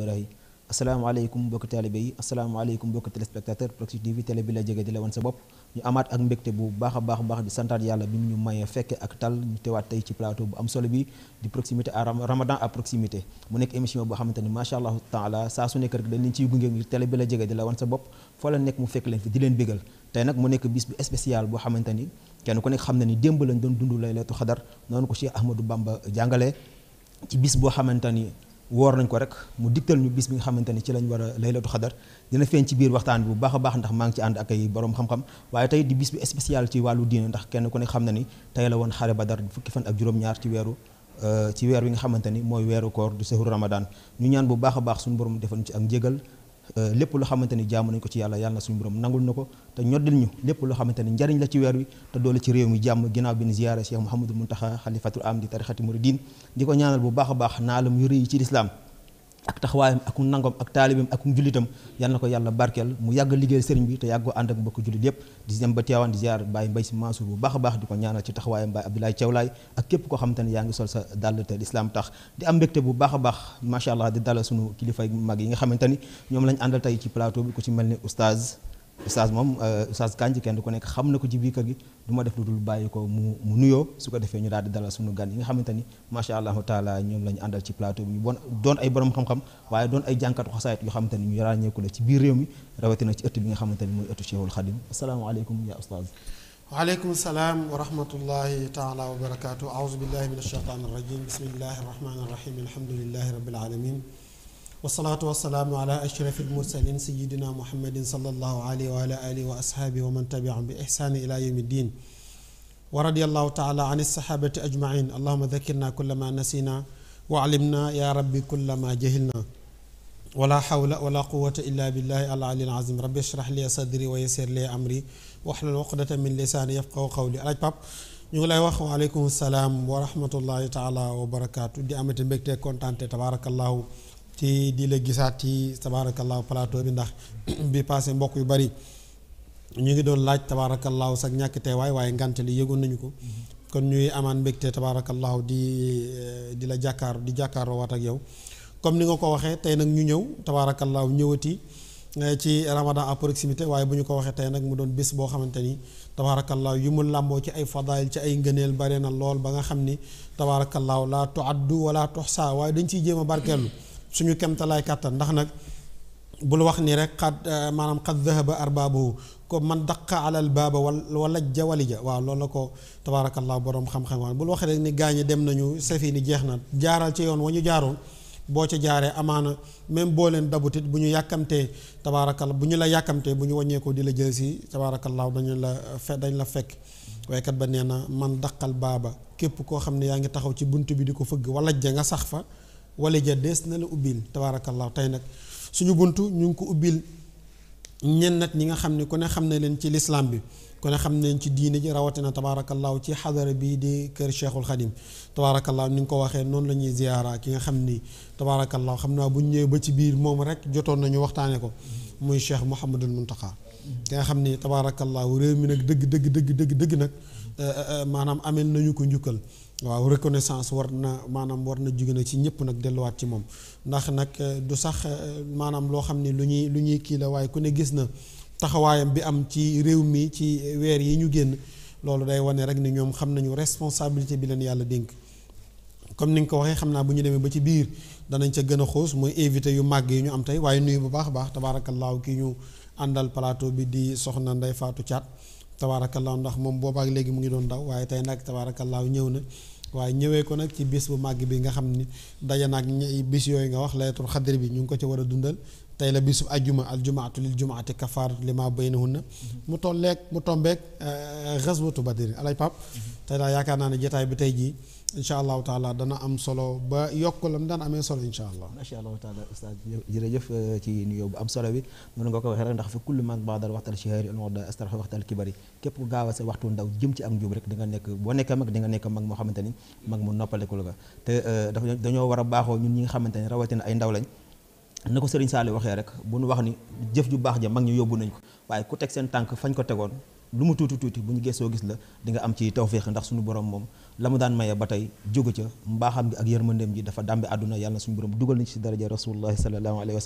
Barahi asalaamaaleykum mbokki taalibe yi asalaamaaleykum mbokki téléspectateur Proxi TV télé bi la jege di la wan sa bopp ñu amaat ak mbégte bu baax a baax baax di santaat yàlla bi mu ñu mayee fekke ak tal ñu teewaat tey ci plateau bu am solo bi di proximité à Ramadan à proximité mu nekk émission boo xamante ni macha allah taala saa su nekk rek dañ leen ciy gunge ngir télé bi la jege di la wan sa bopp foo leen nekk mu fekk leen fi di leen bégal tey nag mu nekk bis bu spécial boo xamante kenn ku nekk xam ni démb lañ doon dund laylatul xadar noonu ko Cheikh Ahmadou Bamba jàngalee ci bis boo xamante woor nañ ko rek mu digtal ñu bis bi nga xamante ni ci lañ war a laylatu xadar dina feeñ ci biir waxtaan bi bu baax a baax ndax maa ngi ci ànd ak ay borom xam-xam waaye tey di bis bi spécial ci wàllu diine ndax kenn ku ne xam na ni tey la woon xare badar fukki fan ak juróom-ñaar ci weeru euh, ci weer wi nga xamante ni mooy weeru koor du sehru ramadan ñu ñaan bu baax a baax suñu borom defal ñu ci ak njégal Euh, lépp loo xamante ni jaamu nañ ko ci yàlla yàlla na suñu borom nangul na ko te ñoddil ñu lépp loo xamante ni njariñ la ci weer wi te doole ci réew mi jàmm ginnaaw bi ñu ziyaare Cheikh Mouhamadou Mountakha xalifatul am di tarixati muridin di ko ñaanal bu baax a naa naalam yu rëy ci lislaam ak taxawaayam ak nangoom ak taalibeem ak njullitam yal na ko yàlla barkeel mu yàgg liggéeyal sëriñ bi te yàggoo ànd ak mbokk jullit yépp di dem ba Tiwaawan di ziar Baye Mbaye Sy Mansour bu baax baax di ko ñaanal ci taxawaayam Baye Abdoulaye Thiawlaay ak képp koo xam te ne yaa ngi sol sa dàll te lislaam tax di am mbégte bu baax a baax macha allah di dalal sunu kilifa mag yi nga xamante ni ñoom lañ àndal tey ci plateau bi ku ci mel ni oustaz oustaz moom euh, oustaz Kandji kenn ku nekk xam na ko ci biir kër gi du ma def lu dul bàyyi ko mu mu nuyoo su ko defee ñu daal di dalal suñu gan yi nga xamante ni macha allahu taala ñoom la ñu àndal ci plateau bi ñu bon doon ay borom xam-xam waaye doon ay jànkatu xasaayit yoo xamante ni ñu ràññeeku la ci biir réew mi rawatina ci ëtt bi nga xamante ni mooy ëttu Cheikhul Khadim asalaamaaleykum ya oustaz waaleykum salaam wa rahmatullahi wa barakaatu aousubillahi min والصلاة والسلام على أشرف المرسلين سيدنا محمد صلى الله عليه وعلى آله وأصحابه ومن تبعهم بإحسان إلى يوم الدين ورضي الله تعالى عن الصحابة أجمعين اللهم ذكرنا كل ما نسينا وعلمنا يا ربي كل ما جهلنا ولا حول ولا قوة إلا بالله العلي العظيم ربي اشرح لي صدري ويسر لي أمري وحل الوقدة من لساني يفقه قولي على باب نقول وعليكم السلام ورحمة الله تعالى وبركاته دي أمتي بكتة كونتانتي تبارك الله ci di la gisaat ci tabaarakallaahu palaato bi ndax bi passé mbokk yu bari ñu ngi doon laaj tabaarakallaahu sax ñàkk teewaay waaye ngante li yëgoon nañu ko kon ñuy amaan mbégte tabaarakallaahu di eh, di la jàkkaar di jàkkaaroo waat ak yow comme ni nga ko waxee tey nag ñu ñëw tabaarakallaahu ñëwati eh, ci ramadan à proximité waaye bu ñu ko waxee tey nag mu doon bés boo xamante ni tabaarakallaahu yi mu làmboo ci ay fadaayil ci ay ngëneel bare na lool ba nga xam ni tabaarakallaahu laa tuaddu wala tuxsa waaye dañ ciy jéem a barkeelu suñu kemtalaay kàttan ndax nag bul wax nii rek xad eh, maanaam xad dahaba arbaabuhu ko man daqa alal baaba wala jawalija waaw lool la ko tabaarakallah borom xam-xam waan bul wax rek ni gaañi dem nañu safi ni jeex na jaaral ci yoon wa ñu jaaroon boo ci jaaree amaana même boo leen dabutit bu ñu yàkkamtee tabaarakallah bu ñu la yàkkamtee bu ñu wàññeekoo di la jël si tabaarakallah dañu la fe dañ la fekk waykat ba nee na man daqal baaba képp koo xam ne yaa ngi taxaw ci bunt bi di ko fëgg wala ja nga sax fa wala ja dees na la ubil tabarakallah tay nak suñu buntu ñu ko ubil ñen nak ñi nga xam ku ne xamne len ci l'islam bi ku ne xamne ci diine ji rawatina tabarakallah ci hadar bi di keur Cheikhul khadim tabarakallah ñu ko waxe non lañuy ñuy ki nga xamni tabarakallah xamna xam naa bu ñu ba ci biir mom rek jotton nañu waxtane ko muy Cheikh Mouhamadul Muntaqa ki nga xamni tabarakallah rew mi nak deug deug deug deug deug nak manam amel nañu ko ñukkal waaw reconnaissance war na maanaam war na jóge ci ñëpp nag delluwaat ci moom ndax nag euh, du sax euh, maanaam loo xam ne lu ñuy lu ñuy kii la waaye ku ne gis na taxawaayam bi am ci réew mi ci weer yi ñu génn loolu day wane rek ni ñoom xam nañu responsabilité bi leen yàlla dénk comme ni nga ko waxee xam naa bu ñu demee ba ci biir danañ ca gën a xoos mooy invité yu màgg yi ñu am tey waaye nuyu bu baax a baax laaw kii ñu àndal plateau bi di soxna Ndeye Fatou Thiat tabaarakallaahu ndax moom boobaak léegi mu ngi doon daw waaye tey nag tabaarakallaahu ñëw na waaye ñëwee ko nag ci bis bu màgg bi nga xam ni daje naag bis yooyu nga wax laylatul xadri bi ñu ngi ko ci war a dundal tey la bisub ajjuma aljumaatu lil jumaati kafaar lima baynahunna mu tolleek mu tombeeg euh, xaswatu badrin alay pap mhm. tey daal yaakaar naa ne jataay bi tey jii incha allahu taala dana am solo ba yokk lam daan amee solo incha allah macha allahu taala ustaz jërëjëf euh, ci nuyoo bu am solo bi noonu nga ko waxee rek ndax fi kullu man baadal waxtal chihari almoda astar waxtal kibari képp ku gaaw a sa waxtu ndaw jëm ci ak njub rek di nga nekk boo nekkee mag di nga nekk mag moo xamante ni mag mu noppaleku la te euh, dafa dañoo war a baaxoo ñun ñi nga xamante ni rawatina ay ndaw lañ na ko Serigne Saliou waxee rek bu nu wax ni jëf ju baax ja mag ñu yóbbu nañ ko waaye ku teg seen tànk fañ ko tegoon lu mu tuuti tuuti bu ñu gëstoo gis la di nga am ci tawféex ndax suñu borom moom la mu daan maye ba tey jógu ca mbaaxam gi ak yërmandeem ji dafa dàmbe àdduna yàlla na suñu borom dugal nañ ci daraja rasulullahi sallallahu alayhi wa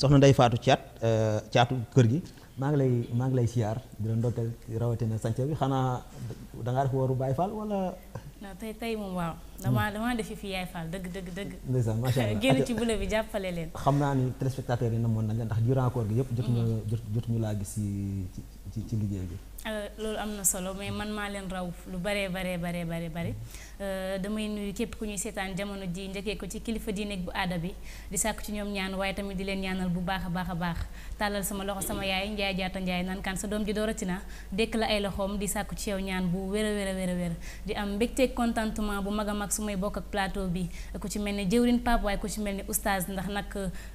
soxna Ndeye Fatou Thiat euh, caatu kër gi maa ngi lay maa ngi lay siyaar di la ndokkeel rawatina sànce bi xanaa danga ngaa def waru baay Fall wala. non tey tey moom waaw. damaa damaa def fi Yaay Fall dëgg dëgg dëgg. ndeysaan macha allah génn ci bula bi jàppale leen. xam naa ni téléspectateurs yi namoon nañ la ndax durant gi yëpp. jot ñu mm-hmm. jot ñu laa gis ci ci ci liggéey bi. Euh, loolu am na solo mais man maa leen raw lu baree baree baree baree bare euh, damay nuyu képp ku ñuy seetaan jamono ji njëkkee ko ci kilifa diine bu aada bi di sàkku ci ñoom ñaan waaye tamit di leen ñaanal bu baax a baax a baax tàllal sama loxo sama yaay Ndiaye jaata Ndiaye naan kan sa doom ji doorati na dékk la ay loxoom di sàkku ci yow ñaan bu wér a wér a wér di am mbégte contentement bu mag a mag su may bokk ak plateau bi ku ci mel ne jëwrin Pape waaye ku ci mel ne oustaz ndax nag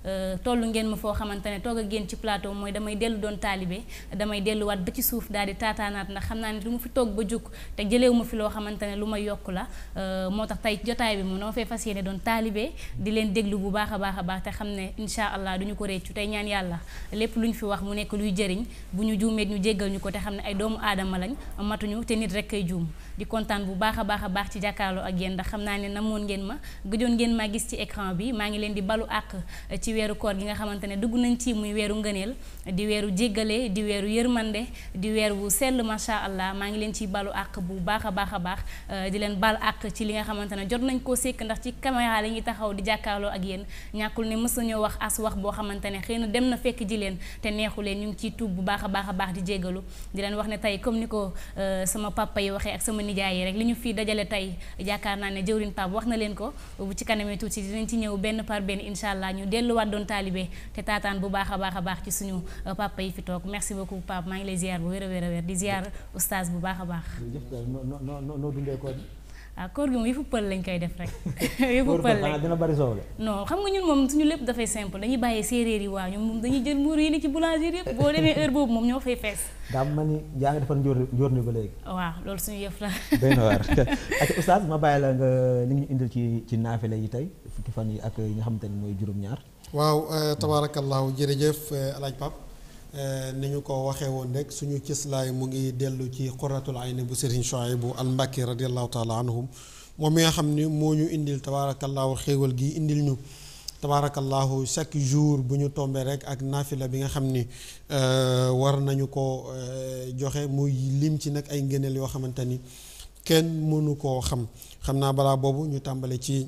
euh, tollu ngeen ma foo xamante ne toog ak ci plateau mooy damay dellu doon taalibe damay delluwaat ba ci suuf daal di taataanaat ndax xam naa ne lu ma fi toog ba jug te jëleewu ma fi loo xamante ne lu ma yokk la euh, moo tax tey jotaay bi moom noo fay fas yéene doon taalibe di leen déglu bu baax a baax a baax te xam ne incha allah duñu ko réccu tey ñaan yàlla lépp lu ñu fi wax mu nekk luy jëriñ bu ñu juumee ñu jéggal ñu ko te xam ne ay doomu aadama lañ matuñu te nit rek ay juum di kontaan bu baakha baakha baax ci jakarlo ak yeen ndax xamna naa ne namoon ngeen ma gëjoon ngeen ma gis ci écran bi ma ngi leen di balu ak, eh, ci wéru koor gi nga xamantene ne nañ ci muy wéru ngeenel di wéru jéggale di wéru yermandé di weer wu sell sha allah mangilin ngi leen ci balu ak bu baakha baakha baax eh, di leen bal ak ci li nga xamantene jot nañ ko sék ndax ci caméra la ngi taxaw di jakarlo ak yeen ñàkkul ne mësu nañoo wax as wax bo xamantene xeyna dem na fekk ji leen té neexu leen ñu ngi tuub bu baakha baakha baax di jéggalu di leen wax ne tay comme niko eh, sama papa yi waxé ak sama nijaay yi rek li ñu fi dajale tey jaakaar naa ne jëwrin Pape wax na leen ko bu ci kanamee tuuti dinañ ci ñëw benn par benn incha allah ñu delluwaat doon taalibe te taataan bu baax a baax a baax ci suñu euh, papa yi fi toog merci beaucoup Pape maa ngi lay ziar bu wér a wér a wér di ziar oustaz bu baax a baax. noo ah koor gi moom yëfu pël lañ koy def rek. yëfu pël lañ dina bari soow non xam nga ñun moom suñu lépp dafay simple dañuy bàyyi séeréer yi waa ñoom moom dañuy jël muur yi ni ci boulangerie yëpp boo demee heure boobu moom ñoo fay fees. daa mel ni yaa ngi defar njóor njóor ni ba léegi. waaw loolu suñu yëf la. doy na waar ak oustaz li ñu indil ci ci naafile yi tey fukki fan yi ak yi xamante ne mooy juróom-ñaar. waaw eh, tabaarakallaahu jërëjëf eh, alaaj Pape نيو كو واخي وون ديك سونو تيسلاي موغي ديلو تي قره العين بو سيرين شعيب المكي رضي الله تعالى عنهم ومي خامني مو نيو انديل تبارك الله خيول جي انديل نيو تبارك الله شاك جور بو نيو تومبي ريك اك نافله بيغا خامني ا وار نانيو كو جوخي موي ليم تي نك اي غينل يو خامتاني كين مونو كو خم خمنا بلا بوبو نيو تامبالي تي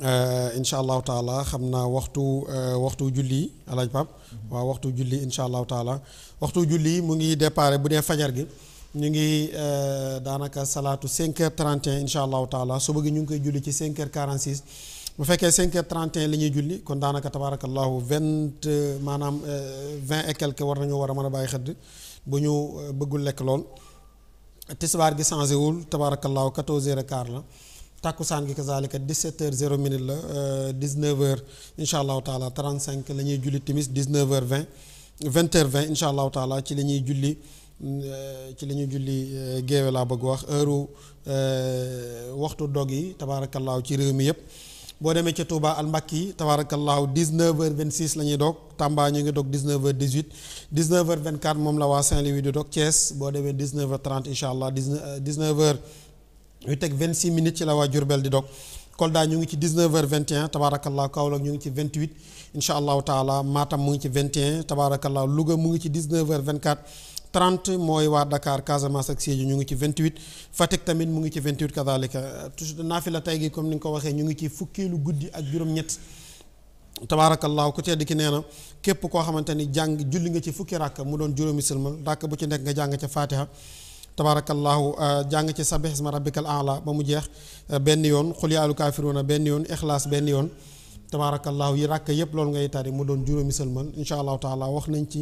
Euh, incha allahu taala xam naa waxtu euh, waxtu julli alaaj pap mhm. waaw waxtu julli incha allahu taala waxtu julli mu ngi déparé bu dee fajar gi ñu ngi euh, daanaka salaatu 5 heures 31 incha allahu taala su gi ñu ngi koy julli ci 5 heures 46 bu fekkee 5 heures 31 ñuy julli kon daanaka tabaarakallahu 20 maanaam 20 et quelque war nañoo war a mën a bàyyi xëdd bu ñu bëggul lekk lool tisbaar gi changé wul tabaarakallahu 14 heures et la tàkkusaan gi kazalika 17 heures 0 minute la 19 euh, heures incha allahu taala 35 la ñuy julli timis 19 heures 20 20 heures 20 incha allahu taala ci la ñuy julli euh, ci la ñuy julli euh, géewe laa bëgg wax heure waxtu dog yi tabaarakallaahu ci réew mi yëpp boo demee ca Touba Almakki yi tabaarakallaahu 19 heures 26 la ñuy dog Tamba ñu ngi dog 19 heures 18 19 heures 24 moom la waa Saint-Louis di dog Thiès boo demee 19 heures 30 incha allah 19 heures ñu teg 26 minutes ci la waa Diourbel di dog Kolda ñu ngi ci 19h21 tabaarakallah Kaolack ñu ngi ci 28 incha allahu taala Matam mu ngi ci 21 tabaarakallah Louga mu ngi ci 19h24 30 mooy waa Dakar Casamance ak Sédhiou ñu ngi ci 28 Fatick tamit mu ngi ci 28 kadalika toujours naafila tey gi comme ni nga ko waxee ñu ngi ci fukkeelu guddi ak juróom-ñett. tabaarakallaahu ku tedd ki nee na képp koo xamante ni jàng julli nga ci fukki ràkk mu doon juróomi sëlmal ràkk bu ci nekk nga jàng ca faatiha tabaarakallaahu euh, jàng ci sabih isma rabbikal aala ba mu jeex euh, benn yoon xul yaa alu kaafiruuna benn yoon ixlaas benn yoon tabaarakallaahu yi ràkk yëpp loolu ngay tari mu doon juróomi sëlmal incha allahu taala wax nañ ci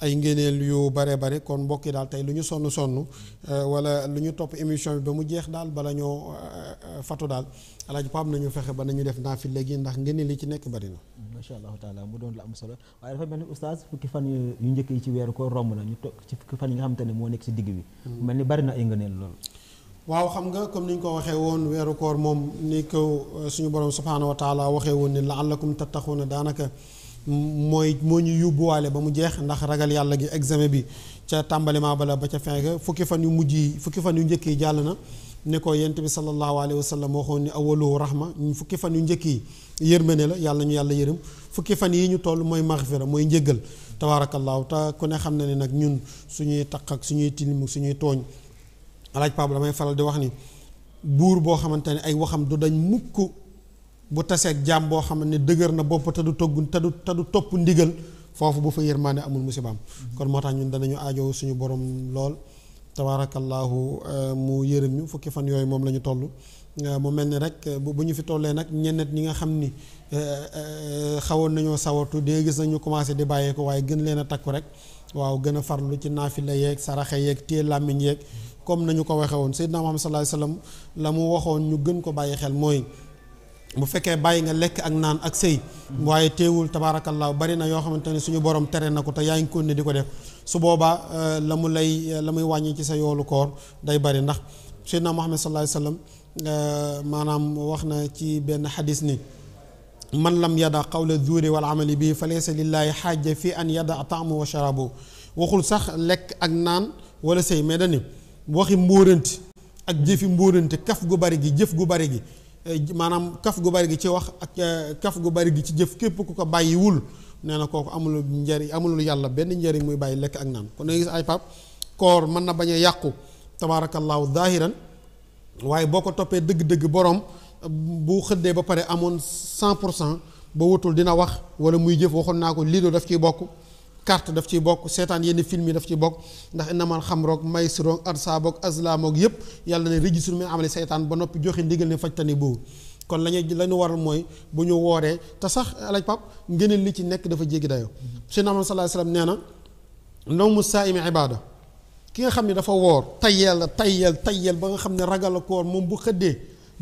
ay ngéneel yu bare bare kon mbokk yi daal tey lu ñu sonn sonn euh, wala lu ñu topp émission bi ba mu jeex daal bala ñoo euh, euh, fatu daal alaaji Pape nañu fexe ba nañu def naa fi léegi ndax ngéneel li ci nekk bari na. macha allahu taala mu doon am solo waaye mel ni oustaz fukki fan yu ci weeru ko romb na ñu toog ci fukki fan yi nga xamante ne moo nekk ci digg bi. Hmm. mel ni bari na ay ngëneel loolu. waaw xam nga comme ni ñu ko waxee woon weeru koor moom ni suñu borom subhaanahu wa taala waxee woon ni laallakum tattaxuuna daanaka mooy moo ñu yóbbuwaale ba mu jeex ndax ragal yàlla gi examen bi ca tàmbaliment bala ba ca fin ga fukki fan yu mujj yi fukki fan yu njëkk yi jàll na ne ko yent bi sallallahu alayhi wa sallam waxoon ni awalu rahma fukki fan yu njëkk yi yërmande la yàlla ñu yàlla yërëm fukki fan yi ñu toll mooy maxfira mooy njëggal tabaarakallaahu te ku ne xam na ne nag ñun suñuy taq ak suñuy tilim suñuy tooñ alaaj Pape damay faral di wax ni buur boo xamante ne ay waxam du dañ mukk bu taseeg jaam boo xam ne dëgër na bopp te du togg te du te topp ndigal foofu bu fa yërmaande amul musibaam kon moo tax ñun danañu aajow suñu borom lool tabaarakallaahu euh, mu yërëm ñu fukki fan yooyu moom la ñu toll euh, mu mel ni rek euh, bu ñu fi tollee nag ñennet ñi nga xam ni xawoon nañoo sawatu dee gis ñu commencé di bàyyeeku waaye gën leen a takku rek waaw gën a farlu ci naafila yeeg saraxe yeeg téye làmmiñ yeeg comme nañu ko waxee woon Seydina Muhammad sallallahu alayhi wa sallam la mu waxoon ñu gën ko bàyyi xel mooy bu fekkee bàyyi nga lek ak nan ak sëy waaye teewul tabaarakallaahu bari na yo xamanteni suñu borom tere nako ta te ko ne diko def su boba lamu lay lamuy wañi ci sa yoolu koor day bari ndax Seydina Muhammad sallallahu alayhi wasallam manam waxna ci ben hadith ni man lam yada qawl adh-dhur wal amali bi fa laysa lillaahi xaaja fi an yada taamu wa sharabu waxul sax lek ak nan wala sëy mais dani waxi mbóoranti ak jëfi mbóoranti kaf gu bari gi jëf gu bari gi Eh, maanaam kaf gu bari gi ci wax ak eh, kaf gu bari gi ci jëf képp ku ko bàyyiwul nee na kooku amul njariñ amul yàlla benn njariñ muy bàyyi lekk ak naan kon da gis ay pap koor mën na bañ a yàqu tabaarakallaahu zaahiran waaye boo ko toppee dëgg-dëgg borom bu xëddee ba pare amoon cent pour cent ba wutul dina wax wala muy jëf waxoon naa ko lii doo daf ciy bokk carte daf ciy bokk seetaan yenn film yi daf ciy bokk ndax innamal xamroog maysiroog arsaaboog azlaamoog yëpp yàlla ne rijsun min amali seytaan ba noppi joxe ndigal ne fajtani boobu kon la ñuy la ñu waral mooy bu ñu wooree te sax alaj pap ngëneel li ci nekk dafa jéggi dayoo sunu aman sallallahu alayhi wasallam nee na nawmu saa'imi ibaada ki nga xam ne dafa woor tayyeel la tayyeel tayyeel ba nga xam ne ragal a koor moom bu xëddee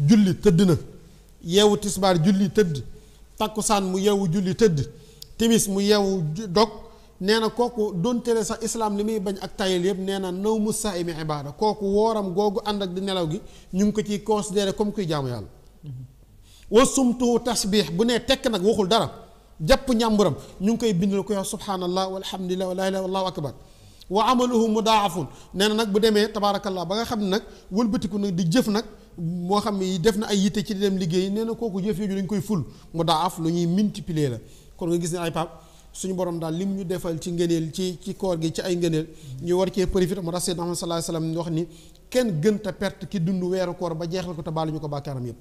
julli tëdd na yeewu tisbaar julli tëdd takkusaan mu yeewu julli tëdd timis mu yeewu dog nee koku kooku donte sax islam limi bañ ak tayel yeb nee naw musa imi ibada koku woram gogu ànd ak di nelaw gi ñu ko ci considérer comme kuy jaamu yàlla wa sumtuhu tasbix bu ne tek nak waxul dara jàpp ñàmburam ñu koy bindul ko subhanallah walhamdulillah wala ilaha wallahu akbar wa amaluhu mudaafun nee nak bu deme tabarakallah ba nga xam nak nag wëlbatiku nag di jëf nak mo xam ni def na ay yité ci di dem liggéey nee koku jëf yu dañ koy ful mudaaf lu ñuy multiplier la kon nga gis ni ay pap suñu borom daal lim ñu defal ci ngëneel ci ci koor gi ci ay ngëneel ñu war cee profité moo tax Seydina Muhammad sallallahu alayhi wasallam ñu wax ni kenn gën ta perte ki dund weeru koor ba jeexal ko te baalu ñu ko bàkkaaram yëpp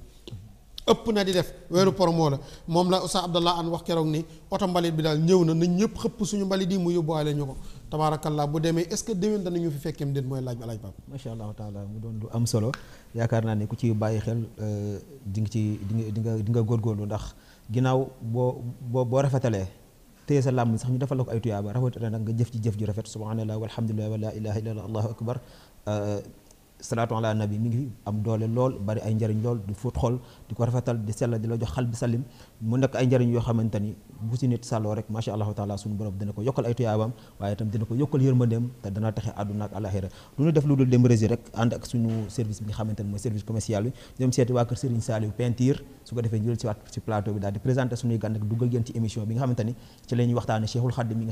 ëpp na di def weeru promo la moom la Oustaz Abdallah wax keroog ni oto mbalit bi daal ñëw na nañ ñëpp xëpp suñu mbalit yi mu yóbbuwaale ñu ko tabaarakallaa bu demee est ce que déwén danañu fi fekkeem déet mooy laaj bi alaaj baab macha allahu taala mu doon lu am solo yaakaar naa ne ku ci bàyyi xel euh, di nga ci di nga di nga di nga góorgóorlu ndax ginnaaw boo boo boo rafetalee سلام تيس الله من سخني دفلك أيتو يا بره وترى نعج جف جف جرفة سبحان الله والحمد لله ولا إله إلا الله أكبر صلاة على النبي مغفي أم دول اللول بري أنجرين دول دفوت خل دكوا رفتال دسال دلوا جو خل بسلم mu nekk ay njariñ yoo xamante ni bu si nit sàlloo rek macha allahu taala suñu borom dina ko yokkal ay tuyaabam waaye itam dina ko yokkal yërmandeem te dana taxe àdduna ak alaxira du ñu def lu dul dem rési rek ànd ak suñu service bi nga xamante ni mooy service commercial bi dem seeti waa kër Serigne Saliou Peinture su ko defee ñu si waat bi daal di présenté suñuy gan ak duggal yéen ci émission bi nga xamante ni ci la ñuy waxtaane Cheikhul Khadim mi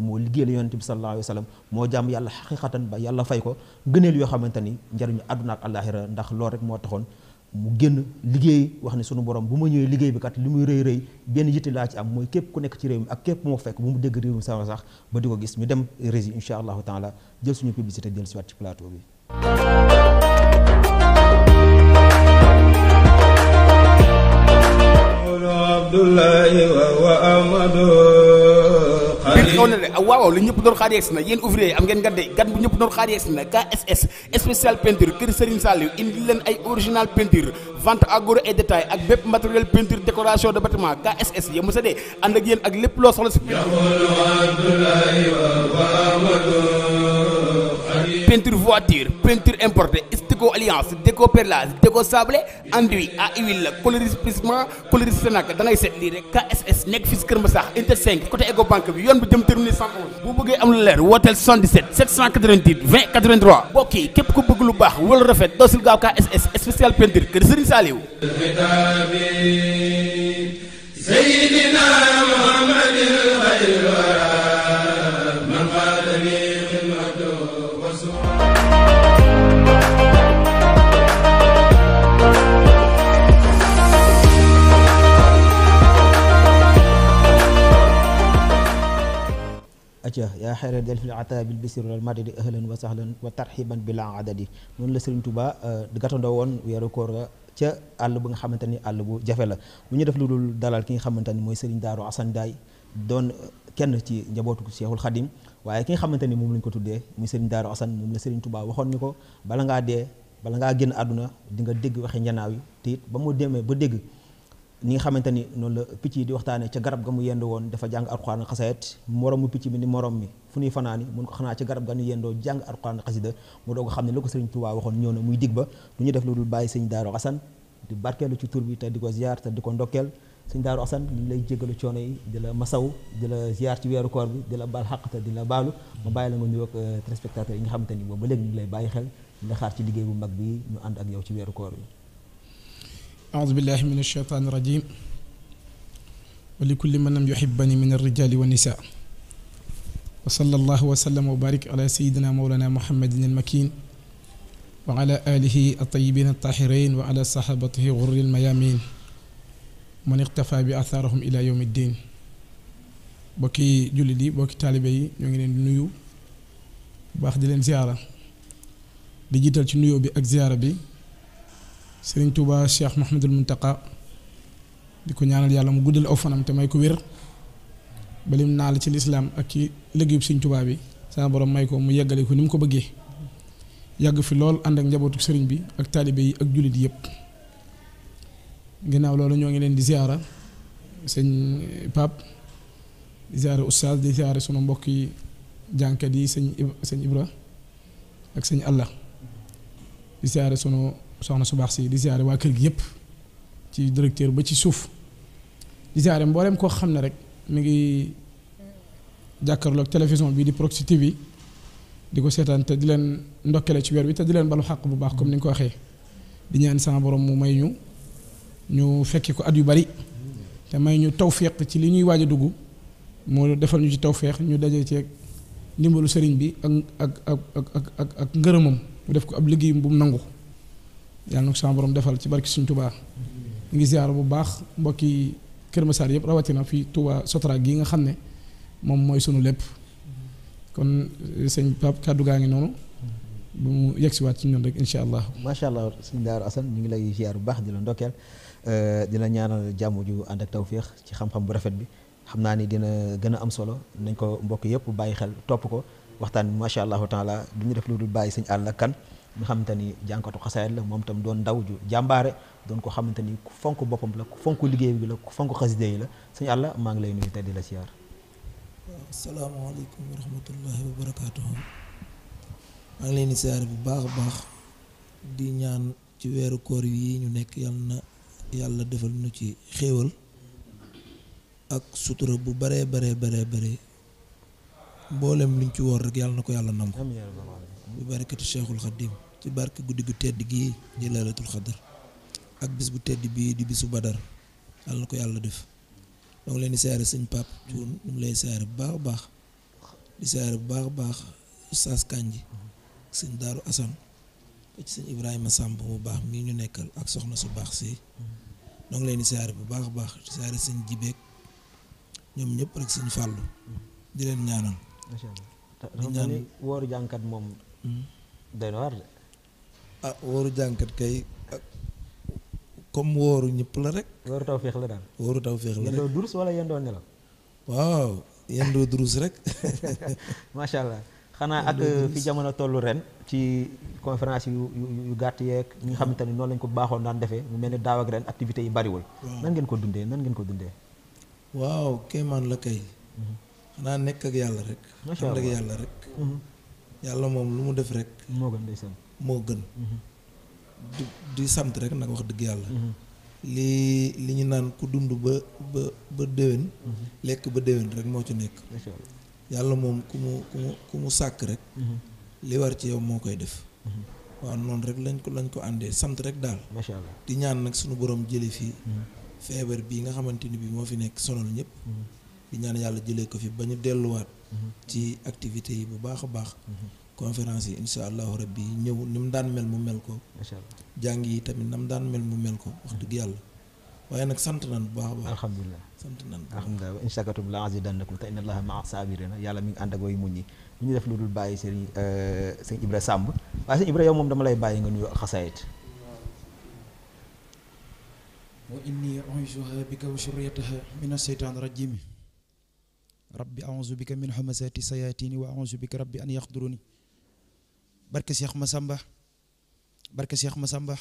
moo liggéey la mu génn liggéey wax ne sunu borom bu ma ñëwee liggéey bi kat li muy rëy rëy benn yitte laa ci am mooy képp ku nekk ci réew ak képp moo fekk bu mu dégg réew sama sax ba di ko gis mu dem rési incha allahu taala jël suñu publicité jël si waat ci plateau bi. Abdullahi wa Amadu xew waaw lu ñëpp doon xaar yegsi na yéen ouvrier am ngeen gadde gan bu ñëpp doon xaar yegsi KSS spécial peinture kër Serigne Saliou indi leen ay original peinture vente à gros et détail ak bépp matériel peinture décoration de bâtiment KSS ya mësa de ànd ak yéen ak lépp loo soxla si peinture voiture peinture importée Stico Alliance déco perlage déco sablé enduit à huile coloris prisma coloris senac da ngay seet lii rek KSS nekk fii si Kër inter 5 côté Ecobank bi yoon bu terminé 111 bu bëggee am lu leer wooteel 77 798 20 83 mbokk yi képp ko bëgg lu baax wala rafet doosul gaaw kaa SS spécial peinture kër Serigne Saliou Seydina Muhammadin xayril wara acca yaa xayra del fil ataabil bisirol madadi ahlan wa sahlan wa tarxiban bi la adadi noonu la Sëriñ Tuubaa euh, gatandoo woon weeru koor ga ca àll bu nga xamante ni àll bu jafe la bu ñu def lu dul dalal ki nga xamante ni mooy Sëriñ Daaru euh, moom lañ ko tuddee muy Sëriñ Daaru Asan moom la Sëriñ Tuubaa waxoon ñu ko bala ngaa dee bala ngaa génn àdduna di nga dégg waxe njanaaw yi te it ba mu demee ba dégg ni nga xamante ni noonu la picc yi di waxtaanee ca garab ga mu yend woon dafa jàng alxuraan xasayet moromu picc mi ni morom mi fu nuy fanaani mun ko xanaa ca garab ga nu yendoo jàng alxuraan xasida mu doog xam ne la ko Sëriñ Tuubaa waxoon ñëw na muy dig ba lu ñu def lu dul bàyyi sëñ Daaru Asan di barkeelu ci tur bi te di ko ziar te di ko ndokkeel sëñ Daaru Asan ñu ngi lay jégalu coono yi di la masaw di la ziar ci weeru koor bi di la baal xaq te di la baalu ma bàyyi la nga nuyoog euh, téléspectateurs yi nga xamante ni boobu ba léegi lay bàyyi xel di la xaar ci liggéey bi ñu ànd ak yow ci weeru koor bi أعوذ بالله من الشيطان الرجيم ولكل من لم يحبني من الرجال والنساء وصلى الله وسلم وبارك على سيدنا مولانا محمد المكين وعلى آله الطيبين الطاهرين وعلى صحابته غر الميامين من اقتفى بأثارهم إلى يوم الدين بكي جلدي بكي طالبي نيغي نيو باخ دي زياره ديجيتال نيو بي اك زياره بي sëriñ Touba Cheikh Mouhamadul Muntaqa di ko ñaanal yàlla mu guddal aw fanam te may ko wér balim naa la ci lislaam ak ci liggéeyub sëriñ Touba bi sama borom may ko mu yeggale ko ni ko bëggee yàgg fi lool ànd ak njabootu sëriñ bi ak taalibe yi ak jullit yëpp ginnaaw loolu ñoo ngi leen di ziara sëñ Pape di ziara oustaz di ziara sunu mbokk yi jànkat yi sëñ Ibra ak sëñ Allah di ziara sunu. soxna su baax si di ziare waa kër gi yëpp ci directeur ba ci suuf di ziare koo xam ne rek mi ngi jàkkaarloog télévision bi di Proxi TV di ko seetaan te di leen ndokkale ci weer bi te di leen balu xàq bu baax comme ni ko waxee di ñaan sama borom mu may ñu ñu fekki ko at yu bari te may ñu tawféex ci li ñuy waaj a dugg moo defal ñu ci tawféex ñu dajee ci ndimbalu sëriñ bi ak ak ak ak ak ngërëmam mu def ko ab liggéeyam bu mu nangu. yalla na sama borom defal ci barki suñ touba ngi ziar bu baax mbokki Kër Massar rawati na fi Touba Sotra gi nga xamne mom moy sunu kon eh, sëñ pap kaddu gaa ngi noonu bu mu wat ci ñun rek inshallah allah. sha allah sëñ Daaru Asan ñu ngi lay ziar bu baax di la euh di la ñaanal jamu ju and ak tawfiq ci xam-xam bu rafet bi xamna ni dina gëna am solo nañ ko mbokk yëpp bayyi xel top ko waxtaan ma sha allah taala duñu def lu dul bayyi allah kan nga xamante ni jànkatu xasaayat la mom tam doon dawju jambaré jàmbaare doon ko xamante ni ku fonk boppam la ku fonk liggéey bi la ku fonk yi la seigne allah ma ngi lay nuyu te di la assalamu alaykum wa rahmatullahi wa barakatuh ma ngi lay di ziar bu baax baax di ñaan ci wéru koor yi ñu nekk yalla yalla defal ñu ci xéewal ak sutura bu bare bare bare bare mboolem luñ ci wor rek yàlla na ko yàlla nangu bi barakati cheikhul xadim ci barke guddi gu tedd gi ni lailatul xadar ak bis bu tedd bi di bisu badar yàlla ko yalla def donc leen di siyaare pap cuun ñu ngi lay siyaare bu baax baax di siyaare bu baax baax oustaz kanji sëñ daru asan ba ci sëñ ibrahima sàmb bu baax mi ñu nekkal ak soxna su baax si donc leen di siyaare bu baax baax di siyaare sëñ ñom ñep rek sëñ fallu di len ñaanal di ñaan wor jankat mom hmm. doy na ah wóoru jànkat kay ah, comme wóoru ñëpp la rek. wóoru taw féex la daal. wóoru taw féex la rek yendoo durus wala yendoo nelaw. waaw yendoo durus rek. macha allah xanaa ak fi jamono tollu ren. ci conférence yu yu gàtt yeeg ñi nga xamante ni noonu lañ ko baaxoon daan defee mu mel ni daaw ak ren activités yi bariwul. nan ngeen ko dundee nan ngeen ko dundee. waaw kéemaan la kay. Mhm. xanaa nekk ak yàlla rek. macha allah ak yàlla rek. Mhm. yàlla moom lu mu def rek. moo gën ndeysaan mo gën di di sant rek nak wax deug yalla mhm. li li ñu naan ku dund ba ba ba déwén mhm. lekk ba deewen rek mo ci nek yalla mom ku mu ku mu sak rek mhm. li war ci yow mo koy def wa non rek lañ ko lañ ko andé sant rek daal macha allah di ñaan nak suñu borom jëlé fi feebar bi nga xamanteni bi mo fi nek sonal ñëpp di ñaan yalla jëlé ko fi bañu ci activité yi bu baaxa baax conférence yi incha allahu rabbi ñëw ni mu daan mel mu mel ko. macha yi tamit na mu daan mel mu mel ko wax dëgg yàlla. waaye nag sant nañ bu baax a baax. sant nañ bu baax alhamdulilah in shakartum la azidannakum te inna allaha maa saabirina yàlla mi ngi ànd ak def lu dul bàyyi sëriñ sëñ Ibra Samb waaye sëñ Ibra yow moom dama lay bàyyi nga nuyoo ak xasaayit. i inni bi bika wa zurriyataha mina shaytaani rajiim rabbi a'uuzu bika min hamazaati sayaatini wa a'uuzu bika rabbi an yaxduruni barke Cheikh Massamba barke Cheikh Massamba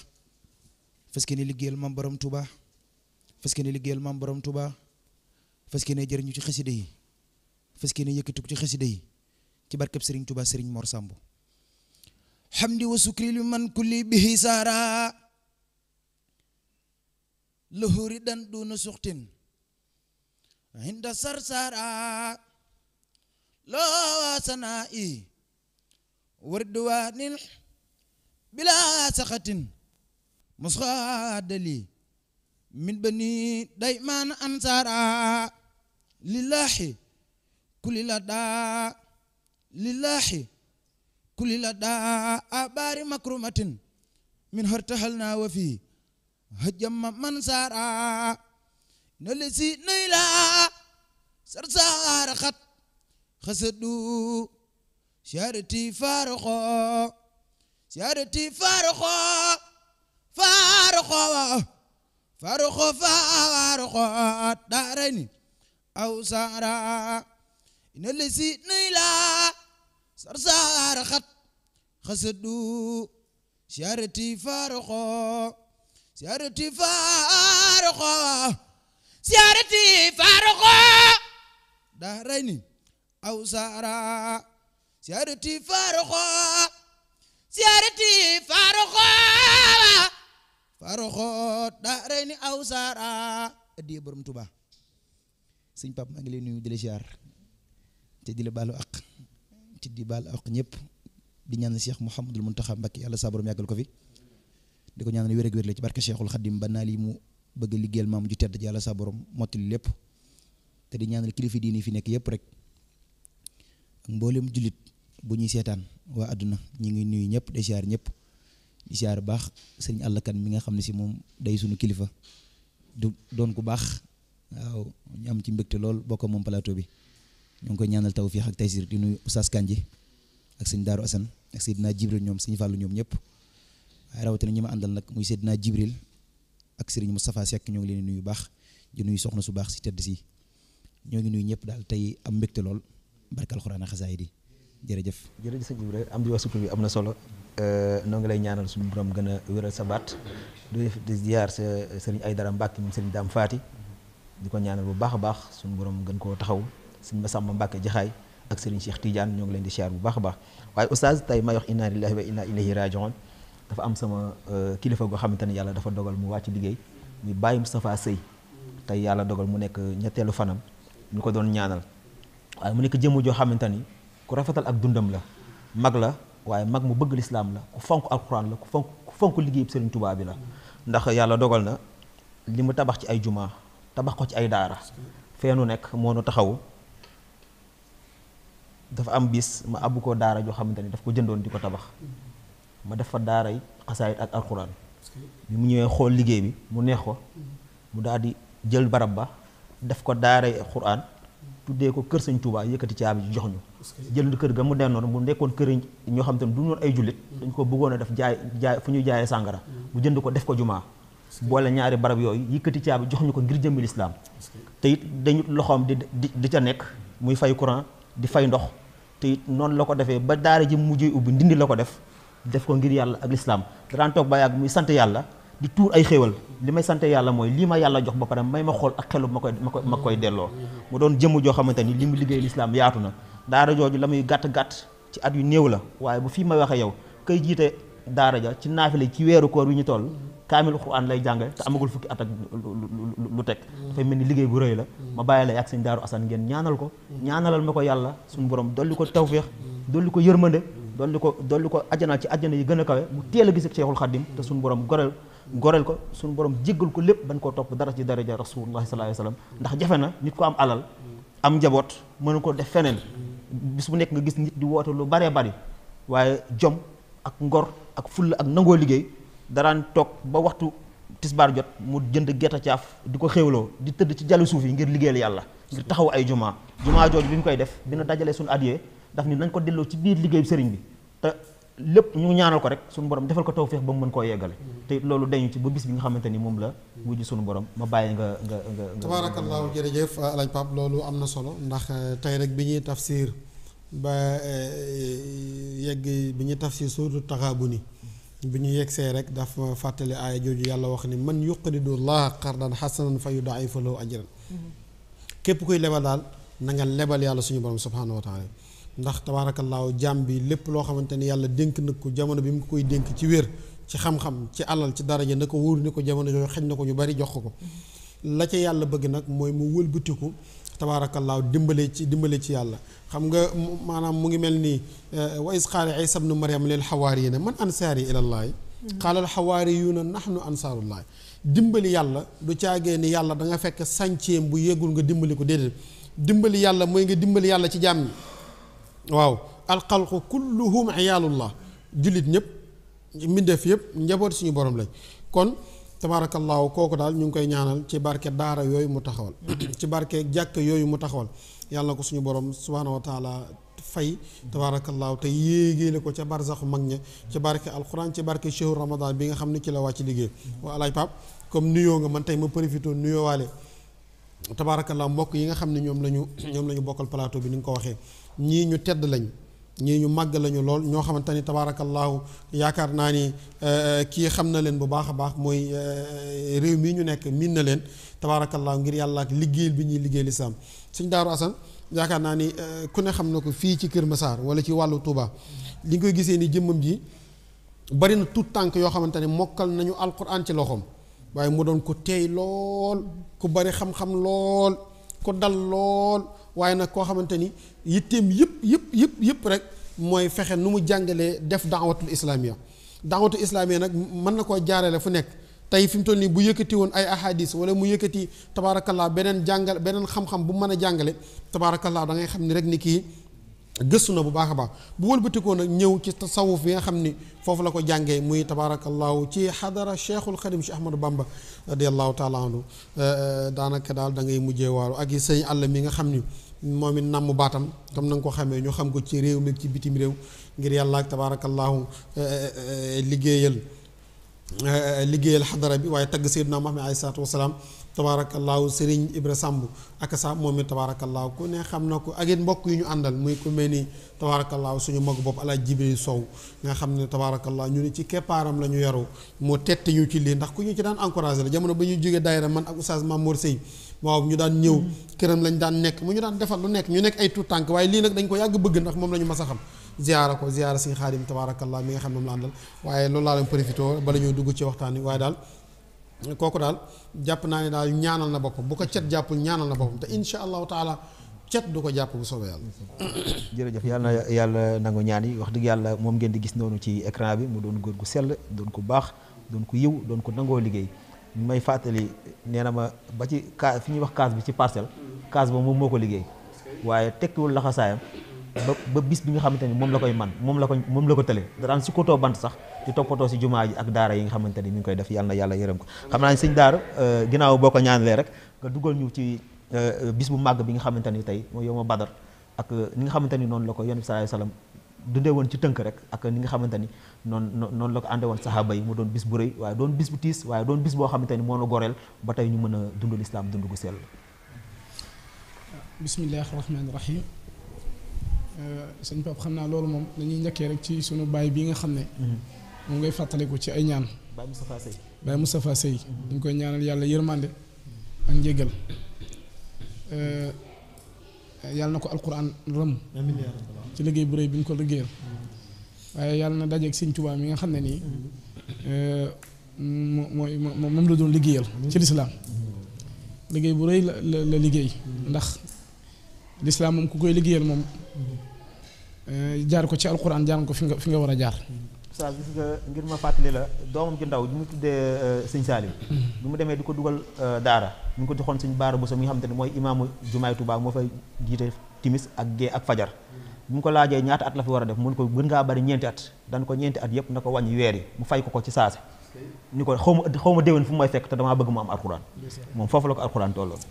fas yéene liggéeyal maam borom Touba fas yéene liggéeyal maam borom Touba fas yéene jëriñu ci xasida yi fas yéene yëkkatiku ci xasida yi ci barkeb Serigne tuba Serigne Mor Samb hamdi wa sukri li man kulli bihi saara lahuri dan duna suxtin inda sarsara loo sanaa وردوان بلا سخط مصاد لي من بني دايمان أنصارا لله كل لدى لله كل لدى أبار مكرمة من هرتهلنا وفي هجم من سارا نلسي نيلا سرسار خط خسدو شارتي فارخو شارتي فارخو فارخو فارخو فارخو دارني أو سارا إن اللي نيلا سرسار خط خسدو شارتي فارخو شارتي فارخو شارتي فارخو دارني أو سارا زيارتي فارغة زيارتي فارغة فارغة داريني أو سارة دي برم توبا pap ma ngi nuyu di ziar te balu ak Jadi di bal ak ñepp di ñaan cheikh mohammadul muntaha mbacke yalla sa borom yagal ko fi di ko ñaanal wër ak wër la ci barke cheikhul khadim banna mu bëgg liggéeyal maam ju tedd yalla sa borom motali lepp te di ñaanal kilifa diini fi nek rek ak julit bu ñuy seetaan waa àdduna ñu ngi nuyu ñëpp di siyaar ñëpp di siyaar baax sëriñ Alla kan mi nga xam ne si moom day sunu kilifa du doon ku baax waaw ñu am ci mbégte lool bokk moom plateau bi ñu ngi koy ñaanal tawfiix ak taysir di nuyu Oustaz Kanji ak sëñ Daaru Asan ak Seydina Jibril ñoom sëñ Fàllu ñoom ñëpp waaye rawatina ñi ma àndal nag muy Seydina Jibril ak sëriñ mustapha Seck ñoo ngi leen nuyu baax di nuyu soxna su baax si tedd si ñoo ngi nuyu ñëpp daal tey am mbégte lool barkal xuraan xasaay di jërëjëf jërëjëf sëñ Ibrahima am di wax sukkur bi am na solo euh, noo ngi lay ñaanal suñu borom gën a wéral sa baat du di ziar sa sëriñ Aydara Mbàkke moom sëriñ Daam Faati di ko ñaanal bu baax a baax suñu borom gën koo taxaw sëriñ Masamba Mbàkke jaxaay ak sëriñ Cheikh Tidiane ñoo ngi leen di ziar bu baax baax waaye oustaz tey may wax inna lillahi wa inna ilayhi rajiun dafa am sama euh, kilifa goo xamante ne yàlla dafa dogal mu wàcc liggéey muy Baye Moustapha Sëy tey yàlla dogal mu nekk ñetteelu fanam ñu ko doon ñaanal waaye joo xamante ni ku rafetal ak dundam la mag la waaye mag mu bëgg lislaam la ku fonk alquran la ku fonk ku fonk liggéeyub Serigne Touba bi la ndax yàlla dogal na li mu tabax ci ay juma tabax ko ci ay daara feenu nekk moo nu taxaw dafa am bis ma abbu ko daara joo xamante ni daf ko jëndoon di ko tabax ma def fa daara yi xasaayit ak alquran bi mu ñëwee xool liggéey bi mu neex ko mu daal di jël barab ba def ko daara yi alquran tuddee ko kër sëñ Touba yëkkati caabi ji jox ñu jël kër ga mu dendoon bu nekkoon kër ñoo xam te ne du ñu woon ay jullit dañ ko bëggoon a def jaay jaay fu ñuy jaayee sàngara bu jënd ko def ko jumaa boole ñaari barab yooyu yëkkati caabi jox ñu ko ngir jëmmi lislaam te it dañu loxoom di di ca nekk muy fay courant di fay ndox te it noonu la ko defee ba daara ji mujjee ubbi ndindi la ko def def ko ngir yàlla ak lislaam daan toog ba yàgg muy sant yàlla di tuur ay xéwal li may sante yàlla mooy lii ma yàlla jox ba pare may ma xool ak xelu ma koy ma koy delloo mu doon jëmm joo xamante ni li mu liggéey lislaam yaatu na daara jooju la muy gàtt-gàtt ci at yu néew la waaye bu fii may waxee yow kay jiite daara ja ci naafila ci weeru koor wi ñu toll kaamil Alxuraan lay jànge te amagul fukki at ak lu teg dafay mel ni liggéey bu rëy la ma bàyyi la ak sëñ Daaru Asan ngeen ñaanal ko ñaanalal dool li ko dolli ko ajana ci ajana yi gën a kawe mu teel a gis ak Cheikhul Khadim te suñu borom goreel goreel ko suñu borom jéggal ko lépp bañ koo topp dara ci daraja rasulullah sallallahu alayhi wasallam ndax jafe na nit ko am alal am njaboot mënu ko def feneen bis bu nekk nga gis nit di woote lu baree bari waaye jom ak ngor ak fulla ak nangoo liggéey daraan toog ba waxtu tisbaar jot mu jënd gerte caaf di ko xéwloo di tëdd ci jallu suuf yi ngir liggéeyal yàlla ngir taxaw ay jumaa jumaa jooju bi mu koy def dina dajale suñu adiyee daf ni nañ ko delloo ci biir liggéey sëriñ bi te lépp ñu ñaanal ko rek suñu borom defal ko tawfeex ba mu mën koo yeggale te loolu dañu ci ba bis bi nga xamante ni moom la wujj suñu borom ma bàyyi nga nga nga tabarakallahu jërëjëf ah, alaaj pap loolu am solo ndax eh, tey rek bi tafsir ba eh, yegg bi ñuy tafsir surtout taxaabuni bi ñu yegsee rek daf fàttali aaya jooju yàlla wax ni man yuqridu llaha qardan xasanan fa yudaifa lahu ajran mhm. képp kuy lebal dal na nga lebal yàlla suñu borom subhanahu wa taala ndax tabaarakallaahu jaam bi lépp lo xamanteni yàlla dénk na ko jamono bi mu koy dénk ci wér ci xam-xam ci alal ci daraja na ko wóor ni ko jamono yooyu xëj na ko ñu bari jox ko la ca yàlla bëgg nak moy mu wëlbatiku tabaarakallaahu dimbale ci dimbale ci yàlla xam nga manam mu ngi melni wa is qaala isa ibn maryam lil hawariyin man ansari ila allah qala al hawariyun nahnu ansaarullaahi dimbali yàlla du ciage ni yàlla da nga fekk sànceem bu yegul nga dimbali ko dedet dimbali yàlla moy nga dimbali yàlla ci jàmm waaw alxalqu kulluhum ayaalullah jullit ñëpp mbindeef yëpp njaboot suñu borom lañ kon tabaarakallaahu kooku daal ñu ngi koy ñaanal ci barke daara yooyu mu taxawal ci barke jàkk yooyu mu taxawal yàlla ko suñu borom subhaanahu wa taala fay tabaarakallaahu te yéegéele ko ca barzaxu mag ña ci barke alquran ci barke shehru ramadan bi nga xam ne ci la wàcc liggéey waa alaaj pap comme nuyoo nga man tey ma profité nuyoo waale tabaarakallaahu mbokk yi nga xam ne ñoom la ñu ñoom la ñu bokkal plateau bi ni nga ko waxee ñii ñu tedd lañ ñii ñu màgg lañu lool ñoo xamante ni tabaarakallaahu yaakaar naa ni eh, eh, kii xam na leen bu baax a baax mooy eh, réew mii ñu nekk miin na leen tabaarakallaahu ngir yàlla ak liggéeyal bi ñuy liggéey lislaam suñ Daaru Asan yaakaar naa ni ku ne xam na ko fii ci Kër Masaar wala ci wàllu Touba li nga gisee ni jëmmam ji bari na tuut tànk yoo xamante ne mokkal nañu alquran ci loxoom waaye mu doon ko teey lool ku bari xam-xam lool ku dal lool waaye nag koo xamante ni yitteem yëpp yëpp yëpp yëpp rek mooy fexe nu mu jàngalee def daawatul islamiya daawatu islamiya nag mën na koo jaarale fu nekk tey fi mu toll nii bu yëkkati woon ay ahadis wala mu yëkkati tabaarakallaa beneen jàngal beneen xam-xam bu mën a jàngale tabaarakallaa da ngay xam ni rek ni kii gëstu na bu baax a baax bu wëlbatikoo nag ñëw ci tasawuf bi nga xam ni foofu la ko jàngee muy tabaarakallaahu ci xadara cheikhul xadim Cheikh Ahmadou Bamba radiallahu taala anhu daanaka daal da ngay mujjee waaru ak yi sëñ àll mi nga xam ni moom it namm baatam comme na nga ko xamee ñu xam ko ci réew mi ci bitim réew ngir yàlla ak tabaarakallaahu eh, eh, eh, liggéeyal liggéeyal xadara bi waaye tagg Seydina Muhammad alayhi salaatu wasalaam tabaarakallaahu Serigne Ibra Samb ak sa moom it tabaarakallaahu ku ne xam na ko ak it mbokk yu ñu àndal muy ku mel ni tabaarakallaahu suñu mag bopp alaaj Jibril Sow nga xam ne tabaarakallaahu ñu ni ci keppaaram la ñu yaroo moo te ñu ci lii ndax ku ñu ci daan encouragé la jamono b ñu jógee daayira man ak Oustaz Mamour Seye waaw ñu daan ñëw këram lañ daan nekk mu ñu daan defal lu nekk ñu nekk ay tuut tànk waaye lii nag dañ ko yàgg bëgg ndax moom la ñu a xam ziyaara ko ziyaara sëñ xaadim tabaarakallah mi nga xam ne moom la àndal waaye loolu laa leen profité bala ñoo dugg ci waxtaan wi waaye daal kooku daal jàpp naa ne daal ñaanal na boppam bu ko cet jàppul ñaanal na boppam te insha allahu taala cet du ko jàpp bu soobee yàlla. jërëjëf yàlla na yàlla nangu ñaan yi wax dëgg yàlla moom ngeen di gis noonu ci écran bi mu doon góor gu sell doon ku baax doon yiw doon ku nangoo liggéey may fàttali nee na ma ba ci kaas fi ñuy wax kaas bi ci parcelle. kaas ba moom moo ko liggéey. waaye tekkiwul laxasaayam ba ba bis bi nga xamante ni moom la koy man moom la ko moom la ko tële daraan si kotoo bant sax di toppatoo si jumaa ji ak daara yi nga xamante ni mi ngi koy def yàlla yàlla yërëm ko xam naa ne sëñ daara euh, ginnaaw boo ko ñaanalee rek nga dugal ñu ci euh, bis bu màgg bi nga xamante ni tey mooy yow ma badar ak euh, ni nga xamante ni noonu la ko yonent bi sallallahu alayhi wasallam dundé won ci teunk rek ak ni nga xamanteni non non la ko andé won sahaba yi mu doon bis bu reuy waye doon bis bu tiss waye doon bis bo xamanteni mo na gorel ba tay ñu mëna dundul islam dundu gu sel bismillahir rahmanir rahim euh, sëñ pap xamna loolu mom dañuy ñëkke rek ci suñu bay bi nga xamné mhm. mo ngay fatale ko ci ay ñaan bay mustafa sey bay mustafa sey mhm. ñu koy ñaanal yalla yermande ak yàlla na ko alquran rëm ci liggéey bu rëy bi ñu ko liggéeyal waaye yàlla na dajeeg sëñ Tuubaa mi nga xam ne nii eh, mooy moom la doon liggéeyal ci lislaam liggéey bu rëy la la liggéey ndax lislaam moom ku koy liggéeyal moom eh, jaar ko ci alquran jaar ko fi nga fi nga war a jaar saa gis nga ngir ma fàttali la doomam ju ndaw bi mu tuddee euh, sëñ Saliou mm-hmm. bi mu demee di ko dugal euh, daara ñu ngi ko joxoon sëñ Baara Bousso mu ko laajee ñaata at la fi a ma xaw ma déwén fu may fekk te damaa bëgg mu am alxuraan moom foofu la ko alxuraan tolloon.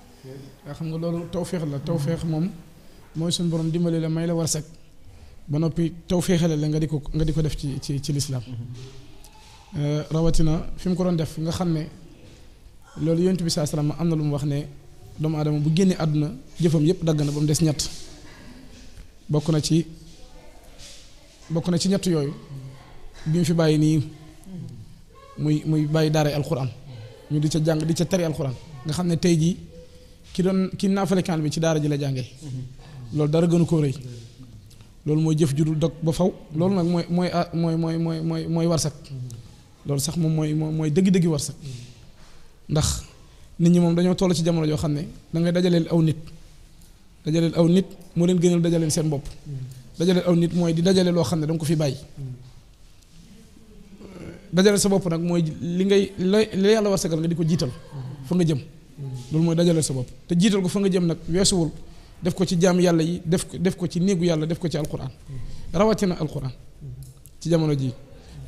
xam nga loolu tawféex la tawféex moom mooy suñu borom dimbali la may la war a ba noppi taw féexale la nga di ko nga di ko def ci ci ci lislaam euh, rawatina fi mu ko doon def nga xam ne loolu yonent bi saa salaam am na lu mu wax ne doomu adama bu génnee àdduna jëfam yëpp dagg na ba mu des ñett bokk na ci bokk na ci ñett yooyu bi mu fi bàyyi nii muy muy bàyyi daaray alxuraan ñu di ca jàng di ca tari alxuraan nga xam ne tey jii ki doon ki naafalekaan bi ci daara ji la jàngee mm-hmm. loolu dara gënu koo rëy loolu mooy jëf ju dog ba faw loolu nag mooy mooy ah, mooy mooy mooy mooy mooy warsak loolu sax moom mooy mooy mooy dëgg-dëggi warsak ndax nit ñi moom dañoo toll ci jamono joo xam ne da ngay dajaleel aw nit dajaleel aw nit moo leen gënal dajaleel seen bopp dajaleel aw nit mooy di dajale loo xam ne da nga ko fi bàyyi dajale sa bopp nag mooy li ngay li yàlla warsagal nga di ko jiital fa nga jëm loolu mooy dajale sa bopp te jiital ko fa nga jëm nag weesuwul def ko ci jaam yàlla yi def ko def ko ci néegu yàlla def ko ci alquran rawatina alquran ci jamono jii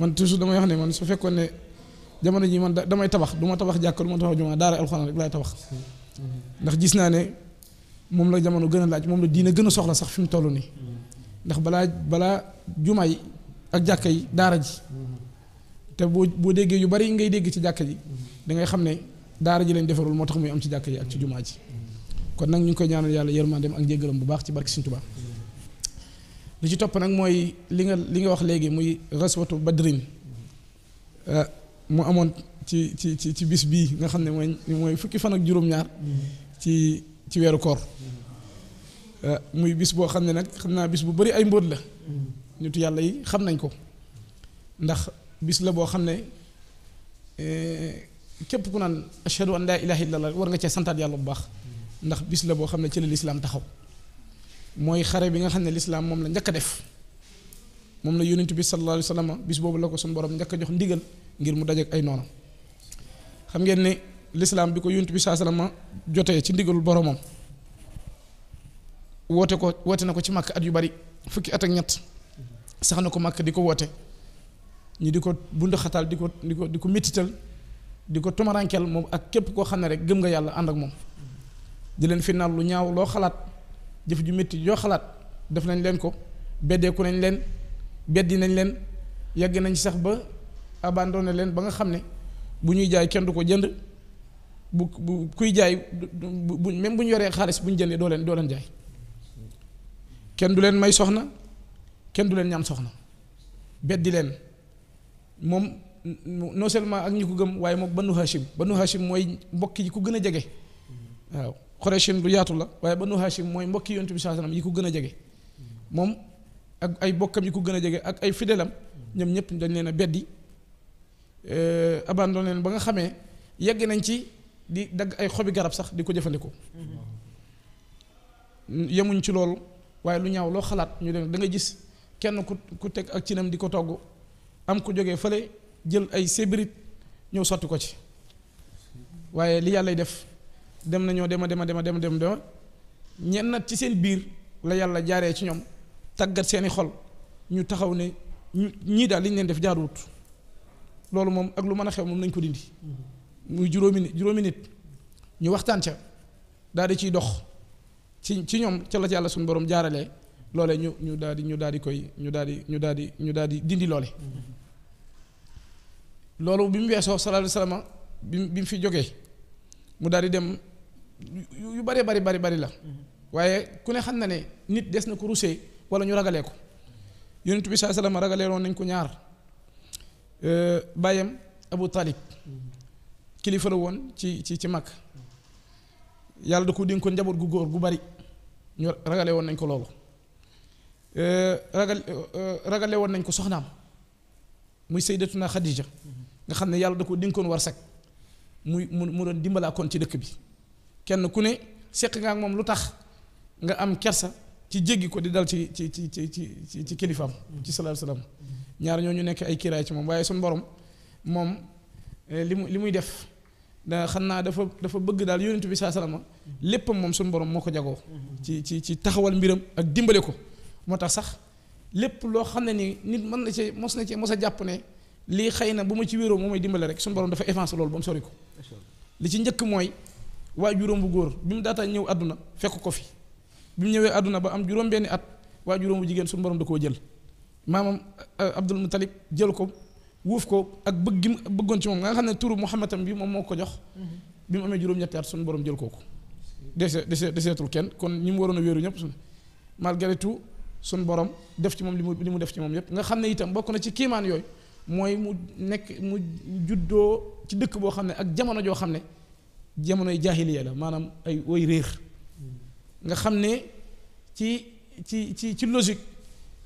man toujours damay wax ne man su fekkoon ne jamono jii man damay tabax du ma tabax jàkka du ma tabax jumaa daara alquran rek laay tabax ndax gis naa ne moom la jamono gën a laaj moom la diina gën a soxla sax fi mu toll nii ndax balaa balaa jumaa yi ak jàkka yi daara ji te boo boo déggee yu bari ngay dégg ci jàkka ji da ngay xam ne daara ji lañ defarul moo tax muy am ci jàkka yi ak ci jumaa ji kon nag ñu ngi koy ñaanal yàlla yërmandeem ak njéggalam bu baax ci barke Sëriñ Tuubaa li ci topp nag mooy li nga li nga wax léegi muy ba badrin euh, mu amoon ci ci ci ci bis bii nga xam ne mooy mooy fukki fan ak juróom-ñaar ci ci weeru koor euh, muy bis boo xam ne nag xam naa bis bu bari ay mbóot la nitu yàlla yi xam nañ ko ndax bis la boo xam ne euh, képp ku naan ashhadu an laa ilaaha la war nga cee santaat yàlla bu baax ndax bis la boo xam ne ci la lislaam taxaw mooy xare bi nga xam ne lislaam moom la njëkk a def moom la yonent bi sallallahu alayhi wa sallam bis boobu la ko suñu borom njëkk a ndigal ngir mu dajeek ay noonam xam ngeen ne lislaam bi ko yonent bi saa sallam jotee ci ndigalul boromam woote ko woote na ko ci makk at yu bari fukki at ak ñett sax na ko makk di ko woote ñu di ko bund di ko di ko di ko méttital di ko tomarankel moom ak képp koo xam ne rek gëm nga yàlla ànd ak moom di leen fitnaal lu ñaaw loo xalaat jëf ju metti joo xalaat def nañ leen ko beddeeku nañ leen beddi nañ leen yàgg nañ sax ba abandonné leen ba nga xam ne bu ñuy jaay kenn du ko jënd bu bu kuy jaay bu même bu ñu yoree xaalis bu ñu jëndee doo leen doo leen jaay kenn du leen may soxna kenn du leen ñaan soxna beddi leen moom non seulement ak ñi ko gëm waaye moom banu Hachim banu Hachim mooy mbokk yi ku gën a jege waaw. Qurayshin bu yaatu la waaye Banu Hashim mooy mbokki yonent bi sallallahu alayhi wasallam yi ko gën a jege moom ak ay bokkam yi ko gën a jege ak ay fidèlam ñoom ñëpp dañ leen a beddi euh, abandon leen ba nga xamee yegg nañ ci di dagg ay xobi garab sax di ko jëfandikoo yemuñ ci loolu waaye lu ñaaw loo xalaat ñu dem dangay gis kenn ku ku teg ak cinam di ko togg am ku jógee fële jël ay sébrit ñëw sotti ko ci waaye li yàllay def dem nañoo dema dema dema dema dem dema ñenn nag ci seen biir la yàlla jaaree ci ñoom tàggat seeni xol ñu taxaw ne ñu ñii daal li ñu leen def jaaruwut loolu moom ak lu mën a xew moom nañ ko dindi muy juróomi nit nit ñu waxtaan ca daal di ciy dox ci ci ñoom ca la yàlla suñu boroom jaaralee loole ñu ñu daal di ñu daal di koy ñu daal di ñu daal di ñu daal di dindi loole loolu bi mu weesoo sallallahu alayhi wasallam bi mu fi jógee mu daal dem yu bari bari bari bari la waaye ku ne xam na ne nit des na ko rusee wala ñu ragalee ko yonent bi saa salaam ragalee woon nañ ko ñaar euh, bàyyam Abu Talib kilifa woon ci ci ci mag yàlla da ko dénk ko njaboot gu góor gu bari ñu ragale woon nañ ko loolu euh, ragal euh, ragale woon nañ ko soxnaam muy Sayyidatuna Khadija nga xam ne yàlla da ko dénkoon war sag muy mu mu doon dimbalaa kon ci dëkk bi kenn ku ne seq nga ak moom lu tax nga am kersa ci jéggi ko di dal ci ci ci ci ci ci kilifaam ci salaatu salaam ñaar ñoo ñu nekk ay kiraay ci moom waaye suñu borom moom eh, li mu li muy def da xam naa dafa dafa bëgg daal yonent bi saa salaama léppam moom suñu borom moo ko jagoo. ci ci ci taxawal mbiram ak dimbale ko moo tax sax lépp loo xam ne nii nit mun na cee mos na ci mos a jàpp ne lii xay na bu ma ci wéeroo moo may dimbale rek suñu borom dafa évancé loolu ba mu sori ko. li ci njëkk mooy. waa juróom bu góor bi mu daataa ñëw àdduna fekk ko fi bi mu ñëwee àdduna ba am juróom-benni at waa juróom bu jigéen suñu borom da koo jël maamam euh, Abdul Muttalib jël ko wuuf ko ak bëgg gi bëggoon ci moom nga xam ne turu Muhammadam bi moom moo ko jox. Mm-hmm. bi mu amee juróom-ñetti at suñu borom jël kooku. dese dese deseetul kenn kon ñi mu waroon a wéeru ñëpp suñu malgré tout suñu borom def ci moom li mu li mu def ci moom yëpp nga xam ne itam bokk na ci kiimaan yooyu mooy mu nekk mu juddoo ci dëkk boo xam ne ak jamono joo xam ne. jamonoy jaahiliya la maanaam ay woy réer nga xam ne ci ci ci ci logique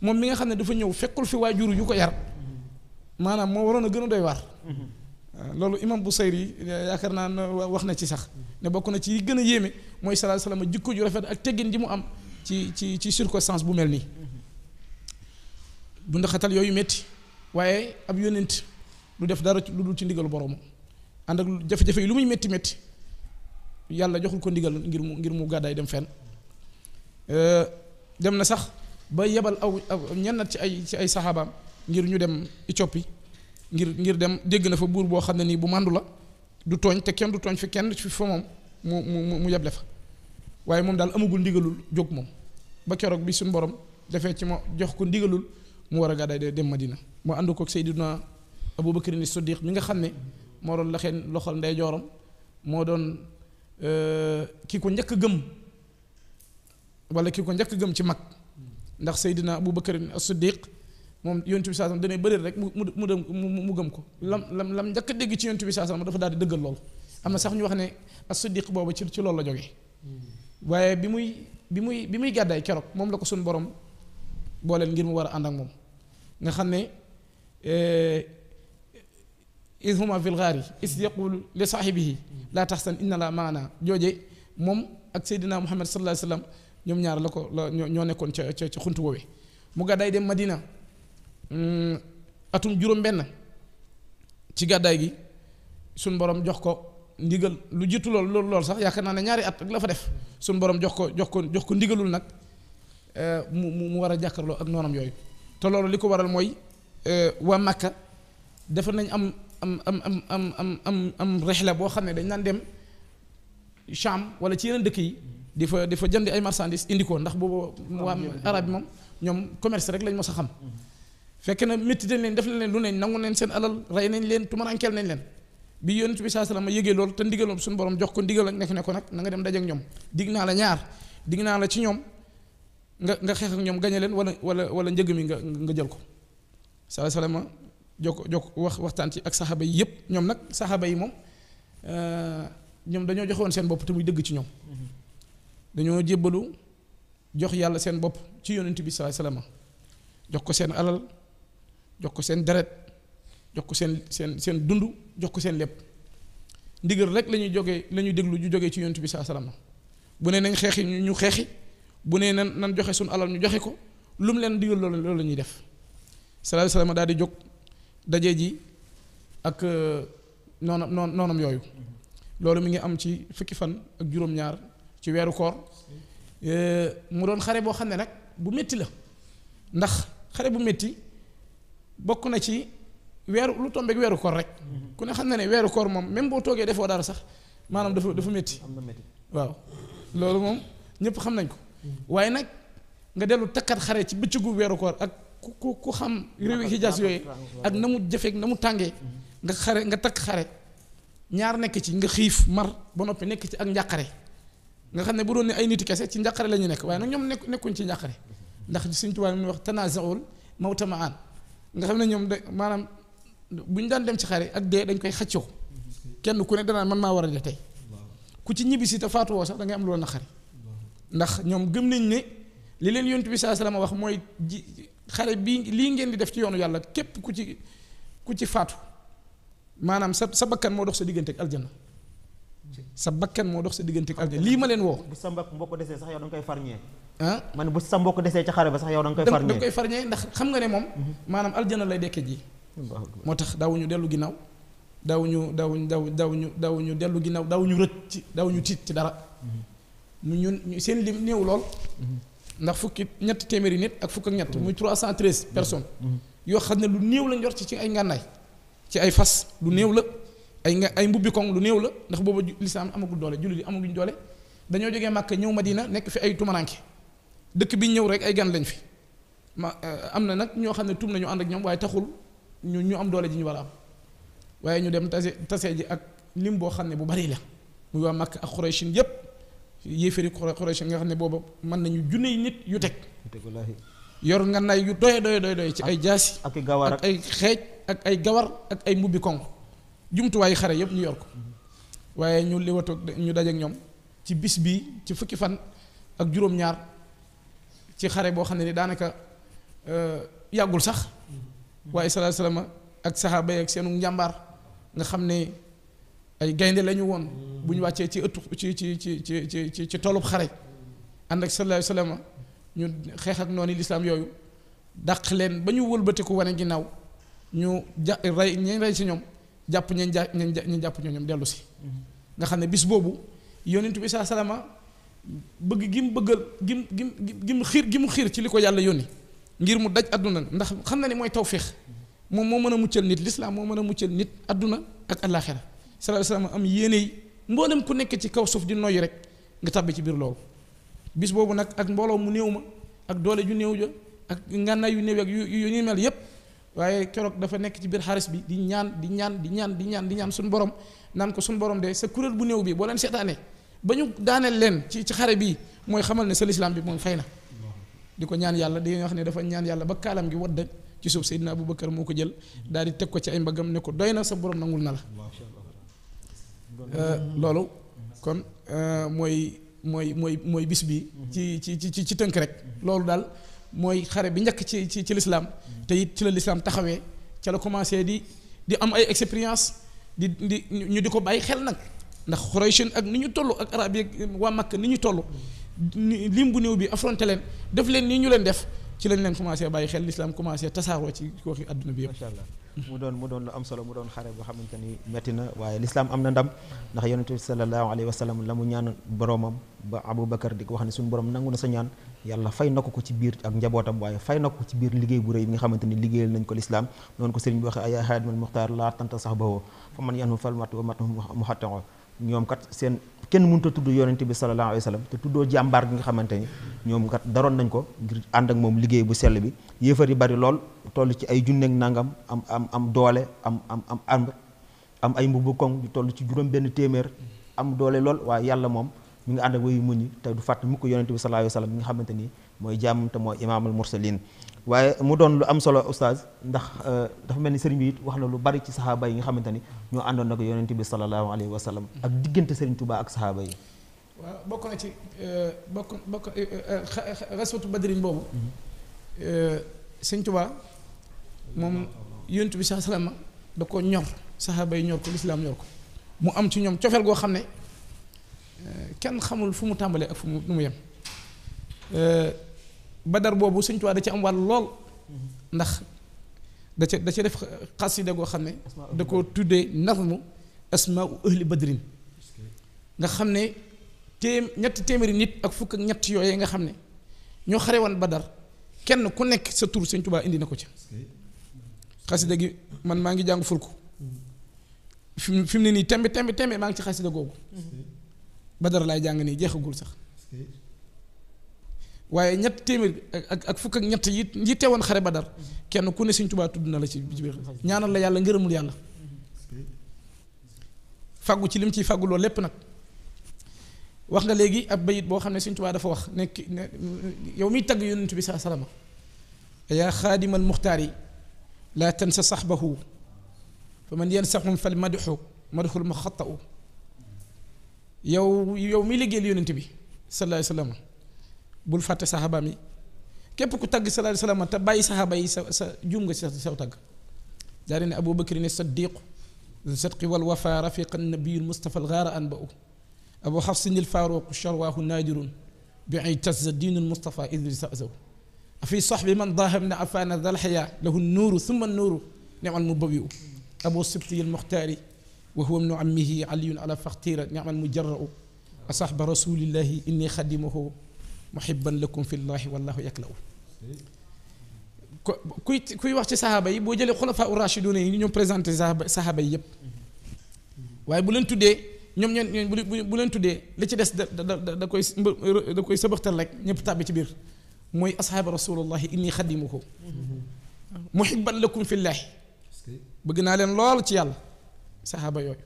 moom mi nga xam ne dafa ñëw fekkul fi waajur yu ko yar maanaam moo waroon a gën a doy waar loolu imam Busayri yaakaar naa ne wax na ci sax ne bokk na ci gën a yéeme mooy salaa salaam jikko ju rafet ak teggin ji mu am ci ci ci circonstance bu mel nii bu ndaxatal yooyu metti waaye ab yónent lu def dara lu dul ci ndigal boroomam ànd ak jafe-jafe yi lu muy metti metti yàlla joxul ko ndigal ngir mu ngir mu gàddaay dem fenn euh, dem na sax ba yebal aw ñennat ci ay ci ay saxaabaam ngir ñu dem Éthiopie ngir ngir dem dégg na fa buur boo xam ne nii bu màndu la du tooñ te kenn du tooñ fi kenn fi fa moom mu mu mu yeble fa waaye moom daal amagul ndigalul jóg moom ba keroog bi suñ borom defee ci ma jox ko ndigalul mu war a gàddaay dem Madina mu ànd ko ak Seydina Abubakar ni Siddiq mi nga xam ne moo doon laxeen loxol ndeyjooram Euh, kii ko njëkk gëm wala kii ko njëkk gëm ci mag ndax Seydina Abu Bakar as-Siddiq moom yontu bi saasam danay bëri rek mu mu mu mu gëm ko lam lam lam njëkk dégg ci yontu bi dafa daal di dëggal lool am na sax ñu wax ne as-Siddiq boobu ci ci loolu la jógee waaye bi muy bi muy bi muy gàddaay keroog moom la ko suñ borom booleen ngir mu war a ànd ak moom nga xam ne euh, is huma fil gaari is yaqul li saahibihi laa taxsan inna la maana jooje moom ak Seydina Muhammad sallallahu alayhi wasallam ñoom ñaar la ko la ñoo nekkoon ca ca xunt woowee mu gàddaay dem Madina mm, atum juróom-benn ci gàddaay gi suñ borom jox ko ndigal lu jiitu lool lool sax yaakaar naa ne ñaari at rek la fa def suñ borom jox ko jox ko jox ko ndigalul nag eh, mu mu war a jàkkaarloo ak noonam yooyu te loolu li ko waral mooy eh, waa Makka dafa nañ am. am am am am am am am rihla boo xam ne dañ naan dem Cham wala ci yeneen dëkk yi di fa di fa jënd ay marchandises indi ko ndax boobu waa arab yi moom ñoom commerce rek lañ mos a xam fekk na métti dañ leen def leen lu neñ nangu leen seen alal rey nañ leen tumarankeel nañ leen bi yonent bi saa salaam ma yëgee loolu te ndigaloon suñu borom jox ko ndigal ak nekk ne ko nag na nga dem dajak ñoom dig naa la ñaar dig naa la ci ñoom nga nga xeex ñoom gañe leen wala wala wala njëg mi nga nga jël ko saa salaam jokk jokk wax waxtaan ci ak saxaaba yi yëpp ñoom nag saxaaba yi moom euh, ñoom dañoo joxewoon seen bopp te muy dëgg ci ñoom mm-hmm. dañoo jébbalu jox yàlla seen bopp ci yonent bi sa alayhi wasallam jox ko seen alal jox ko seen deret jox ko seen seen seen dund jox ko seen lépp ndigal rek la ñuy jógee la déglu ju jógee ci yonent bi sallallahu bu nee nañ xeexi ñu xeexi bu nee nan nan joxe suñu alal ñu joxe ko lu mu leen digal loolu loolu la ñuy def sallallahu alayhi wasallam daal di jóg daje ji ak euh, noonam noonam yooyu mhm. loolu mi ngi am ci fukki fan ak juróom-ñaar ci weeru koor euh, mu doon xare boo xam ne nag bu métti la ndax xare bu métti bokk na ci weeru lu tombeek weeru koor rek mhm. ku ne xam na ne weeru koor moom même boo toogee defoo dara sax maanaam dafa dafa métti waaw loolu moom ñëpp xam nañ ko mhm. waaye nag nga dellu takkat xare ci bëccëgu weeru koor ak ku ku ku xam réewi Hijaz yooyu ak na mu jafeeg na mu tàngee nga xare nga takk xare ñaar nekk ci nga xiif mar ba noppi nekk ci ak njàqare nga xam ne bu doon ne ay niti kese ci njàqare la nekk waaye nag ñoom nekk nekkuñ ci njàqare ndax Sëñ Tuubaa mu wax tanaazaul mawta ma'an nga xam ne ñoom de maanaam bu daan dem ci xare ak dee dañ koy xaccoo kenn ku ne danaan man maa war a dee tey ku ci ñibbi si te faatuwoo sax da ngay am loolu naqari ndax ñoom gëm nañ ne li leen yontu bi saa salaam wax mooy xare bii lii ngeen di def ci yoonu yàlla képp ku ci ku ci faatu maanaam sa sa bakkan moo dox sa diggante ak aljanna sa bakkan moo dox sa diggante ak aljanna lii ma leen woo. bu sa mbokk mbokk desee sax yow da nga koy farñee. ah man bu sa mbokk desee ca xare ba sax yow da nga koy farñee da nga ndax xam nga ne moom. Mhm. maanaam aljanna lay dekke ji. moo tax dawuñu dellu ginnaaw daawuñu daawuñu daaw daawuñu daawuñu dellu ginnaaw daawuñu rëcc daawuñu tiit ci dara. Mhm. ñun seen lim néew lool. Mhm. ndax fukki ñetti téeméeri nit ak fukk ak ñett muy trois cent treize personnes yoo xam ne lu néew lañ yor ci ci ay ngànnaay ci ay fas lu néew la ay nga ay mbubbi koŋ lu néew la ndax booba lislaam amagul doole jullit yi amaguñ doole dañoo jógee Màkka ñëw Madina nekk fi ay tumaranke dëkk bi ñëw rek ay gan lañ fi ma euh, am na nag ñoo xam ne tum nañu ànd ak ñoom waaye taxul ñu ñu am doole ji ñu war a am waaye ñu dem tase tase ji ak nim boo xam ne bu bari la muy waa Màkka ak Xuraysin yépp yéeféeri Quraysh nga xam ne booba mën nañu junne yi nit yu teg yor nga nay yu doy doy doy ci ay jaasi ak ay xeej ak ay gawar ak ay mbubbi konk jumtuwaayu xare yëpp ñu yor ko waaye ñu liwatoog ñu dajeek ñoom ci bis bi ci fukki fan ak juróom-ñaar ci xare boo xam ne ni daanaka euh, yàggul sax mm-hmm. waaye salaasalaama ak saxaaba yi ak seenu njàmbaar nga xam ne ay gaynde lañu won buñ wacce ci ëttu ci ci ci ci ci ci tolub xare ànd ak sallallahu alayhi wasallam ñu xex ak noni l'islam yoyu dàq leen bañu ñu wëlbatiku wone ginnaaw ñu ray rey ray ci ñom jàpp ñañ ja jàpp ñoom dellu si nga xamne bis bobu yonent bi saa salama bëgg gi mu bëggal gim gim gim xir gi mu xiir ci liko yàlla yoni ngir mu daj aduna ndax xamna ni moy tawfiq mom mo meuna muccel nit l'islam mo meuna muccel nit aduna ak al-akhirah sallallahu alayhi wa sallam am yéene yi mboolem ku nekk ci kaw suuf di noyyi rek nga tàbbi ci biir loolu bis boobu nag ak mbooloo mu néew ma ak doole ju néew ja ak ngànnaay yu néew ak yu yu ñu mel yépp waaye keroog dafa nekk ci biir xaris bi di ñaan di ñaan di ñaan di ñaan di ñaan suñu borom naan ko suñu borom de sa kuréel bu néew bii boo leen seetaanee ba ñu daaneel leen ci ci xare bii mooy xamal ne sa lislaam bi moom fay na di ko ñaan yàlla di wax ne dafa ñaan yàlla ba kaalam gi wadd ci suuf Seydina Abubakar moo ko jël daal di teg ko ci ay mbagam ne ko doy na sa borom nangul na la Euh, loolu kon euh, mooy mooy mooy mooy bis bi. ci ci ci ci tënk rek. loolu daal mooy xare bi njëkk ci ci ci lislaam tey it ci la lislaam taxawee ca la commencé di di am ay expérience di di ñu di ko bàyyi xel nag ndax Quraysh ak ni ñu toll ak arab yi waa Makka ni ñu toll. lim bu néew bi affronté leen def leen nii ñu leen def ci lañ leen commencé bàyyi xel lislaam commencé tasaaroo ci kooxi àdduna bi yëpp. mu doon mu doon lu am solo mu doon xare boo xamante ni metti na waaye lislaam am na ndam ndax yonent bi sallallahu alayhi wa la mu ñaan boroomam ba Aboubacar di ko wax ne suñu borom nangu na sa ñaan yàlla fay na ko ko ci biir ak njabootam waaye fay na ko ci biir liggéey bu rëy bi nga xamante ni liggéeyal nañ ko lislaam noonu ko sëriñ bi waxee aya haadimal muxtaar laa tanta sax bawoo fa man yanhu fal mat wa mat ñoom kat seen kenn mënut a tudd yonent bi sallallahu alayhi wa te tuddoo jàmbaar gi nga xamante ni ñoom kat daroon nañ ko ngir ànd ak moom liggéey bu sell bi yéefar yi bari lool toll ci ay junneeg nangam am am am doole am am am arme am ay mbubu koŋ ñu toll ci juróom benn téeméer am doole lool waaye yàlla moom mi ngi ànd ak wayu muñ yi te du fàtte mukk yonent bi sallallahu alayhi wa sallam mi nga xamante ni mooy jàmm te mooy imaamul mursalin waaye mu doon lu am solo oustaz ndax dafa mel ni sëriñ bi it wax na lu bari ci saxaaba yi nga xamante ni ñoo àndoon na ko yonent bi sallallahu alayhi wa sallam ak diggante sëriñ Touba ak saxaaba yi. waaw bokk na ci bokk bokk raswatu badrin boobu. sëñ Touba moom yonent bi sallallahu alayhi wa sallam da ko ñor saxaaba yi ñor ko lislaam ñor ko mu am ci ñoom cofeel goo xam ne kenn xamul fu mu tàmbalee ak fu mu nu mu yem. badar boobu Sëñ Tuubaa da ci am wàll lool mm-hmm. ndax da ca da ca def xasida goo xam ne da ko tuddee nazmu asmaa u ahli badrin nga xam ne téem ñett téeméeri nit ak fukk ak ñett yooyee nga xam ne ñoo xare woon badar kenn ku nekk sa tur Sëñ Tuubaa indi na ko ca xasida gi man maa ngi jàng fulku fi fi mu ne nii tembe tembe tembe maa ngi ci xasida googu mm-hmm. badar lay jàng nii jeexagul sax waaye ñett téeméer ak ak fukk ak ñett yi yi teewoon xare badar kenn ku ne Sëñ Tuubaa tudd na la ci biir ñaanal la yàlla ngërëmul yàlla fàggu ci lim ciy fàggu loolu lépp nag wax nga léegi ab bayit boo xam ne Sëñ Tuubaa dafa wax ne yow miy tagg yonent bi saa salama yaa xaadimal muxtaari laa tansa saxbahu fa man yansaxum fal madxu madxul muxatau yow yow miy liggéeyal yonent bi sallallahu alayhi wa sallam bul fàtte saxaabaam yi képp ku tagg sallallahu alayhi wasallam te bàyyi saxaaba yi sa sa juum nga si saw tagg daal ne Abu Bakrin as-Siddiq ذو صدق والوفاء رفيق النبي المصطفى الغار أنبأه أبو حفص الفاروق شرواه نادر بعيتز الدين المصطفى إذ سأزه في صحب من ضاه من عفان ذا الحياة له النور ثم النور نعم المبوئ أبو السبطي المختار وهو ابن عمه علي على فختير نعم المجرأ أصحب رسول الله إني خدمه محبا لكم في الله والله يكلو كوي كوي واخ سي صحابه يي بو جيلي خلفاء الراشدون ني نيو بريزونتي صحابه ييب واي بولن تودي نيوم نين بولن تودي لي سي ديس داكوي داكوي سبختال لك نيب تابي سي بير موي اصحاب رسول الله اني خدمه محبا لكم في الله بغنا لين لول سي يالا يوي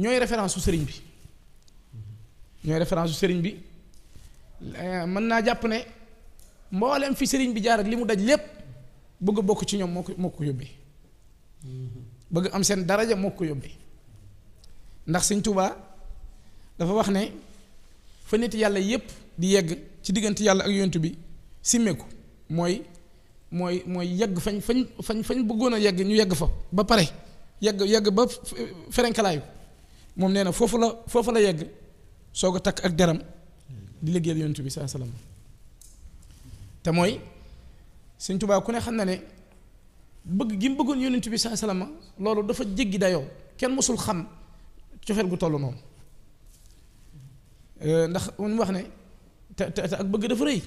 نيوي ريفيرونس سيرين بي نيوي ريفيرونس Eh, mën naa jàpp ne mboolem fi sëriñ bi jaar ak li mu daj lépp bëgg bokk ci ñoom moo ko moo ko yóbbee bëgg am seen daraja moo ko yóbbee ndax sëñ Tuubaa dafa wax ne fa nit yàlla yépp di yegg ci diggante yàlla ak yontu bi simmeeku mooy mooy mooy yegg fañ fañ fañ fañ bëggoon a yegg ñu yegg fa ba pare yegg yegg ba ferenkalaayu moom nee na foofu la foofu la yegg soog a takk ak deram di liggéeyal yonent bi sa salaam te mooy Sëñ Tuubaa ku ne xam na ne bëgg gi mu bëggoon yonent bi saa salaam loolu dafa jéggi dayoo kenn mësul xam cofeel gu toll noonu euh, ndax mu wax ne te te ak bëgg dafa rëy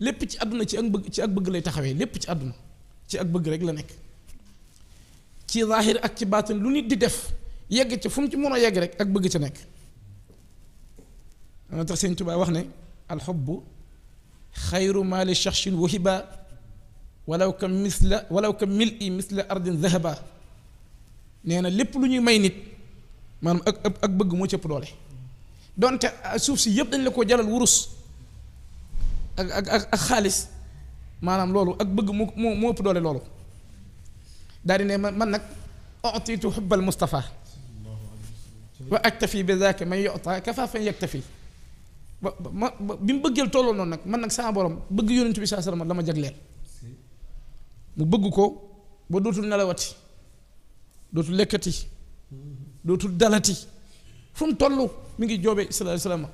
lépp ci àdduna ci ak bëgg ci ak bëgg lay taxawee lépp ci àdduna ci ak bëgg rek la nekk ci zaahir ak ci baatin lu nit di def yegg ci fu mu ci moom a yegg rek ak bëgg ca nekk moo tax sëñ Tuubaa wax ne alxubbu xayru maali shaxsin wahiba walaw ka misla walaw ka mil i misla ardin zahaba nee na lépp lu ñuy may nit maanaam ak ak bëgg moo cëpp doole donte suuf si yëpp dañ la ko jaral wurus ak ak ak ak xaalis maanaam loolu ak bëgg mu moo moo ëpp doole loolu daal di ne man man nag utiitu xubbal Mustafa wa aktafi bi zaaka man yuta kafaa fan yaktafi ba ma bi mu bëggeel tolloo noonu nag man nag sama borom bëgg yonent bi saa sallam la ma jagleel mu bëgg ko ba dootul nelawati dootul lekkati dootul dalati fu mu toll mi ngi joobe sallallahu alayhi wasallam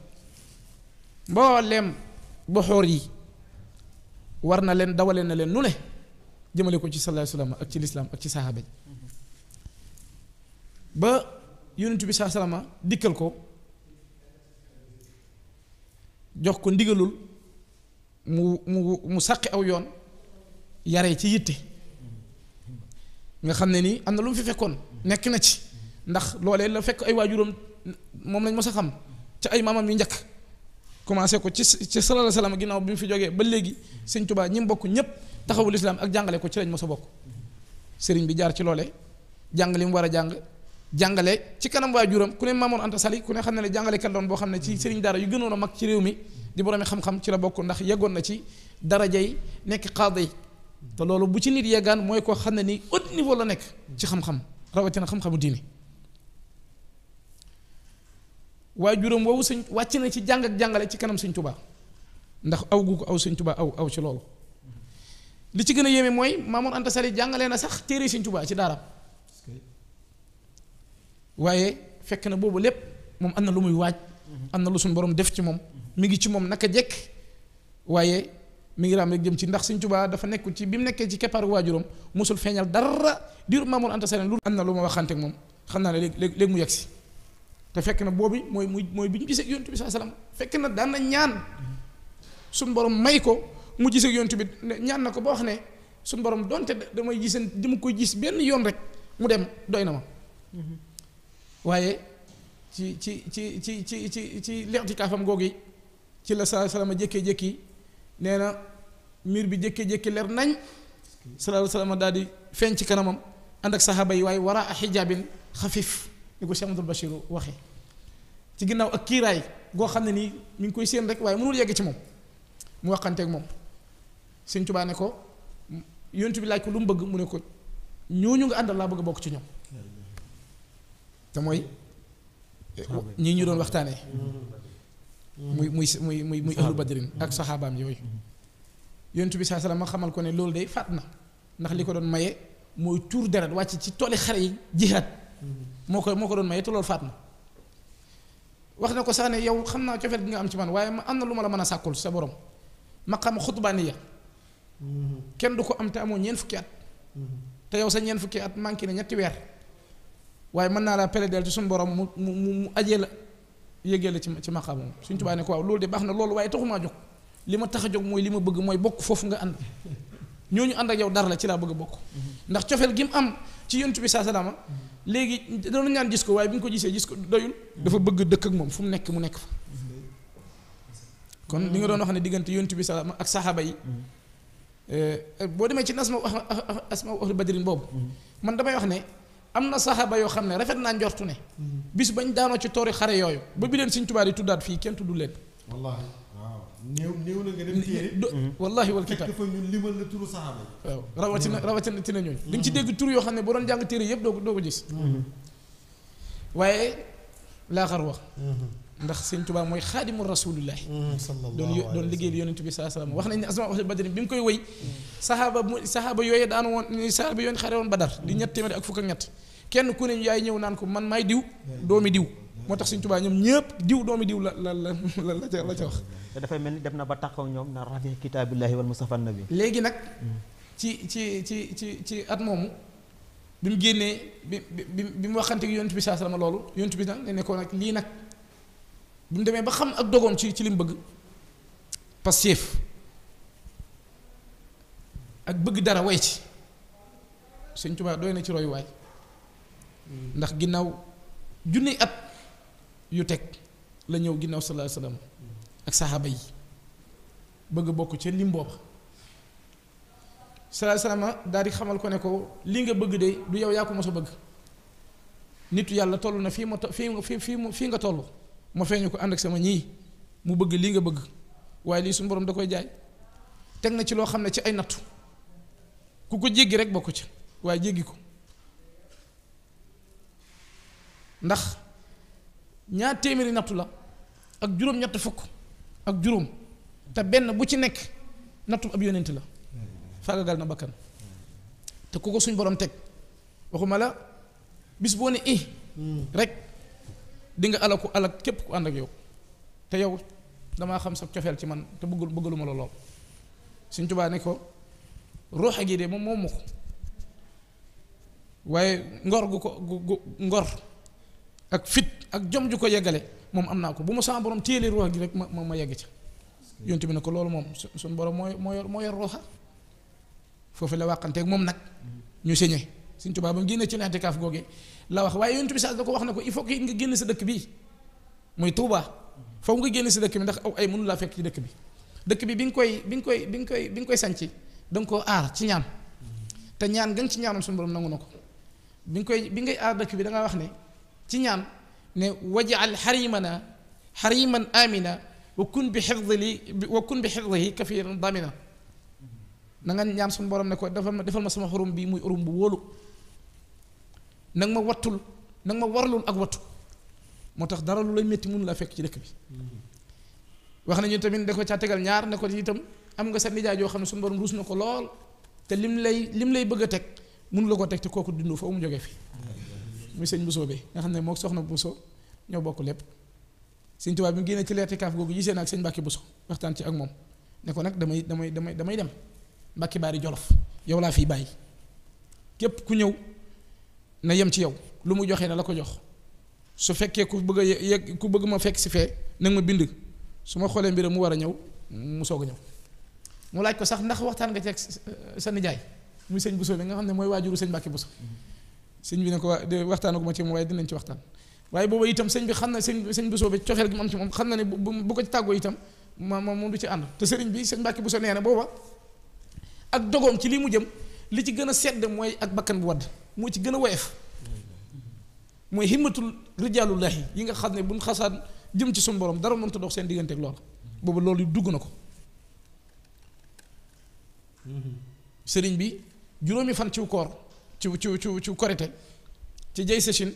mbooleem boxoor yi war na leen dawale na leen nu ne jëmale ko ci sallallahu alayhi ak ci lislaam ak ci saxaaba mm-hmm. ba yonent bi saa dikkal ko jox ko ndigalul mu mu mu sàqi aw yoon yare yi ci yitte nga xam ne nii am na lu mu fi fekkoon nekk na ci ndax loole la fekk ay waajuram moom lañ mos a xam ca ay maamam yu njëkk commencé ko ci ci sallallahu alayhi wa sallam ginnaaw bi mu fi jogee ba léegi sëñ Tuubaa ñi mu bokk ñépp taxawul islaam ak jàngale ko ci lañ mos a bokk sëriñ bi jaar ci loole jàng li mu war a jàng jàngale ci kanam waa juróom ku ne Mamour Anta Sali ku ne xam ne ne jàngalekat doon boo xam ne ci mm-hmm. sëriñ daara yu gënoon a mag ci réew mi di boroomi xam-xam ci la bokk ndax yeggoon na ci daraja yi nekk xaada yi te loolu bu ci nit yeggaan mooy koo xam ne ni haut niveau la nekk ci xam rawatina xam-xamu diini waajuram woowu sëñ wàcc na ci jàng jàngale ci kanam sëñ Tuubaa ndax aw ko aw sëñ Tuubaa aw aw ci li ci gën a yéeme mooy Mamour Anta Sali jàngale na sax téere sëñ tubaa ci daaraam waaye fekk na boobu lépp moom am na lu muy waaj am na lu suñu borom def ci moom mi ngi ci moom naka jekk waaye mi ngi raam rek jëm ci ndax Sëñ Tuubaa dafa nekkul ci bi mu nekkee ci keppaaru waajuram mosul feeñal dara diiru Maamoor Anta Sali lu am na lu ma waxante ak moom xam naa ne léegi léegi léegi mu yegg si te fekk na boobu mooy muy mooy bi ñu gisee yontu bi saa salaam fekk na daan na ñaan suñ borom may ko mu gisee yoon bi ñaan na ko ba wax ne suñu borom donte damay giseen dama koy gis benn yoon rek mu dem doy na ma waaye ci ci ci ci ci ci ci lextikaafam googu ci la sa alayhi wasallam jékkee-jékki nee na miir bi jékkee-jékki leer nañ sallallahu alayhi wasallam daal di feeñ ci kanamam ànd ak saxaaba yi waaye waraa xijaabin xafif ni ko Cheikh Amadou Bachir waxee ci ginnaaw ak kiiraay goo xam ne nii mi ngi koy séen rek waaye mënul yegg ci moom mu waxanteeg moom Sëñ Tuubaa ne ko yontu bi laaj ko lu mu bëgg mu ne ko ñooñu nga àndal laa bëgg a bokk ci ñoom te mooy ñii ñu doon waxtaanee muy muy muy muy muy ahlu badrin ak saxaabaam yooyu yonent bi saa salaam ma xamal ko ne loolu day faat na ndax li ko doon maye mooy tuur deret wàcc ci tooli xare yi jihaad moo ko moo ko doon maye te loolu faat na wax na ko sax ne yow xam naa cofeel gi nga am ci man waaye ma am na lu ma la mën a sàkkul sa borom ma xam xutbaaniya kenn du ko am te amoo ñeent fukki at te yow sa ñeent fukki at manqué ne ñetti weer waaye mën naa laa pérédel ci suñu borom mu mu mu ajee la yëgee la ci ci maqaam suñ tubaab ne ko waaw loolu de baax na loolu waaye taxumaa jóg li ma tax a jóg mooy li ma bëgg mooy bokk foofu nga ànd ñooñu ànd ak yow dara la ci laa bëgg bokk ndax cofeel gi mu am ci yontu bi saa salaama léegi doon ñaan gis ko waaye bi ñu ko gisee gis ko doyul dafa bëgg dëkk ak moom fu mu nekk mu nekk fa kon li nga doon wax ne diggante yontu bi salaama ak saxaaba yi boo demee ci asma asma ahlu badrin boobu man damay wax ne am na saxaaba yoo xam ne rafet naa njortu ne bis bañ daanoo ci toori xare yooyu ba bi leen Sëñ Tuubaa di tuddaat fii kenn tudd leen wallaahi waaw néew néew na nga dem téere wallaahi wal kitaab fekk fa ñun limal la turu saxaaba yi waaw rawatina mm. rawatina tina ñooñu mm. di ci dégg tur yoo xam ne bu doon jàng téere yëpp doo ko doo ko gis mm. waaye laaxar wax mm-hmm. ndax sëñ Tuubaa mooy xaadimu rasulillah doon doon liggéey bi yonent bi saa salaam wax nañ ne asmaa ahlu badrin bi mu koy woy saxaaba mu saxaaba yooyu daan woon saxaaba yooyu xare woon badar di ñett téeméeri ak fukk ak ñett kenn ku ne yaay ñëw naan ko man maay diw doomi diw moo tax sëñ Tuubaa ñoom ñëpp diw doomi diw la la la la la ca la ca wax te dafay mel ni dem na ba taxaw ñoom na rafi kitaabillahi wal mustafa nabi léegi nag ci ci ci ci ci at moomu bi mu génnee bi bi bi mu waxante ak yonent bi saa salaam loolu yonent bi nag ne ko nag lii nag bu ñu demee ba xam ak dogoom ci ci lim bëgg bëgg passif ak bëgg dara way ci Sëñ Tuubaa doy na ci royuwaay ndax ginnaaw junni at yu teg la ñëw ginnaaw sallallahu alayhi wasallam ak saxaaba yi bëgg bokk ci lim booba sallallahu alayhi wasallam daal di xamal ko ne ko lii nga bëgg de du yow yaa ko mos a bëgg nitu yàlla toll na fii ma fii fii mu fii nga toll ma feeñu ko ànd ak sama ñii mu bëgg lii nga bëgg waaye lii suñu borom da koy jaay teg na ci loo xam ne ci ay nattu ku ko jéggi rek bokk ci waaye jéggi ko ndax ñaar téeméeri nattu la ak juróom-ñett fukk ak juróom te benn bu ci nekk nattu ab yonent la faagagal na bakkan te ku ko suñ borom teg waxuma la bis boo ne i hmm. rek dinga nga alaku alak képp ku ànd ak yow te yow damaa xam sa cofeel ci man te bëggul bëggaluma la lool suñ tubaa ne ko ruuxa gi de moom moom mu waaye ngor gu ko gu ngor ak fit ak jom ju ko yeggale moom am naa ko bu ma sama borom téyelee ruuxa gi rek ma ma ma yegg ca yonte bi ne ko loolu moom su suñ borom mooy moo yor moo yor ruuxa foofu la wàqanteeg moom nag ñu sañee suñ tubaa ba mu génnee ci leenti kaaf googee la wax waye yonent bi sa dako wax nako il faut que nga génn sa dëkk bi muy Touba faw nga génn sa dëkk bi ndax aw ay mënu la fekk ci dëkk bi dëkk bi bing koy bing koy bing koy bing koy sanc dang ko ar ci ñaan te ñaan gën ci ñaanoon sun borom nangu nako bing koy bing ngay ar dëkk bi da nga wax ne ci ñaan ne wajal harimana hariman amina wa kun bi hifdhi li wa kun bi xifdihi kafiran damina na nga ñaan sun borom ne ko defal ma defal ma sama xurum bi muy urum bu wolu nag ma wattul nag ma warlul ak wattu moo tax dara lu lay métti mun la fekk ci dëkk bi wax nañu tamit da ko caa tegal ñaar ne ko itam am nga sa nijaay yoo xam ne suñu borom ruus na ko lool te lim lay lim lay bëgg a teg mun la ko teg te kooku dund foofu mu jógee fi muy sëñ Bousso bi nga xam ne moog soxna Bousso ñoo bokk lépp sëñ tubaab bi mu génnee ci leerti kaaf googu gisee na ak sëñ Mbàkke Bousso waxtaan ci ak moom ne ko nag damay damay damay damay dem Mbàkke Baari Jolof yow laa fiy bàyyi képp ku ñëw na yem ci yow lu mu joxee na la ko jox su fekkee ku bëgg a yegg ku bëgg ma fekk si fee nag ma bind su ma xoolee mbiram mu war a ñëw mu soog a ñëw mu laaj ko sax ndax waxtaan nga ci ak euh, sa nijaay muy sëñ Bousso bi nga xam ne mooy waajuru sëñ bu Bousso sëñ bi ne ko waxtaanu ko ma ci moom waaye dinañ ci waxtaan waaye booba itam sëñ bi xam na sëñ sëñ Bousso bi coxeel gi mu am ci moom xam na ne bu ko ci tàggoo itam ma moom du ci ànd te sëriñ bi sëñ Mbàkke Bousso nee na booba dogoom ci lii mu jëm li ci gën a sedd mooy ak bakkan bu wadd moo ci gën a woyof mooy himmatul rijaalullahi yi nga xam ne buñ xasaat jëm ci suñu borom dara mënta dox seen diggante ak loolu boobu loolu dugg na ko sëriñ bi juróomi fan ciw koor ci ci ci ci korite ci jay sëchin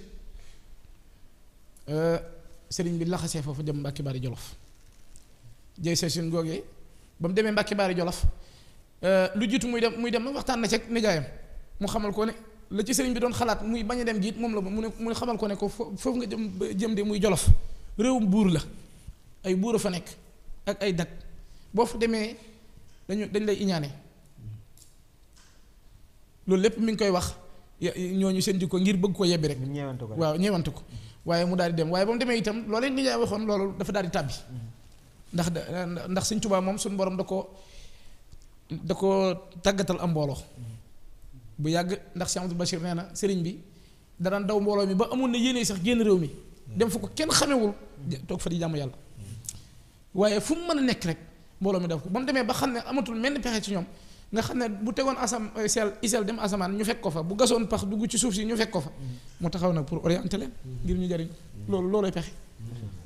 euh, sëriñ bi laxasee foofu jëm Mbàkke Baari Jolof jay sëchin googee ba mu demee Mbàkke Baari Jolof Euh, lu jiitu muy dem muy dem nag waxtaan na ci ak nijaayam mu xamal ko ne la ci sëriñ bi doon xalaat muy bañ a dem jiit moom la mu ne mu xamal ko ne ko foofu nga jëm jëm de muy jolof réewum buur la ay buur a fa nekk ak ay dag boo fa demee dañu dañ lay iñaane loolu lépp mi ngi koy wax ñooñu seen jikko ngir bëgg ko yebbi rek waaw ñeewantu ko waaye mu daal di dem waaye ba mu demee itam loolee nijaay waxoon loolu dafa daal di tàbbi ndax ndax Sëriñ Tuubaa moom suñu borom da ko da ko tàggatal am mbooloo bu yàgg ndax Cheikh Amadou Bachir nee na sëriñ bi danaan daw mbooloo mi ba amoon na yenee sax génn réew mi dem fa ko kenn xamewul toog fa di jàmm yàlla waaye fu mu mën a nekk rek mbooloo mi daf ko ba mu demee ba xam ne amatul menn pexe ci ñoom nga xam ne bu tegoon asam sel isel dem asamaan ñu fekk ko fa bu gasoon pax dugg ci suuf si ñu fekk ko fa mu taxaw nag pour orienter leen ngir ñu jariñ loolu loolay pexe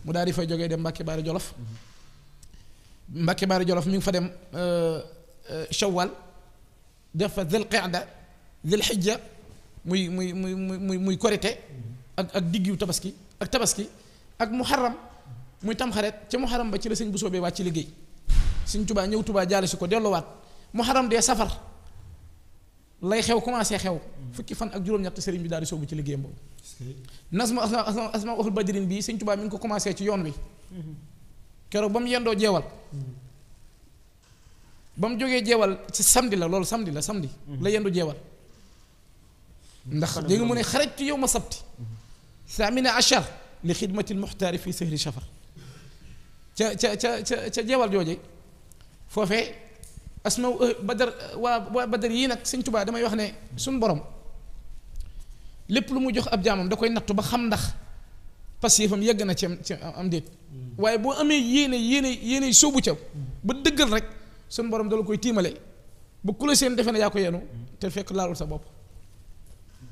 mu daal di fa jógee dem Mbàkke Baari Jolof shawal def fa zil qa'da zil xijja muy muy muy muy muy korite ak ak diggu tabaski ak tabaski ak muharram muy tamxaret ca muharram ba ci la sëñ bu soobee wàcc ci liggéey sëñ tubaa ñëw tubaa jaale si ko delluwaat muharram dee safar lay xew commencé xew fukki fan ak juróom-ñett sëriñ bi daal di soobu ci liggéeyam boobu nasma asma asma waxul badrin bii sëñ tubaa mi ngi ko commencé ci yoon wi keroog ba mu yendoo jeewal bam joge jewal ci samedi la lolou samedi la samedi. la yendu jewal ndax de nga mune ne xarajtu yow ma sabti. samina ashar li khidmati al lmuxtaari fi sahri shafar cha cha cha cha ca jeewal jooje foofee asma badar wa badar yi nak seigne touba damay wax ne suñ borom lépp lu mu jox ab jamam da koy nattu ba xam ndax pasifam yegg na ci am déet waye bo amé yene yene yene sóobu ca ba deugal rek. suñu borom dala koy tiimale bu ku la seen defe na yaa ko yenu mm-hmm. te fekk laalul sa bopp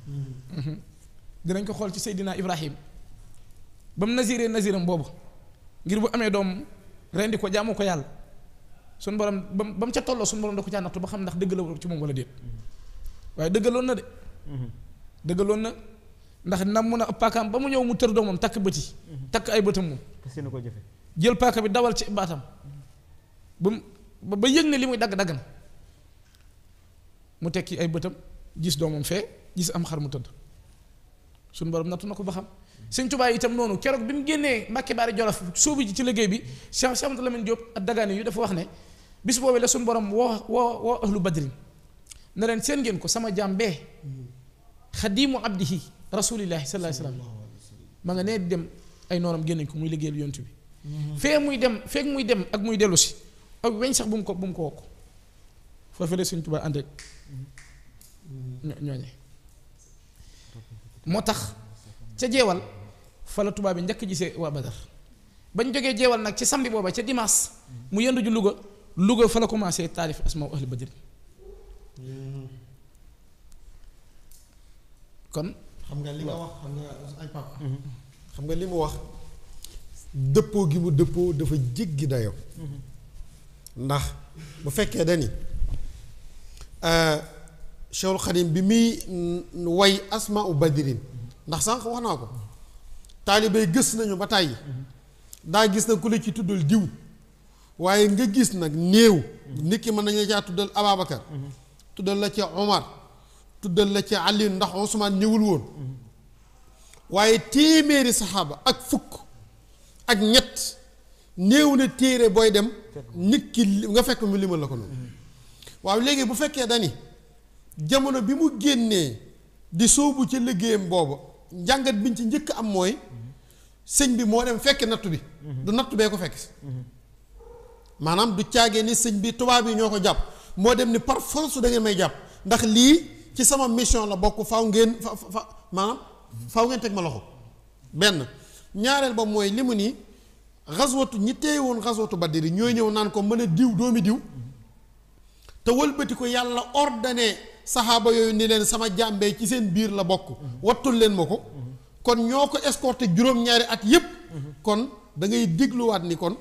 mm-hmm. Mm-hmm. dinañ ko xool ci Seydina Ibrahim ba mu naziree naziram boobu ngir bu amee doom rendi ko jaamu ko yàlla suñu borom ba ba mu ca tolloo suñu borom da ko caa nattu ba xam ndax dëgg la ci moom wala déet waaye dëggaloon na de dëggaloon na ndax nam mun a paakaam ba mu ñëw mu tër doomam takk bëti takk ay bëtam moom jël paaka bi dawal ci baatam ba mu ba ba yëg ne li muy dagg dagg na mu tekki ay bëtam gis doomam fee gis am xar mu tëdd suñu borom nattu na ko ba xam sëñ Tuubaa itam noonu keroog bi mu génnee Mbàkke Baari Jolof sóobu ji ci liggéey bi Cheikh Cheikh Lamine Diop ak dagaani yu dafa wax ne bis boobee la suñu borom woo woo woo ahlu badrin ne leen seen ngeen ko sama jaam bee xadiimu abdihi rasulillahi sallallahu alayhi wa sallam ma nga nee di dem ay noonam génnañ ko muy liggéeyal yontu bi fee muy dem feek muy dem ak muy dellu si aw weñ sax bu mu ko bu mu ko wokk foofu la Sëriñ Tuubaa ànd ak ñooñe moo tax ca jeewal fa la tubaab bi njëkk gisee waa Badar bañ jógee jeewal nag ci samedi booba ca dimanche mu yendu ju Louga Louga fa la commencé taarif asmaa ahli badri kon xam nga li nga nga ay mu wax dëppoo gi mu dëppoo dafa jéggi dayoo mhm. ndax bu fekkee dani euh, Cheikhul Xadim bi muy way asmaa u badirin ndax sànq wax naa ko taalibe gis nañu ba tàyyi daa gis na ku la ci tuddal diw waaye nga gis nag néew nit ki mën nañu la caa tuddal Ababacar tuddal la ca Omar tuddal la ca Ali ndax Ousmane ñëwul woon waaye téeméeri saxaaba ak fukk ak ñett néew ne téere booy dem nit ki nga fekk mu limal la ko noonu waaw léegi bu fekkee dani jamono bi mu génnee di soobu ci liggéeyam boobu njàngat biñ ci njëkk am mooy sëñ bi moo dem fekki nattu bi du nattu bee ko fekk si maanaam du caagee ni sëñ bi tubaab yi ñoo ko jàpp moo dem ni par force da ngeen may jàpp ndax lii ci sama mission la bokk faw ngeen fa fa maanaam faw ngeen teg ma loxo benn ñaareel ba mooy li mu nii xaswatu ñi teey woon xaswatu badiri ñooy ñëw naan ko mën a diw doomi diw te wëlbati ko yàlla ordonné saxaaba yooyu ni leen sama jàmbee ci seen biir la bokk wattul leen ma ko kon ñoo ko escorté juróom-ñaari at yépp kon da ngay dégluwaat ni kon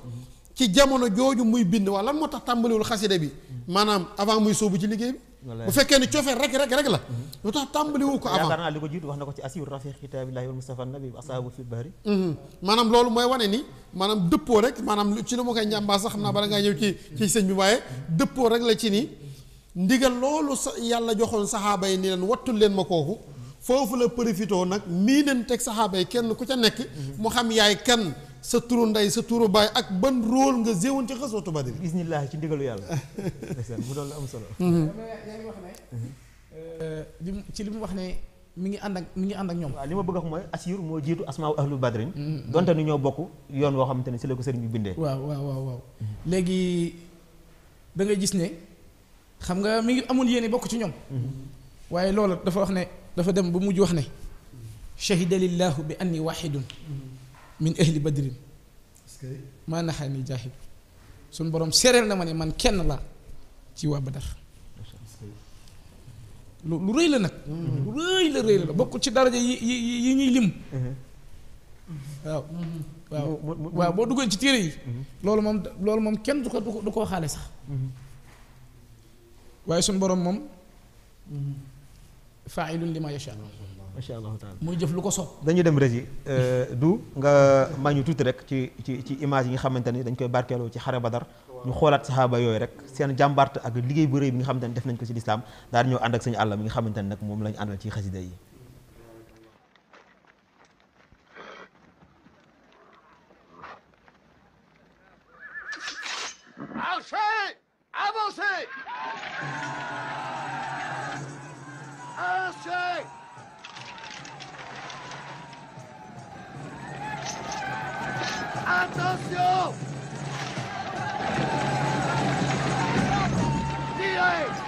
ci jamono jooju muy bind waa lan moo tax tàmbaliwul xasida bi maanaam avant muy sóobu ci liggéey bi bu fekkee ne coofeel rek rek rek la mm-hmm. lu tax tàmbali wu ko avant yaakaar naa wax na ko ci asiru rafiq kitaabillahi wal mustafa nabi asaabu fi bari mm-hmm. maanaam loolu mooy wane ni maanaam dëppoo rek maanaam ci lu ma koy njàmbaa sax xam naa bala ngaa ñëw ci ci sëñ bi waaye dëppoo rek la ci ni ndigal loolu sax yàlla joxoon saxaaba yi ni leen wattul leen ma kooku foofu la profité nag mii leen teg saxaaba yi kenn ku ca nekk mu xam yaay kenn sa turu ndey sa turu baay ak ban rôle nga zéewoon ci xaswatu Badri. bismillah ci ndigalu yàlla. mu doon lu am solo. Mhm. Euh, ci li mu wax ne. mu ngi ànd ak mu ngi ànd ak ñoom. li ma bëgg a wax mooy Assir moo jiitu asmaaw ahlu badrin. Mhm. donte ni bokk yoon woo xamante ne si ko sëriñ bi bindee. waaw waaw waaw léegi da gis ne xam nga mi ngi amul yéene bokk ci ñoom. Mhm. waaye loola dafa wax ne dafa dem ba mujj wax ne. shahida lillahu bi anni wahidun من اهل بدر ما نحاني جاهل سون بروم سيرل نما من كين لا تي وا بدر لو ري لا نك ري لا ري لا بوكو تي درجه يي ني لم واو واو بو دوجن تي تيري لول موم لول موم كين دوكو دوكو خالي صاح واي سون بروم موم فاعل لما يشاء macha allah taala muy jëf lu sopp dañuy dem Brésil euh, du nga may ñu rek ci ci ci image yi nga dañ koy ci xare Badar ñu xoolaat saxaaba yooyu rek seen jàmbaarte ak liggéey bu rëy bi nga xamante def nañ ko ci daal ak mi moom ci yi Atenção! Direito!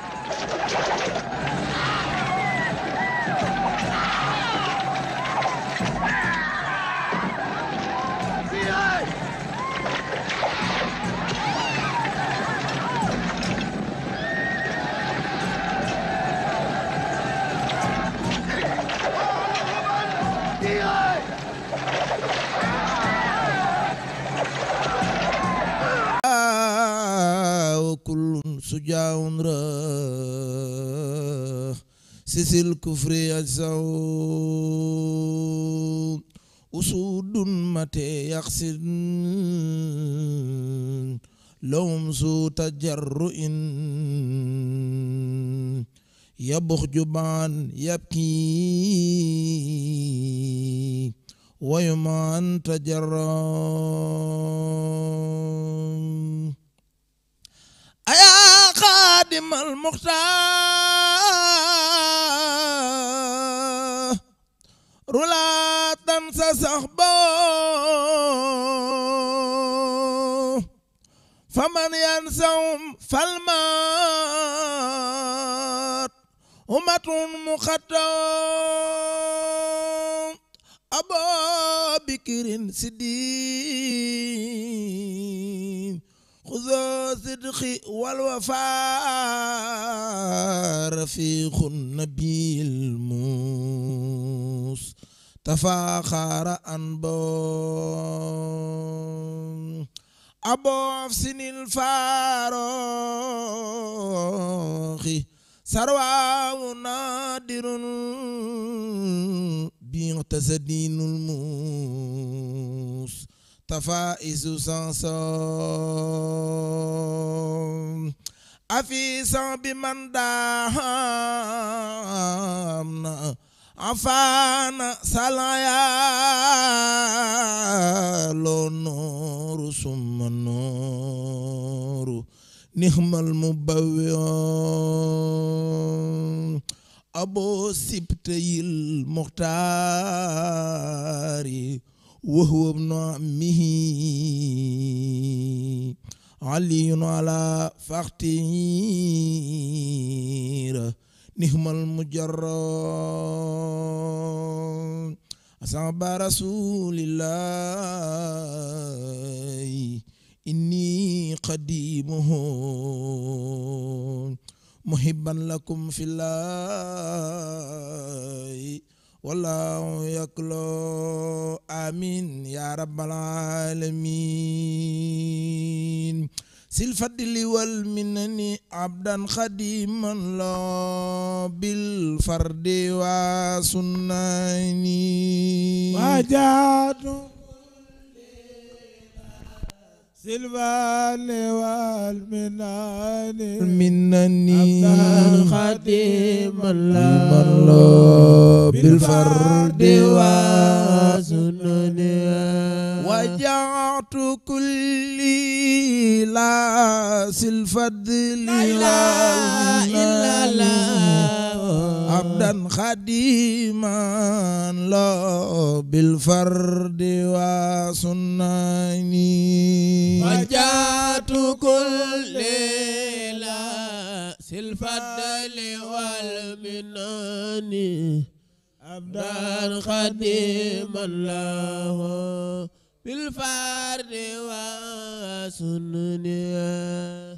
سجاع راه سيس الكفر يجزعون أسود متى يقصد لهم سوء تجرؤ يبخ جبان يبكي ويمان تجرؤ ayaa xaadimal muxtaar rulaa tan sa sax boo fa man yan sawum falmaat umatun muxattaam aboo bikirin siddiim خذ صدق والوفاء رفيق النبي الموس تفاخر أنبو أبو سن الفاروخ سروا نادر بيغتسدين الموس tafa isu sansom afisan bi man daam na afana salaya lo nooru summa nooru nihmal mubawion abo sibtayil muxtaari وهو ابن عمه علي على فقير نهم المجرد أصحاب رسول الله إني قديمه محبا لكم في الله wallahu yaklo amin ya rabbal alamin sil fadli wal minani abdan khadiman lo bil fardi wa sunnani wajatu السلوان والمنان المناني الخادم الله بالفرد وسنن وجعت كل لا سلفد لا إله إلا الله abdan xadiman lo bil fardi wa sunnani wajatu kulli la sil fadli wal minani abdan xadiman lo bil fardi wa sunnani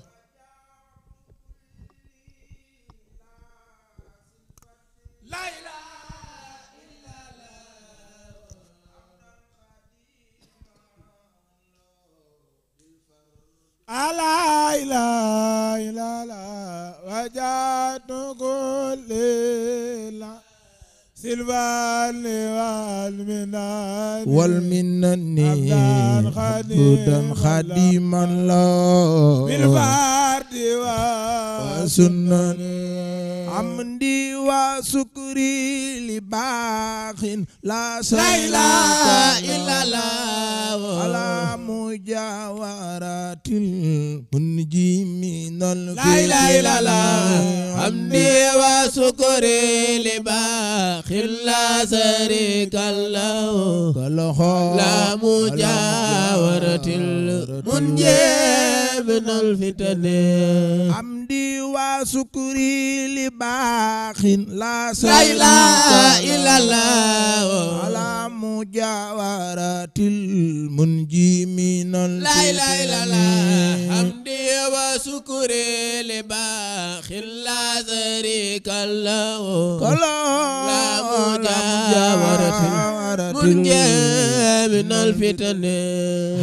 ala ila ila la wajatu kulli la silbaan wal minani abdan xadiman la bilfardi wa sunnan amdi wa sukri li baaxin la ilaha illallah ala mujawaratil munji minal la ilaha illallah amdi wa sukri li baaxin لا شريك له لا مجاورة المنجي من الفتن حمدي وشكري لباخ لا شريك له على مجاورة المنجي من الفتن لا إله إلا الله حمدي وشكري لباخ لا شريك له لا مجاورة منجاة من الفتن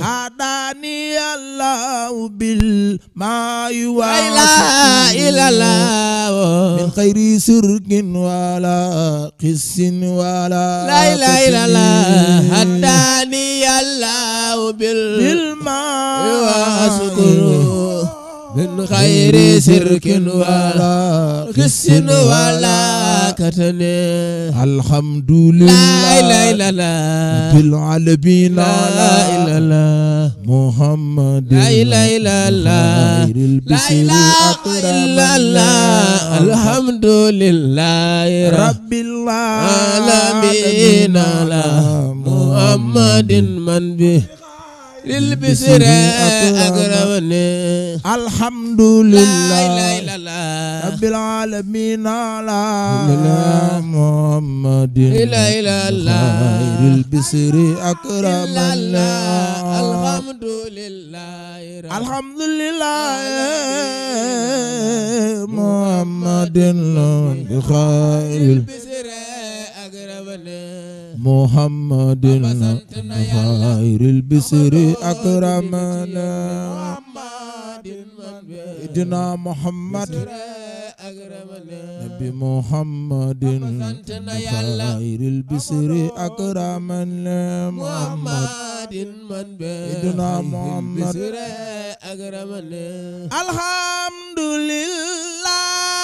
هداني الله بالماء ولا إلا الله من خير سرق ولا قس ولا لا إله إلا الله هداني الله بالماء وأشكره من غير سرك ولا خس ولا كتن الحمد لله لا إله إلا الله بالعالمين لا إله إلا الله محمد لا إله إلا الله لا إله إلا الله الحمد لله رب العالمين محمد من به lil bisira ak rawane alhamdulillah la ilaha illallah rabbil alamin ala muhammadin la ilaha illallah lil bisri ak rawane alhamdulillah alhamdulillah muhammadin la khairil bisri ak rawane محمد خير البسر أكرمنا سيدنا محمد نبي محمد خير البسر أكرمنا محمد سيدنا محمد الحمد لله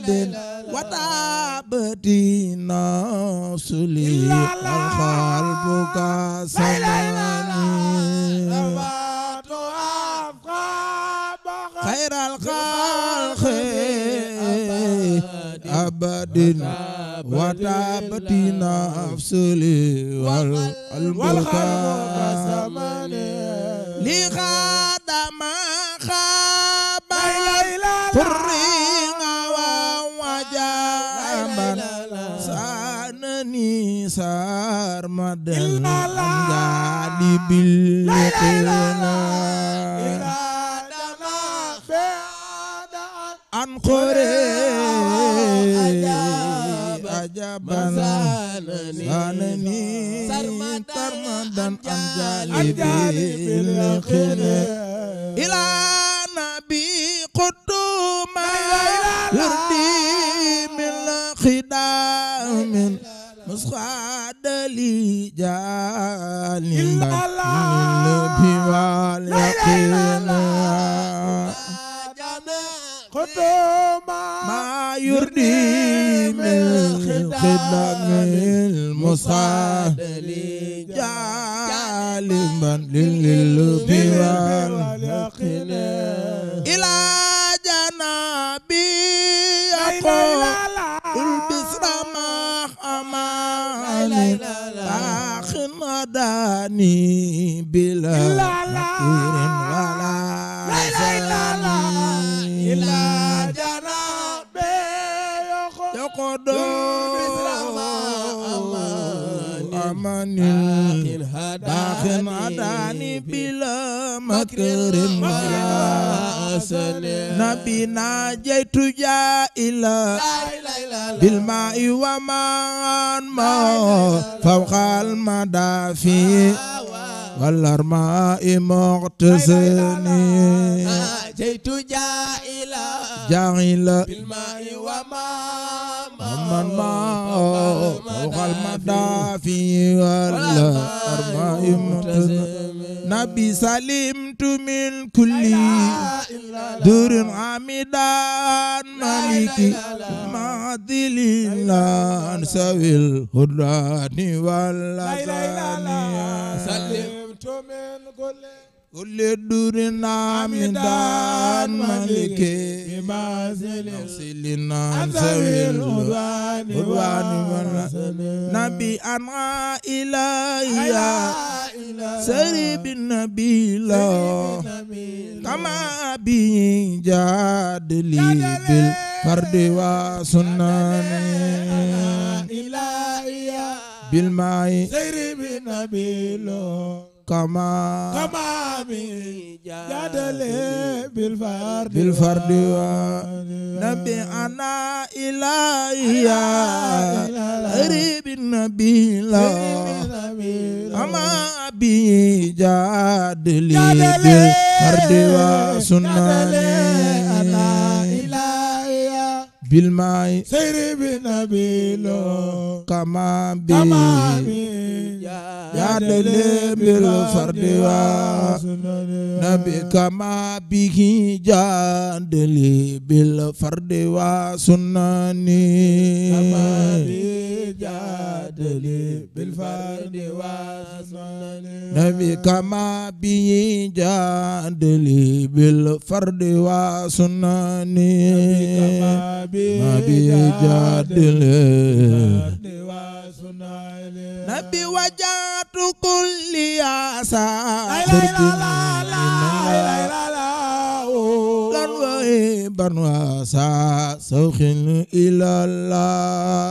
أبدا وتاب دينا سلي الخلبك سماني خير الخلق أبدا وتاب دينا سلي والخلبك سماني لخدم خاب قريب sarmadan amgadi bilqina an qore ajaban sanani sarmadan amgadi bilqina ila nabi quduma yurdi min khidam مسخاد لي جاني النبي واليقين قدوما ما يردي من خدام المصاد لي جالبا للنبي واليقين إلى جنابي يقول باخ مداني بلا مكور ولا زاني إلا جنابي يقدر باقٍ هداني بلا مكر وحسن نبي ناجيت جائلا بالماء ومان ما فوق المدافع والارماء مغتسني جئت جائلا جائلا بالماء وما من ما فوق المدافي والارماء مغتسني نبي سلمت من كل دور عمدان مالكي معدل لا انسى الهدران والأذاني سلمت comen golle golle ɗurinami dan malike nabi ana ilaya sari bi nabila kama bi jadli bil fardi wa sunnani بالماء سير كما كما جادل بالفرد بالفرد نبي أنا إلهي قريب النبي لا أما بي جادل بالفرد وسنة أنا بالماء سير بنبيلو كما بي يا دلي بالفرد نبي كما به يا دلي بالفرد وسناني كما بي يا دلي بالفرد وسناني نبي كما بي يا دلي بالفرد وسناني نبي جادل نبي وجات كل ياسا لا لا سوخن إلى الله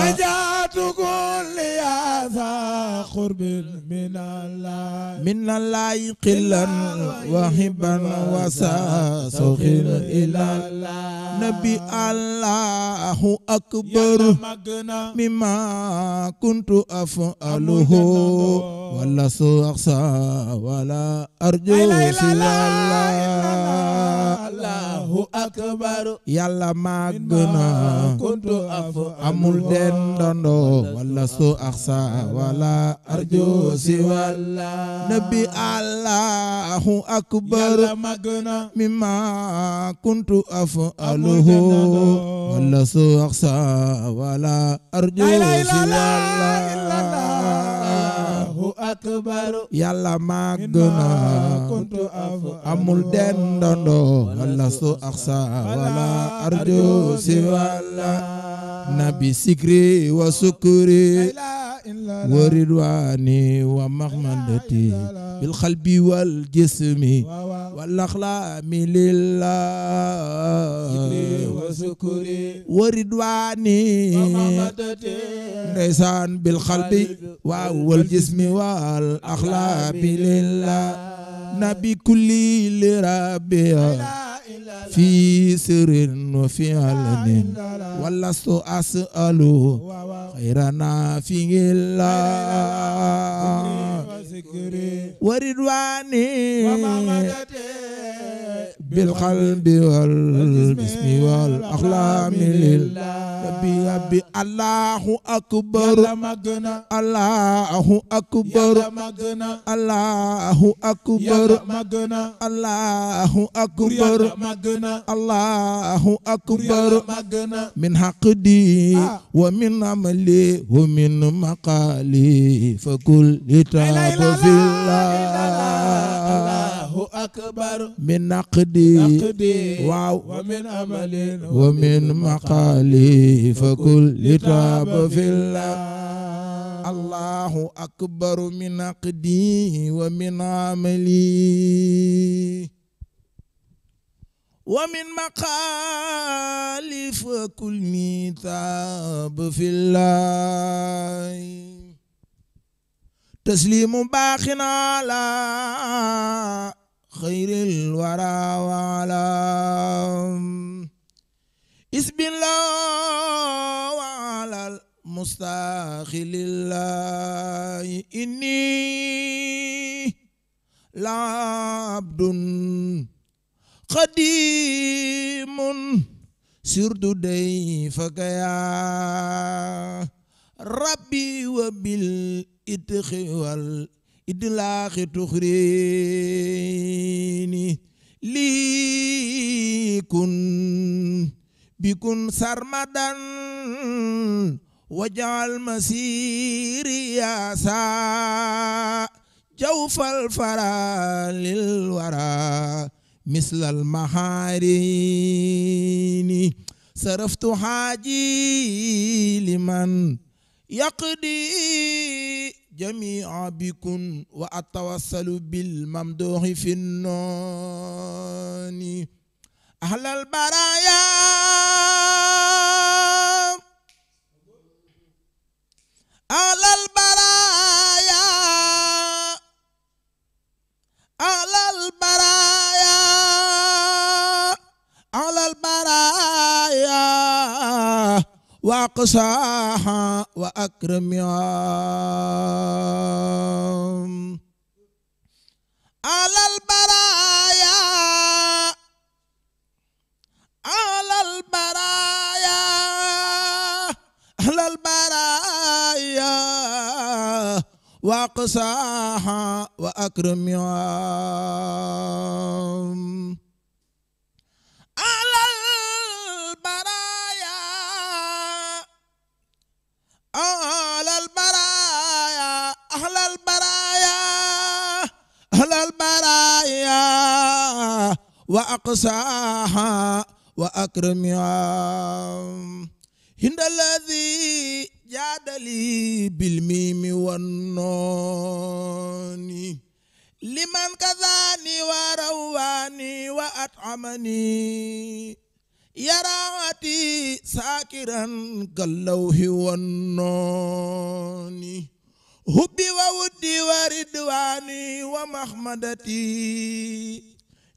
وجات كل ياسا قرب من الله من الله قلا وهبا وسا سوخن إلى الله نبي allahu akbar mimma kuntu af'aluhu wala suqsa wala arju sila allahu akbar yàlla màgg na kuntu af'aluhu amul den dondo wala suqsa wala arju sila nabi allahu akbar mimma kuntu af'aluhu ولا سوى ولا أرجو سوى الله akbaru yàlla màgg na amul dendandoo wala su axsa wala arju si wala nabi sikri wa sukuri wa ridwani wa mahmadati bil qalbi wal jismi wal aqlami lillah wa sukuri wa ridwani ndeysaan bil qalbi waaw wal jismi والأخلاق لله نبي كل لربي في سر وفي علن ولست أسأل خيرنا في الله ورضواني بالقلب والبسم والأخلام لله ربي ربي الله أكبر الله أكبر akbar allahu akbar allahu akbar allahu akbar min haqdi ah. wa min amali wa min maqali fa kul itaab fillah الله أكبر من نقدي واو ومن أمل ومن مقالي فكل تاب في الله الله أكبر من نقدي ومن عملي ومن مقالي فكل تاب في الله تسليم باخنا لا المستاخي لله إني لعبد قديم سرد ديفك يا ربي وبالإتخ والإدلاخ تخريني ليكن بكن سرمدا وجعل مسيري يا سا جوف الفرا للورى مثل المحارين صرفت حاجي لمن يقضي جميع بكم وأتوصل بالممدوح في النون أهل البرايا على البرايا على البرايا على البرايا واقصاها وأكرم على البرايا وأقصاها وأكرم يوم على البرايا على البرايا أهل البرايا أهل البرايا وأقصاها وأكرم يوم هند الذي jaadali bil miimi wan nooni liman kazaani wa rawaani wa atamani yaraati saakiran kallawhi wan nooni hubbi wa wuddi wa ridwaani wa mahmadati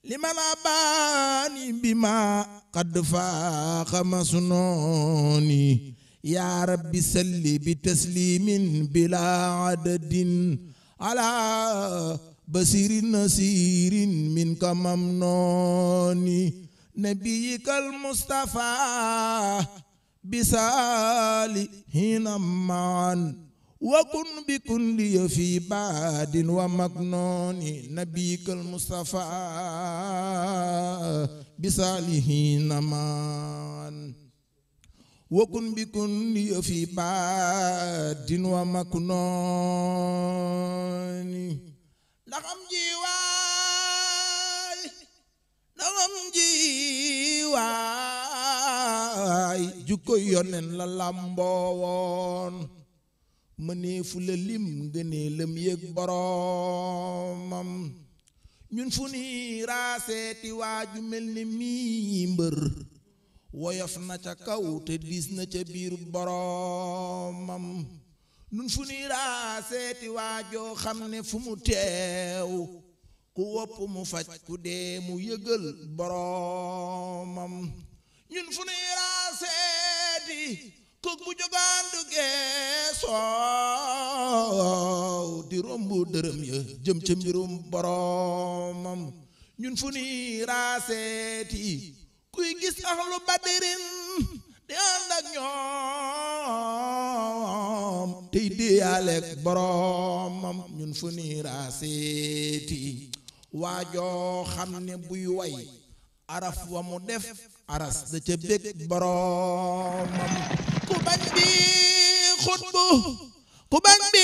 liman abaani bima qad faaqa masnooni يا رب سل بتسليم بلا عدد على بصير نصير منك ممنون نبيك المصطفى بصالحين معا وكن بكن لي في بعد ومكنون نبيك المصطفى بصالحين معا وكن بكن في باد ومكنون لغم جيواي لغم جيواي جكو يونن للامبوون mëneefu la lim gënee yëg boroomam ñun fu ni raaseeti waaju mel ni mii mbër woyof na ca kaw te diis na ca biir boroomam nun fu nuy raaseeti waajoo xam ne fu mu teew ku wopp mu faj ku dee mu yëgal boroomam ñun fu nuy raaseeti kook bu jogaan du geesoow di romb dërëm ya jëm ca mbirum boroomam ñun fu nuy raaseeti kuy gis ahlu badirin di ànd ñoom tey déeyaleeg boroomam ñun fu nii raaseeti waajoo xam ne buy way araf wa mu def aras da ca bég boroomam ku bañ bi xutbu ku bañ bi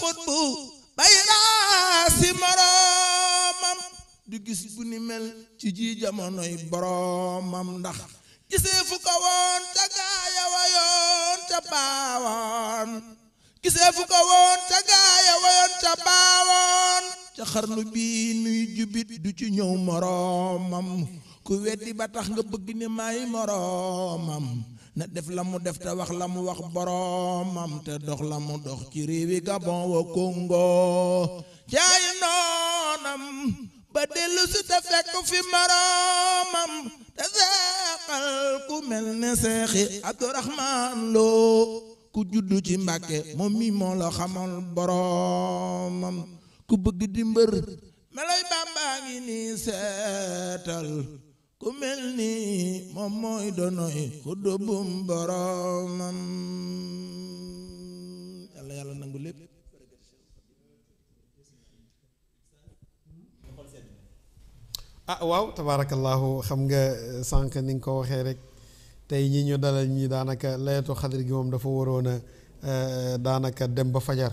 xutbu bay raasi moroomam du gis bu ni mel ci ji jamonoy boroomam ndax gisee fu ko woon ca gaaya wayoon ca baawoon ca xarnu bii nuy jubit du ci ñëw moroomam ku weddi ba tax nga bëgg ni may moroomam na def la mu def te wax la mu wax boroomam te dox la mu dox ci réewi Gabon wa Congo jaay noonam ba dellu si te fekk fi moroomam te seexal ku mel ne seexi abdourahman loo ku juddu ci mbàkke moom mi moo la xamal boroomam ku bëgg di mbër bàmbaa ngi nii seetal ku mel nii moom mooy donoy xuddubum boroomam yàlla yàlla nangu lépp ah waaw tabaarakallaahu xam nga eh, sànq ni nga ko waxee rek tey ñi ñu dalal ñi daanaka layatu xadr gi moom dafa waroon a eh, daanaka dem ba fajar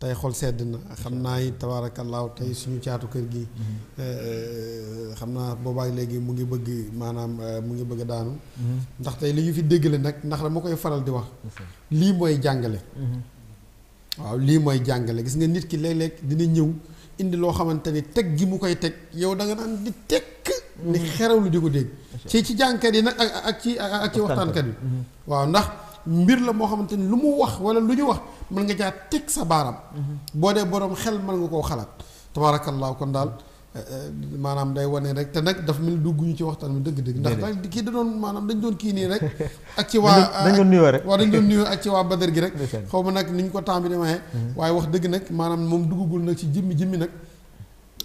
tey xol sedd na xam naa it tabaarakallaahu tey suñu caatu kër gi mm-hmm. eh, xam naa boobaay léegi mu ngi bëgg maanaam mu ngi bëgg daanu mm-hmm. ndax tey li ñu fi déggale nag ndax dama koy faral di wax lii mooy jàngale mm-hmm. waaw lii mooy jàngale gis nga nit ki léeg-léeg dina ñëw indi loo xamante ni teg gi mu koy teg yow da nga naan di tekk ni mhm. xeraw lu di ko dégg ci ci jànkat yi nag ak ak ci ak ci waxtaankat yi mhm. waaw ndax mbir la moo xamante ni lu mu wax wala lu ñu wax mën nga caa teg sa baaram mhm. boo dee boroom xel mën nga koo xalaat tabaarakallaahu kon daal maanaam day wane rek te nag daf mel dugguñu ci waxtaan bi dëgg-dëgg. ndax daal kii da doon maanaam dañ doon kii nii rek. ak ci waa dañ doon nuyoo rek. waaw dañ doon nuyoo ak ci waa Badar gi rek. xaw ma nag ni ñu ko temps bi di waxee. Mm-hmm. waaye wax dëgg nag maanaam moom duggagul nag ci jëmmi jimmi nag.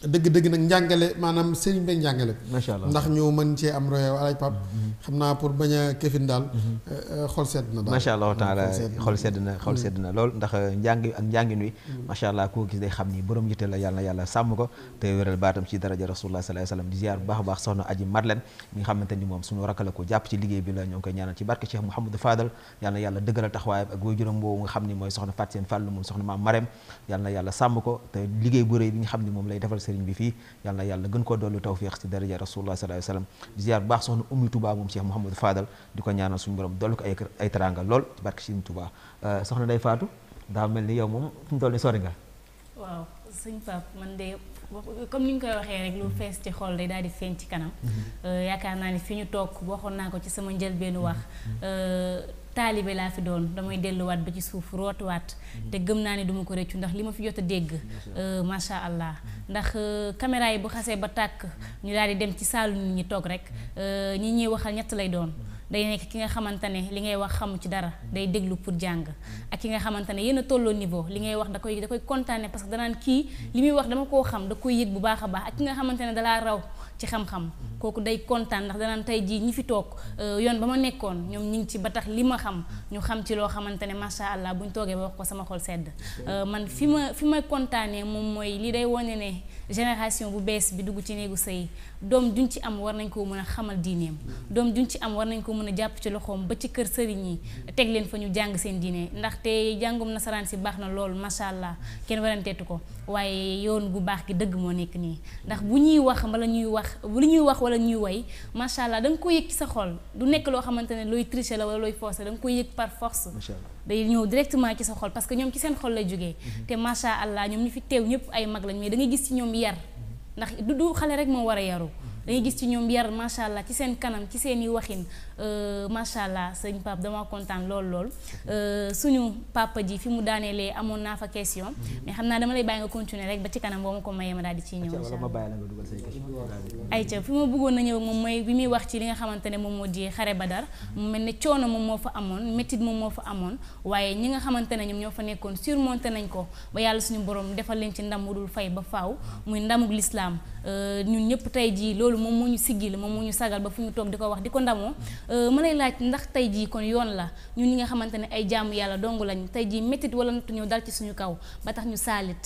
dëgg-dëgg nag njàngale maanaam sëriñ bi njàngale macha allah ndax ñu mën cee am royo alaj pap mm-hmm, mm-hmm. xam naa pour bañ a këfin daal mm-hmm. eh, eh, xol sedd na daal macha allah taala xol sedd na lool ndax eh, njàngi ak njàngin wi macha allah koo gis day xam ni borom yitte la yàlla na bu baax a baax soxna aji Marlène mi la ko jàpp ci liggéey bi la ñoo koy ñaanal ci barke Cheikh Mouhamadou Fadal yàlla na yàlla dëggal taxawaayam ak waajuram boobu nga xam ni mooy soxna Fatou Seen Fàllu moom soxna maam Marème yàlla na yàlla sàmm ko te liggéey bu rëy bi nga sëriñ bi fii yal yàlla gën koo dolli tawfiq ci daraja rasulullah sallallahu alayhi wa sallam di ziar baax soxna ummi Touba moom Cheikh Mouhamadou Fadal di ko ñaanal suñu borom dolli ko ay ay teranga lool ci barke sëriñ Touba euh, soxna day faatu daa mel ni yow moom fi mu toll ni sori nga waaw sëñ Pape man de comme ni ñu koy waxee rek lu fees ci xol day daal di feeñ ci kanam mm-hmm. euh, yaakaar naa ni fi ñu toog waxoon naa ko ci sama njëlbeenu wax mm-hmm. euh, taalibe laa fi doon damay delluwaat ba ci suuf rootuwaat mhm. te gëm naa ne duma ko réccu ndax li ma fi jot a dégg macha allah euh, mhm. ndax euh, caméra yi bu xasee ba tàkk mhm. ñu daal di dem ci saalu nit ñi toog rek euh, ñi ñuy waxal ñett lay doon day nekk ki nga xamante ne li ngay wax xamu ci dara day déglu pour jàng ak ki nga xamante ne yéen a tolloo niveau li ngay wax da koy da koy kontaane parce que danaan kii li muy wax dama koo xam da koy yëg bu baax a baax ak ki nga xamante ne dalaa raw ci xam-xam kooku day kontaan ndax danaan tey jii ñi fi toog euh, yoon ba ma nekkoon ñoom ñi ngi ci ba tax li ma xam ñu xam ci loo xamante ne macha allah bu ñu toogee ba wax ko sama xol sedd euh, man fi ma fi ma kontaanee moom mooy li day wone ne génération bu bees bi dugg ci néegu sëy doom juñ ci am war nañ koo mën a xamal diineem doom juñ ci am war nañ ko mën a jàpp ci loxoom ba ci kër sëriñ yi teg leen fa ñu jàng seen diine ndaxte jàngum nasaraan si baax na lool macha allah kenn waranteetu ko waaye yoon gu baax gi dëgg moo nekk nii ndax bu ñuy wax wala ñuy wax bu ñuy wax wala ñuy way macha allah da nga ko yëg ci sa xol du nekk loo xamante ne looy tricher la wala looy forcer da nga ko yëg par force day ñëw directement ci sa xol parce que ñoom ci seen xol lay jógee mhm. te macha allah ñoom ñu fi teew ñëpp ay mag lañ mais da gis ci ñoom yar ndax du du xale rek moo war a yaru dañuy gis ci ñoom yar macha allah ci seen kanam ci seen i waxin Euh, macha allah sëñ Pape dama kontaan lool lool euh, suñu papa ji fi mu daanee daaneelee amoon naa fa question mhm. mais xam naa dama lay bàyyi nga continuer rek ba ci kanam boo ma ko mayee ma daal di ciy ñëw. ayca fi ma bëggoon na ñëw moom mooy bi muy wax ci li nga xamante ne moom moo di xare Badar mhm. mu mel ne coono moom moo fa amoon métit moom moo fa amoon waaye ñi nga xamante ne ñoom ñoo fa nekkoon surmonté nañ ko ba yàlla suñu borom defal leen ci ndam mu dul fay ba faaw mhm. muy ndamu lislaam euh, ñun ñëpp tey jii loolu moom moo ñu siggil moom moo ñu sagal ba fu ñu toog di ko wax di ko ndamoo Euh, ma lay laaj ndax tey jii kon yoon la ñun ñi nga xamante ne ay jàmm yàlla dong lañ tey jii métit wala nattu ñëw dal ci suñu kaw ba tax ñu saalit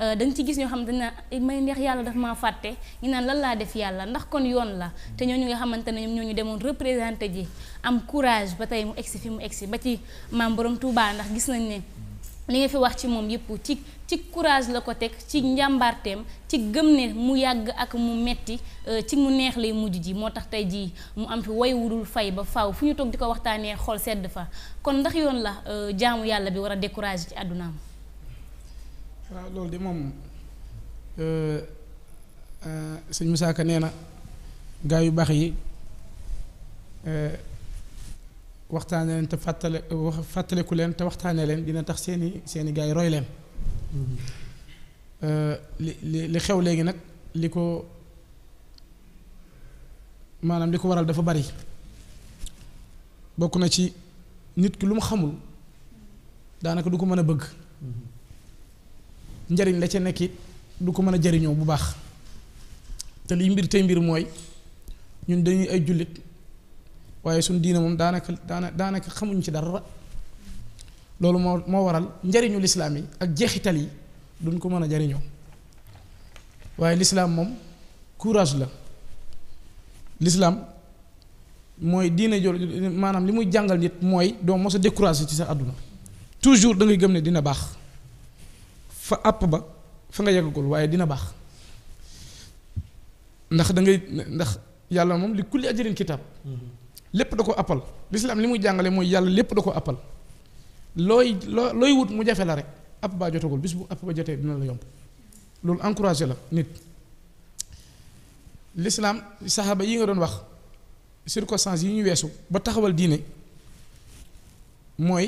euh, dañ ci gis ñoo xam ne eh, may neex yàlla daf maa fàtte ñu naan lan laa def yàlla ndax kon yoon la te ñoo ñu nga xamante ne ñoom ñoo ñu demoon représenté ji am courage ba tey mu egsi fi mu egsi ba ci maam borom Touba ndax gis nañ ne li nga fi wax ci moom yëpp ci ci courage la ko teg ci njàmbaarteem ci gëm ne mu yàgg ak mu metti euh, ci mu neex lay mujj ji moo tax tey jii mu am fi woy wudul fay ba faw fu ñu toog di ko waxtaanee xool sedd fa kon ndax yoon la euh, jaamu yàlla bi war a découragé ci àddunaam waaw loolu de moom euh, sëñ Moussa Ka nee na gaa yu baax yi waxtaane leen te fàttale fàttaliku leen te waxtaane leen dina tax seeni seeni gars yi roy leen li li li xew léegi nag li ko maanaam li ko waral dafa bari bokk na ci nit ki lu mu xamul daanaka du ko mën a bëgg njariñ la ca nekk it du ko mën a jariñoo bu baax te liy mbir tey mbir mooy ñun dañuy ay jullit waaye suñ diine moom daanaka daana daanaka xamuñ ci dara loolu moo moo waral njariñu lislaam yi ak jeexital yi duñ ko mën a jariñoo waaye lislaam moom courage la lislaam mooy diine jo maanaam li muy jàngal nit mooy doo mos a découragé ci sa àdduna toujours da ngay gëm ne dina baax fa àpp ba fa nga yeggagul waaye dina baax ndax da ngay ndax yàlla moom li kulli ajrin kitab lépp da ko appal lislaam li muy jàngale mooy yàlla lépp da ko appal looy loo looy wut mu jafe la rek app baa jotagul bis bu app ba jotee dina la yomb loolu encouragé la nit lislaam saxaaba yi nga doon wax circonstances yi ñu weesu ba taxawal diine mooy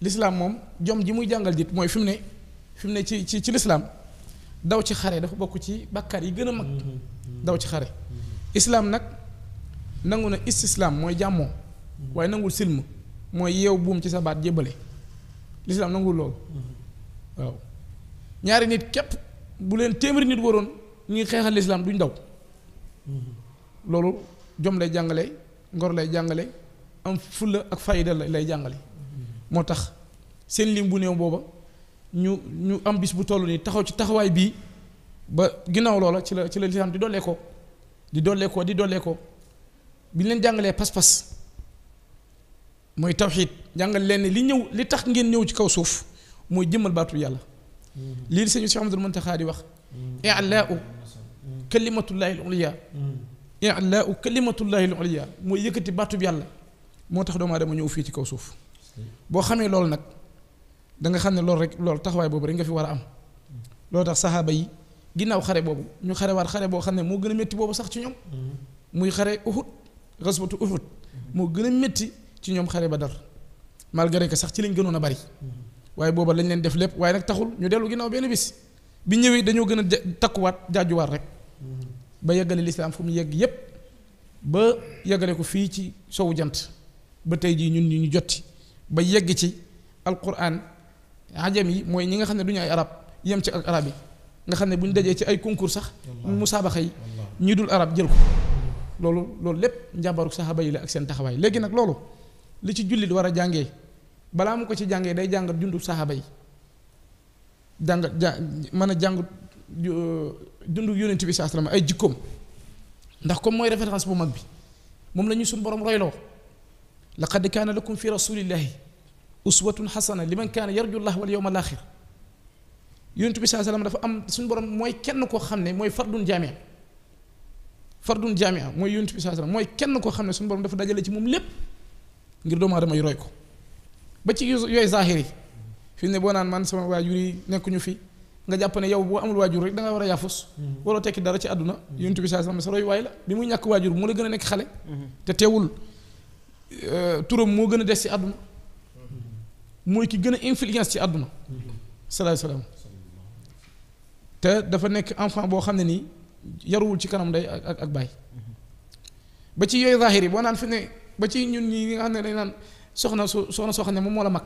lislaam moom jom ji muy jàngal jit mooy fi mu ne fi mu ne ci ci ci lislaam daw ci xare dafa bokk ci bàkkaar yi gën a mag mm-hmm. daw ci xare mm-hmm. islaam nag nangu na istislaam mooy jàmmoo waaye nangul silm mooy yeew buum ci sa baat jébbale lislaam nangul loolu mm-hmm. waaw ñaari nit képp bu leen téeméeri nit waroon ñuy xeexal lislaam duñ daw mm-hmm. loolu jom lay jàngale ngor lay jàngale am fulla ak fayda lay jàngale mm-hmm. moo tax seen lim bu néew booba ñu ñu am bis bu toll nii taxaw ci taxawaay bii ba ginnaaw loola ci la ci la lislaam di dollee ko di dollee di dollee ko bi ñu leen jàngalee pas-pas mooy tawxiid jàngal leen li ñëw li tax ngeen ñëw ci kaw suuf mooy jëmmal baatu yàlla lii di sëñ Cheikh Amadou Muntaxa di wax ilaau kalimatullahi al uliya ilaau kalimatullahi al uliya mooy yëkkati baatub yàlla moo tax doomu aadama ñëw fii ci kaw suuf boo xamee loolu nag da nga xam ne loolu rek loolu taxawaay boobu rek nga fi war a am loolu tax saxaaba yi ginnaaw xare boobu ñu xarewaat xare boo xam ne moo gën a métti boobu sax ci ñoom muy xare Uhud xaswatu Uhud moo gën a metti ci ñoom xare Badar malgré ko sax ci lañ gënoon a bari waaye booba lañ leen def lépp waaye nag taxul ñu dellu ginnaaw benn bis bi ñëwee dañoo gën a takkuwaat jaajuwaat rek ba yeggale lislaam fu mu yegg yépp ba yeggalee ko fii ci sow jant ba tey jii ñun ñu ñu jotti ba yegg ci alquran ajam yi mooy ñi nga xam ne du ay arab yem ci ak arab yi nga xam ne bu ñu dajee ci ay concours sax musaabaxa yi ñi dul arab jël ko loolu loolu lépp njàmbaru saxaaba yi la ak seen taxawaay léegi nag loolu li ci jullit war a jàngee balaa mu ko ci jàngee day jàngat dundu saxaaba yi jàngat ja mën a jàng dundu euh, yonent bi saa salaam ay jikkoom ndax comme mooy référence bu mag bi moom la ñu suñ borom royloo laqad kaana lakum fi rasulillahi uswatun xasana liman kaana yarju llah wal yawmal axir yonent bi saa salaam dafa am suñu borom mooy kenn koo xam ne mooy far fardun jaamee fardun jamia moy yunus bi sallallahu alayhi wasallam mooy kenn ko xamne sun borom dafa dajale ci mom lépp ngir do aadama yi roy ko ba ci yoy zahiri fi ne boo naan man sama wajuri nekku ñu fi nga jàpp ne yow boo amul wajur rek da nga wara yafus yaafus tekki dara ci aduna yunus bi sallallahu alayhi wasallam sa roy way la bi mu ñak wajur mo la gëna nek xale te teewul turum mo gëna dess ci aduna moy ki gëna influence ci aduna sallallahu alayhi wasallam te dafa nek enfant bo xamne ni yaruwul ci kanam day ak ak baay ba ci yooyu zahir yi boo naan fi ne ba ci ñun ñi nga xam ne dañ naan soxna su soxna soo ne moom moo la mag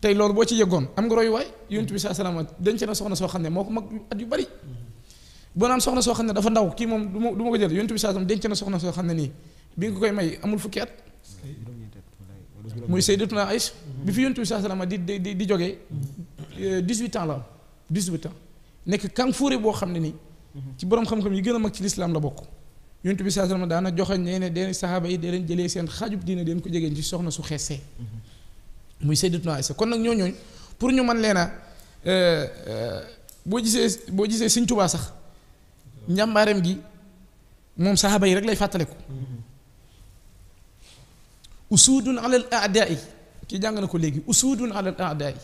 tey loolu boo ci yëgoon am nga royu waay yonent bi saa salaam denc na soxna soo xam ne moo ko mag at yu bari boo naan soxna soo xam ne dafa ndaw kii moom du ma du ko jël yonent bi saa salaam denc na soxna soo xam ne nii bi nga koy may amul fukki at muy Sayyidatuna Aïcha bi fi yonent bi saa salaam di di di jógee dix-huit ans la am dix-huit ans nekk kan fuure boo xam ne nii ci borom xam-xam yi gën a mag ci lislaam la bokk yonent bi saa sallam daana joxañ nee ne deen saxaaba yi dee leen jëlee seen xajub diina deen ko jegeen ci soxna su xeesee muy sayyidatuna Aysa kon nag ñooñooñ pour ñu mën leen a boo euh, euh, boo gisee Sëñ sax njàmbaareem gi moom saxaaba yi rek lay fàttaliku usuudun alal aadaa yi kii jàng na ko léegi usuudun alal aadaa yi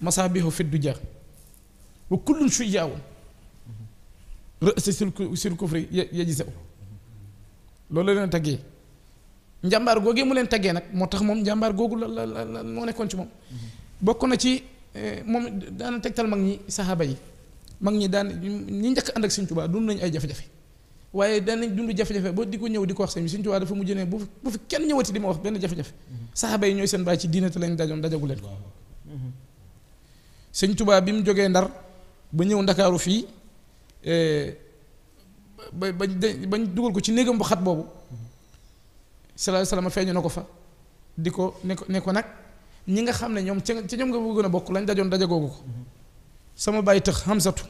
masaabihu fi duja wa kullun shujaawun sil sil kufri yajisaw loolu la leen taggee njàmbaar googee mu leen taggee nag moo tax moom njàmbaar googu la la la moo nekkoon ci moom bokk na ci eh, moom daan tegtal mag ñi saxaaba yi mag ñi daan ñi njëkk ànd ak Sëñ Tuubaa dund nañu ay jafe-jafe waaye danañ dund jafe-jafe ba di ko ñëw di ko wax sëñ bi Sëñ Tuubaa dafa mujj ne bu bu fi kenn ñëwati di ma wax benn jafe-jafe saxaaba yi ñooy seen bàyyi ci diine te lañ dajoon dajagu leen ko Sëñ Tuubaa bi mu jógee Ndar ba ñëw Ndakaaru fii ba bañ de bañ dugal ko ci néegam bu xat boobu sallallahu alayhi wasallam feeñu na ko fa di ko ne ko ne ko nag ñi nga xam ne ñoom ca ca ñoom nga bëggoon a bokk lañ dajoon daje googu ko sama bàyyi tëx Hamsatu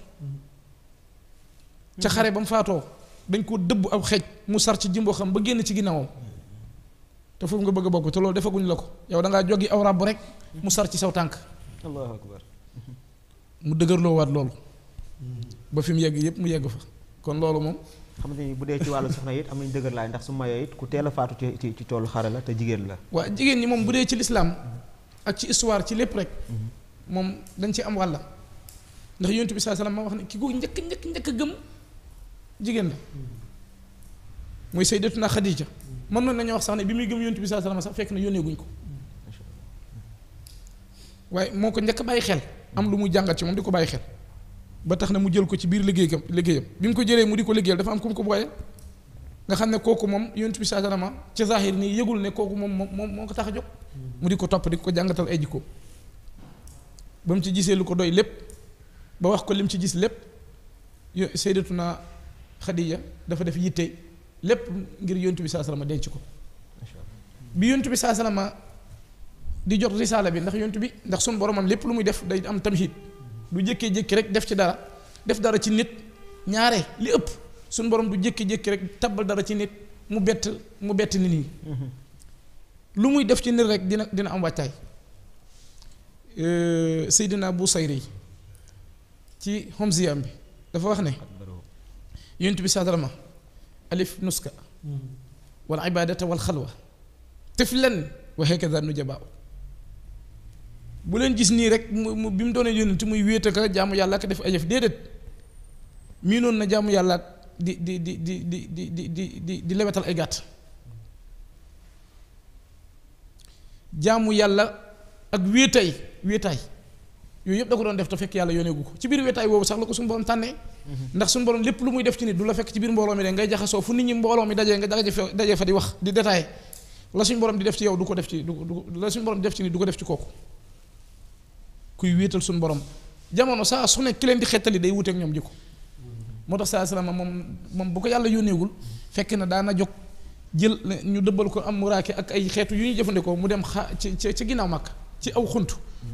ca xare ba mu faatoo dañ koo dëbb ab xeej mu sar ci jimboo xam ba génn ci ginnaawam te foofu nga bëgg a bokk te loolu defaguñ la ko yow da ngaa joggi aw ràbb rek mu sar ci saw tànk. allahu akbar mu waat loolu. ba fi mu yegg yëpp mu yegg fa kon loolu moom. xam nga ni bu dee ci wàllu soxna it am nañu dëgër laay ndax su ma yooyu ku teel a faatu ci ci toolu xare la te jigéen la. waa jigéen ñi moom bu dee ci lislaam ak ci histoire ci lépp rek. moom dañ ci am wàlla ndax yonent bi saa salaam ma wax ne ki ko njëkk njëkk njëkk gëm jigéen la mooy sayyidatuna Xadiija mën nañu wax sax ne bi muy gëm yonent bi saa salaam sax fekk na yónnee guñ ko waaye moo ko njëkk bàyyi xel am lu muy jàngat ci moom di ko bàyyi xel. ba tax na mu jël ko ci biir liggéeyam liggéeyam bi mu ko jëlee mu di ko liggéeyal dafa am kum ko booyee nga xam ne kooku moom yonent bi sallallahu ci zahir ni yëgul ne kooku moom moom moo ko tax a jóg mu di ko topp di ko jàngatal ay jikko ba mu ci gisee lu ko doy lépp ba wax ko lim ci gis lépp yo sayyidatuna Xadiija dafa def yitte lépp ngir yonent bi sallallahu alayhi denc ko bi yonent bi sallallahu alayhi di jot risaala bi ndax yonent bi ndax sun boromam lépp lu muy def day am tamhid du jékkee-jékki rek def ci dara def dara ci nit ñaare li ëpp suñu borom du jékki-jékki rek tabbal dara ci nit mu bett mu bett nit ñi mm-hmm. lu muy def ci nit rek dina dina am wàccaay euh, bu Busayri ci Homziyam bi dafa wax ne yonent bi sadarama alif nuska mm-hmm. wal ibadata wal xalwa tiflan wa hakada nujabaa bu leen gis nii rek mu bi mu doonee yonent muy wéet ak jaamu yàlla ak def ay jëf déedéet miinoon na jaamu yàlla ak di di di di di di di di di lewetal ay gàtt jaamu yàlla ak wéetay wéetaay yooyu yëpp da ko doon def te fekk yàlla yónneegu ko ci biir wéetaay boobu sax la ko suñu borom tànnee ndax suñu borom lépp lu muy def ci nit du la fekk ci biir mbooloo mi de ngay jaxasoo fu nit ñi mbooloo mi dajee nga dajee fa di wax di détaillé la suñu borom di def ci yow du ko def ci du la suñu borom di def ci nit du ko def ci kooku kuy wéetal suñu borom jamono saa su ne ki leen di xettali day wuteek ñoom jikko moo tax saa salaam moom moom bu ko yàlla yónneegul fekk na daana jóg jël ñu dëbbal ko am muraake ak ay xeetu yu ñuy jëfandikoo mu dem xa ci ci ginnaaw màkk ci aw xunt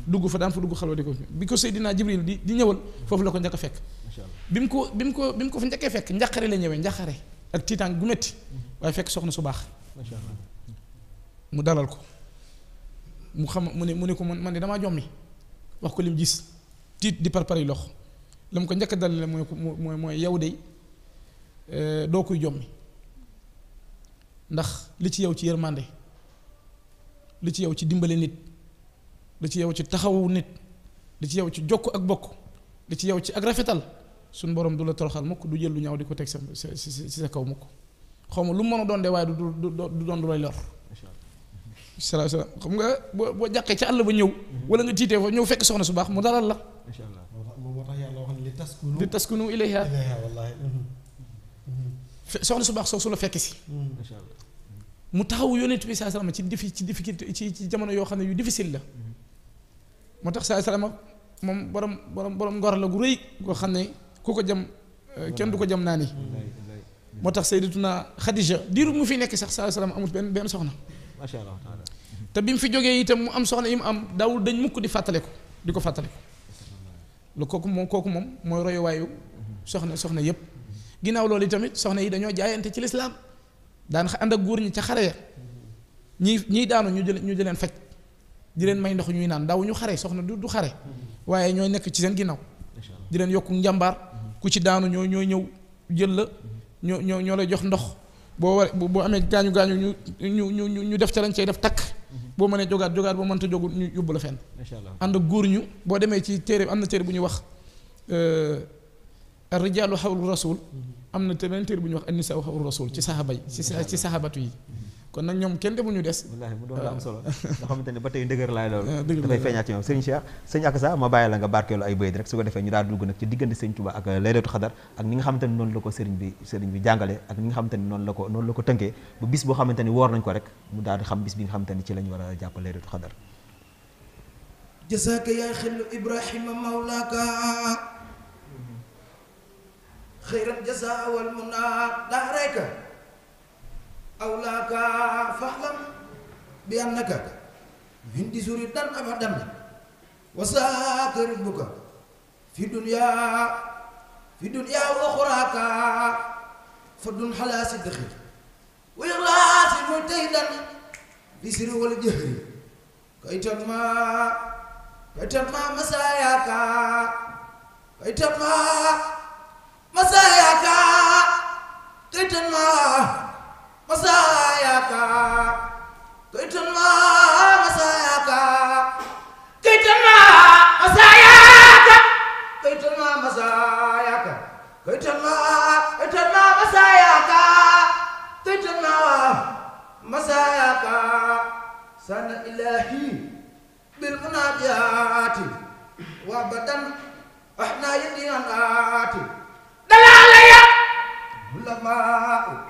dugg fa daan fa dugg xalwa di ko bi ko Seydina Jibril di di ñëwal foofu la ko njëkk a fekk bi mu ko bi mu ko bi mu ko fa njëkkee fekk njaqare la ñëwee njaqare ak tiitaan gu metti waaye fekk soxna su baax mu dalal ko mu xam mu ne mu ne ko man man de damaa wax ko lim gis tiit di parpari lox la mu ko njëkk dal la mooy mooy mooy yow de euh, doo koy jommi ndax li ci yow ci yërmande li ci yow ci dimbale nit li ci yow ci taxawu nit li ci yow ci jokk ak bokk li ci yow ci ak rafetal suñ borom du la toroxal mukk du jël lu ñaaw di ko teg sa si sa kaw mukk xaw ma lu mu mën doon de waaye du du du doon du lay lor salaam xam nga boo boo jàqee ca àll ba ñëw. wala nga tiitee fa ñëw fekk soxna su baax mu dalal la. incha allah moo tax yàlla wax li taskunu. li taskunu ilayha wallaahi. Mhm. soxna su baax soo su la fekk si. macha mhm. allah mu taxawu yonent bi saa salaam ci difi ci difficulté ci ci jamono yoo xam ne yu difficile la. Mhm. moo tax saa salaam moom borom borom borom ngor la gu rëy koo xam ne ku ko jam euh, kenn du ko jam naa ni moo tax naa Khadija diiru mu fi nekk sax saa salaam amut benn benn soxna. macha allah te bi mu fi jógee itam mu am soxna yi mu am daw dañ mukk di fàttale ko di ko fàttale ko lu kooku moom kooku moom mooy royuwaayu soxna soxna yépp ginnaaw loolu tamit soxna yi dañoo jaayante ci lislaam daan ànd ak góor ñi ca xare ya ñii ñii daanu ñu jël ñu jëleen faj di leen may ndox ñuy naan daw ñu xare soxna du du xare waaye ñooy nekk ci seen ginnaaw di leen yokk njàmbaar ku ci daanu ñoo ñoo ñëw jël la ñoo ñoo ñoo jox ndox boo war boo amee gaañu gaañu ñu ñu ñu ñu ñu def ca lañ cay def takk mm-hmm. boo mën mënee jogaat jogaat boo mënta jógu ñu yóbbu la fenn ànd ak góor ñu boo demee ci téere am na téere bu ñuy wax euh, rijaalu xawlu rasul mm-hmm. am na beneen téere bu ñu wax annisaa xawlu rasul ci saxaaba yi ci saxaabatu yi mm-hmm. kon nag ñoom kenn demul ñu des. wallaahi mu doon la am solo nga xamante ne ba tey ndëgër laay loolu. dafay feeñaat ci ñoom sëñ Cheikh sëñ Akassa ma bàyyi la nga barkeelu ay bayit rek su ko defee ñu daal dugg nag ci diggante sëñ Touba ak euh, Laylatul Qadr ak ni nga xamante ne noonu la ko sëriñ bi sëriñ bi jàngale ak ni nga xamante ne noonu la ko noonu la ko tënkee bu bis boo xamante woor nañ ko rek mu daal di xam bis bi nga xamante ci lañu war a jàpp Laylatul Qadr jasaaka jasaa aw laa bi annaka hindi suri dan abadan wasaaka rizbuka fi dunyaa fi dunyaa wa uxraaka fadun xalaa sidqi wa ixlaasi mujtahidan fi sirri wal jahri kaytan maa kaytan maa masaayaaka kaytan maa masaayaaka kaytan maa مساياك كيتن ما مساياك كيتن ما مساياك كيتن ما مساياك كيتن ما كيتن ما مساياك كيتن ما مساياك سن إلهي بالمناجات وابدا احنا يدينا دلالة يا علماء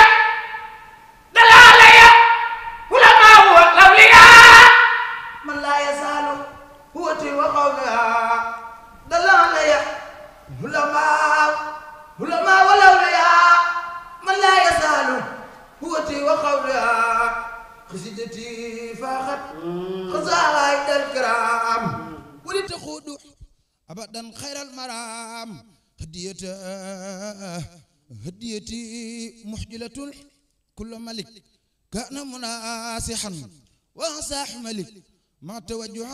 وقولا قصيدتي فاخت قصائد الكرام ولدت خود أبدا خير المرام هديتي هديتي محجلة كل ملك كان مناسحا وانصاح ملك ما توجه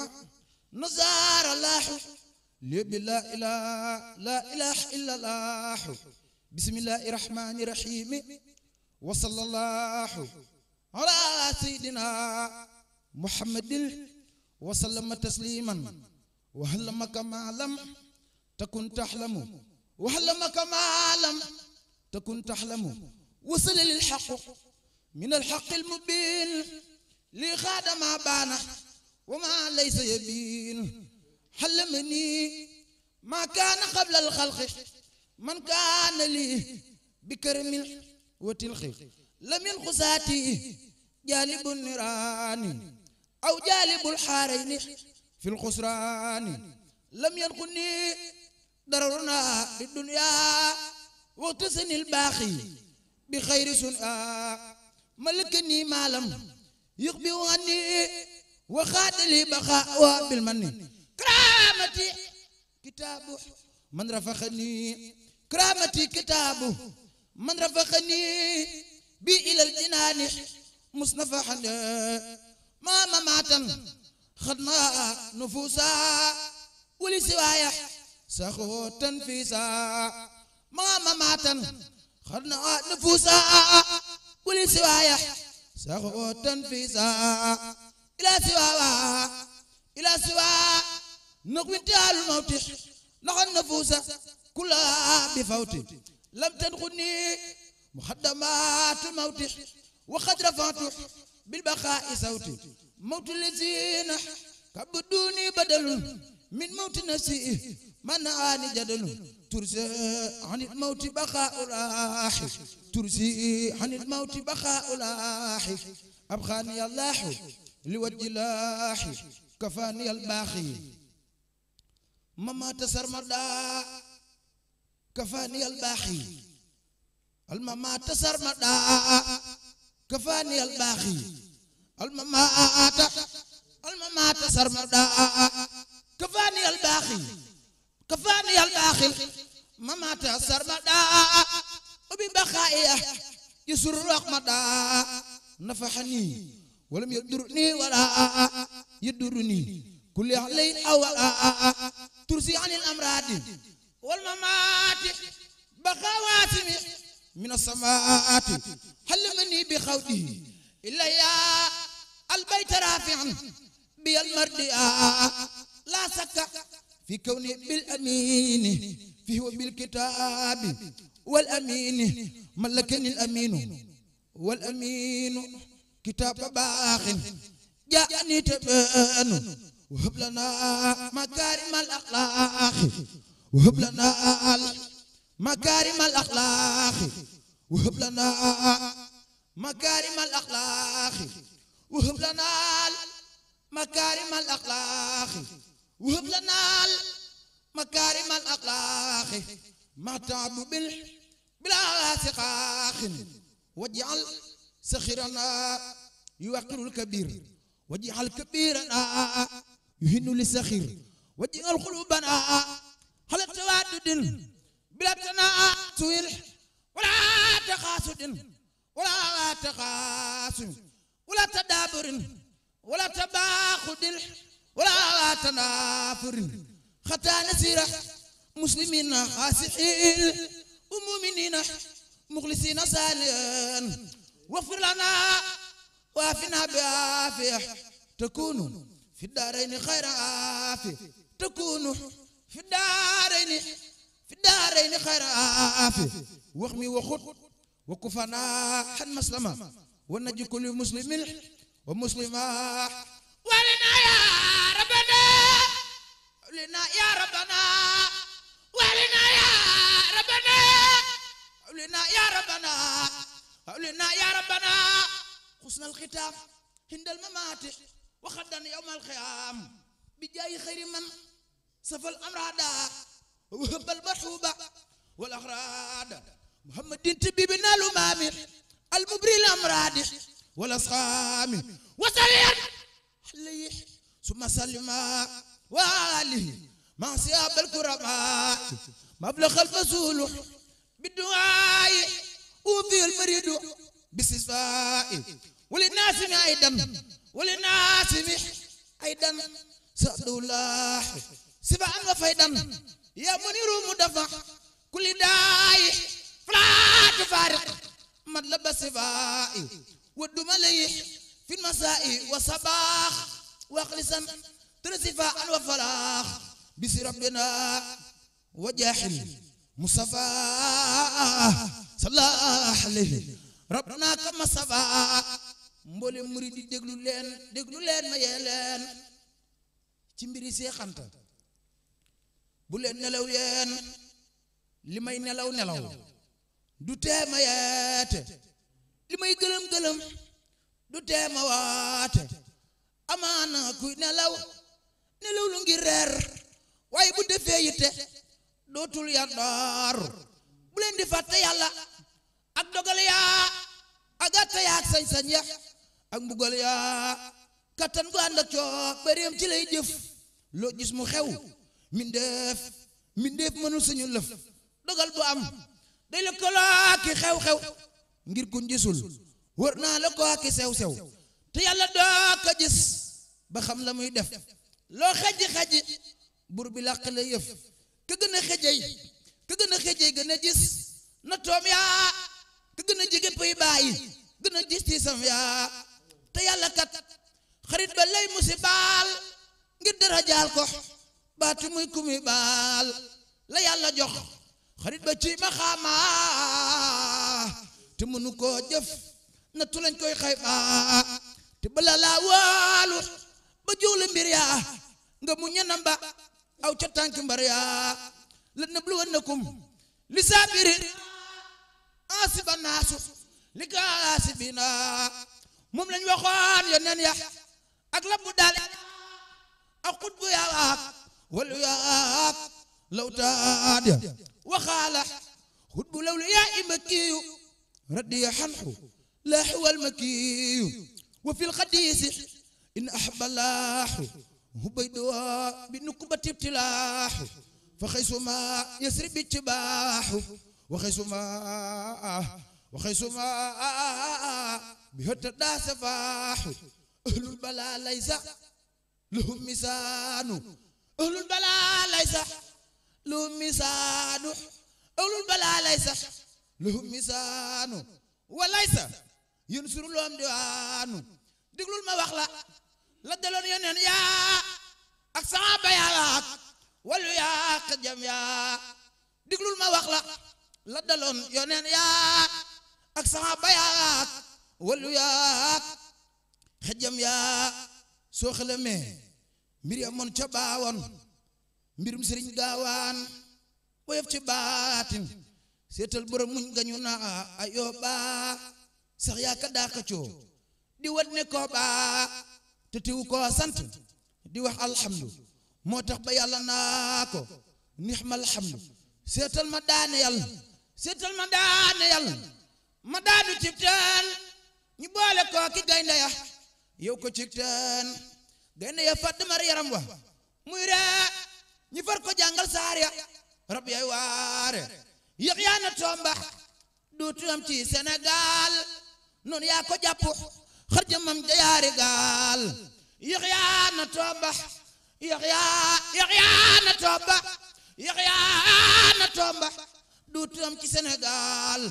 نزار الله لب لا إله لا إله إلا الله بسم الله الرحمن الرحيم وصلى الله على سيدنا محمد وسلم تسليما وهلمك ما لم تكن تحلم وهلمك ما لم تكن تحلم وصل للحق من الحق المبين لخاد ما بان وما ليس يبين حلمني ما كان قبل الخلق من كان لي بكرم وتلخي لم ينقصاتي جالب النيران أو جالب الحارين في الخسران لم ينقني ضررنا بالدنيا واغتسني الباقي بخير سنة ملكني ما لم يقبي عني وخاتلي بقاء بالمن كرامتي كتابه من رفخني كرامتي كتابه من رفقني بي إلى الجنان مصنفحا ما ما مماتا خدنا نفوسا ولي سوايا سخو فيسا ما ما مماتا خدنا نفوسا ولي سوايا سخو فيسا إلى سوا إلى سوا نقوي تعال الموت نحن نفوسا كلها بفوتي لم تدخلني مخدمات الموت وقد رفعت بالبقاء صوتي موت الذين كبدوني بدل من موت نسي من آني جدل ترسي عن الموت بقاء لاح ترسي عن الموت بقاء لاح أبخاني الله لوجه الله كفاني الباخي مما تسر مدى kafaani albaaxi almamaata sarmadaa kafaani albaaxi almamaata almamaata sarmadaa kafaani albaaxi kafaani albaaxi mamaata sarmadaa obi baxaaya yusur raxmadaa nafaxani walam yadurni wala yadurni kulli alayhi awala tursi anil amraadi والممات بخواتم من السماءات مني بخوته إلا يا البيت رافعا بي المرد لا سكا في كوني بالأمين فيه بالكتاب والأمين ملكني الأمين والأمين كتاب باخ جاءني تبان وهب لنا مكارم الأخلاق وهب لنا مكارم الأخلاق وهب لنا مكارم الأخلاق وهب لنا مكارم الأخلاق وهب لنا مكارم الأخلاق ما تعب بال بلا سقاق واجعل سخرنا يوقر الكبير واجعل كبيرنا يهن للسخير واجعل قلوبنا هل توادد بلا تناعتويل ولا تخاصد ولا تخاصم ولا تدابر ولا تباخد ولا تنافر خطا نسيرة مسلمين خاسحين ومؤمنين مخلصين صالحين واغفر لنا وافنا بعافية تكونوا في الدارين خير عافية تكونوا في الدارين في الدارين خير عافي وخمي وخط وكفنا حن مسلمة ونجي كل مسلم ومسلمة ولنا يا ربنا ولنا يا ربنا ولنا يا ربنا ولنا يا ربنا ولنا يا ربنا حسن الختام عند الممات وخدا يوم القيام بجاي خير من سفى الأمراض وهب المرحوب والأغراض محمد تبي طبيبنا الأمام المبري الأمراض والأسقام وسلم عليه ثم سلم وآله ما سياب الكرماء مبلغ الفزول بالدعاء وفي المريد بسفاء وللناس أيضا وللناس أيضا سأل الله si ba am nga fay dan yaa mu ni ruumu dafa kuli daayi falaatu faariq mat la ba wa duma layi fi masaa'i wa sabaax wa axlisan tëra sifaan wa falaax bisi rabbina wa jaaxil musafaa salaax alayhi rabbuna kama sabaa mboole murid di déglu leen déglu leen ma yee leen ci mbiri bu leen nelaw yeen li may nelaw nelaw du teema yeete li may gëlëm-gëlëm du teema waate amaana kuy nelaw nelaw lu ngi reer waaye bu defee yitte dootul yàddaaru bu leen di fàtte yàlla ak dogal yaa ak atta yaa sañ-sañ ya ak mbugal yaa kattan gu ànd ak coo ci lay jëf loo gis mu xew mindeef mindeef mënul suñu lëf dogal bu am day la kolaaki xew-xew ngir kuñ gisul wër naa la koaki sew-sew te yàlla doo ko gis ba xam la muy def loo xajji-xajji bur bi làq la yëf ka gën a xëjey ka gën a xëjey gën a gis na toom yaa ka gën a jege pay bàyyi gën a gis tiisam yaa te yàlla kat xarit ba lay musi baal ngir dara jaal ko baati muy ku muy la yàlla jox xarit ba ci maxaama te mënu koo jëf na tu lañ koy xayma te bala laa waalu ba jógle mbir yaa nga mu ñenam ba aw ca mbar yaa la nabluwannakum li saabiri asiba naasu li kaasibina moom lañ waxoon yoneen ya ak labbu daal ak xutbu yaa والياف لو تادي وخالح خد لو يا مكي ردي حنحو لا حو المكي وفي القديس إن أحب الله هبيدوا بنكبة ابتلاح فخيس ما يسري بتباح وخيس ما وخيس ما بهت داسفاح أهل البلا ليس لهم ميزان ahlul balaa laysa lu misaanu ahlul balaa laysa lu misaanu wa laysa yun suru loom diwaanu diglul ma wax la la daloon yoneen yaa ak saaba yaa walu yaa xajam yaa diglul ma wax la la daloon yoneen yaa ak saaba yaa walu yaa xajam yaa soo xelemee mbir ya mon ca baawoon mbirum sëriñ gaawaan woyof ci baatin seetal borom muñ gañu na ayoo baa sax yaa ka daa xëccoo di wat ne koo baa te tiw koo sant di wax alhamdu moo tax ba yàlla naa ko nix ma alhamdu seetal ma daane yàlla seetal ma daane yàlla ma daanu cib teen ñu boole koo ki gaynde ya yow ko cib teen gaynde ya fadd mar yaram wa muy ree ñi far ko jàngal rab yay waare yëg yaa na tombax duutu am ci Sénégal noonu yaa ko jàpp xar ja yaari gaal yëg yaa na na tombax yëg yaa na tombax duutu am ci Sénégal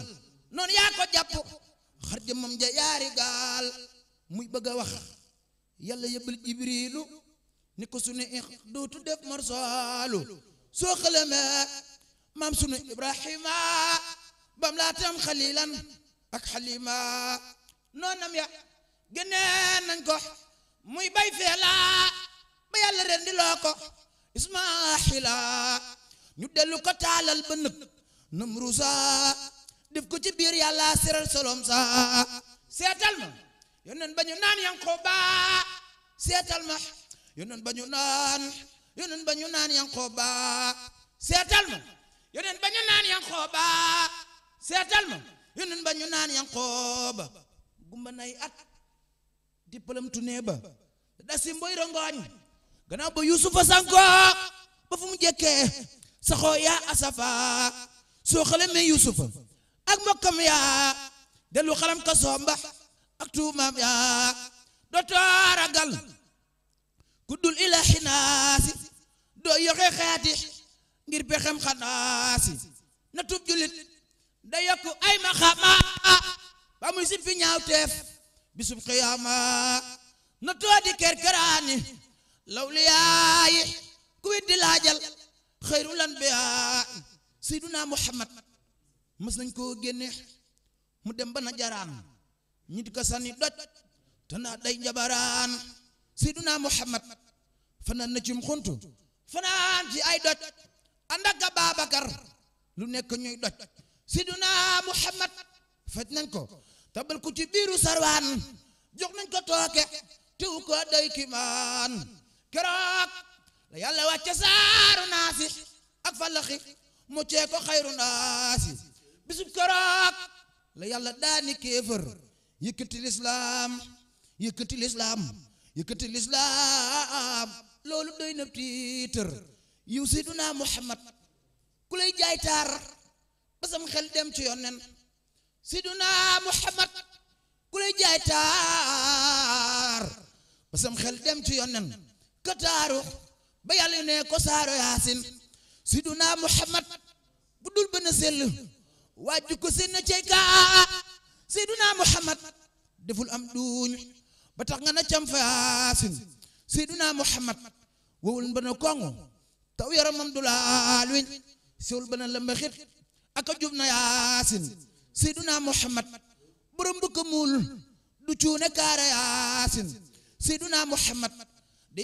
noonu yaa ko jàpp xar jëmam ja yaari gaal muy bëgg a wax يلا يبل جبريلو نيكو سوني اخدو تدف مرسالو سو خلما مام سوني ابراهيم بام لا تام خليلا اك حليما نو نميا جنان نكو موي باي فيلا با يلا رندي لوكو اسماحيلا ñu delu ko talal ba neuk num rusa def ko ci bir yalla siral solom sa setal ma yónneen ba ñu naan Yankoba seetal ma yónneen ba ñu naan yónneen ba ñu naan Yankoba ba ñu naan Yankoba seetal ma yónneen ba ñu nay at di pëlëmtu nee ba dasi mboy rongooñ gannaaw ba Yuusufa Sanko ba fu mu jekkee saxoo yaa asafa soo xalamee Yuusufa ak mbokkam yaa dellu xalam ka somba ak tuumaam yaa dootoo ragal ku dul ilaahi naasi doo yoxe xeeti ngir pexem xanaasi na tub julit da yokku ay maxama ba muy simpi ñaaw teef bisub xiyaama na too di kerkeraani lawliyaayi ku wit laajal xëyru lan biyaa seyduna muhammad mas nañ koo génne mu dem ba na jaraan ñu di ko sànni doj te naa day njabaraan siduna muhammad fanaan na cim xuntu fanaan ci ay doj ànd ak Baabakar lu nekk ñuy doj siduna muhammad faj nañ ko tabal ku ci biiru sarwaan jox nañ ko tooke tew ko day kimaan keroog la yàlla wàcce saaru naasi ak falaxi mu cee ko xayru naasi bisub keroog la yàlla daani kéefër yëkkati lislaam yëkkati lislaam yëkkati lislaam loolu doy na tiitër yiw seyduna muhammad ku lay jaay taar ba sam xel dem ci yonen seyduna muhammad ku lay jaay taar ba sam xel dem ci yonen ka taaru ba yàlla ne ko saaro yaasin seyduna muhammad bu dul bën a sell ko seen na kaa seyduna muhammad deful am duuñ ba tax nga na cam faasin seyduna muhammad wowul ba na kongo taw yaramam du laal wiñ siwul ba na lëmbaxit aka jub yaasin seyduna muhammad borom bu ko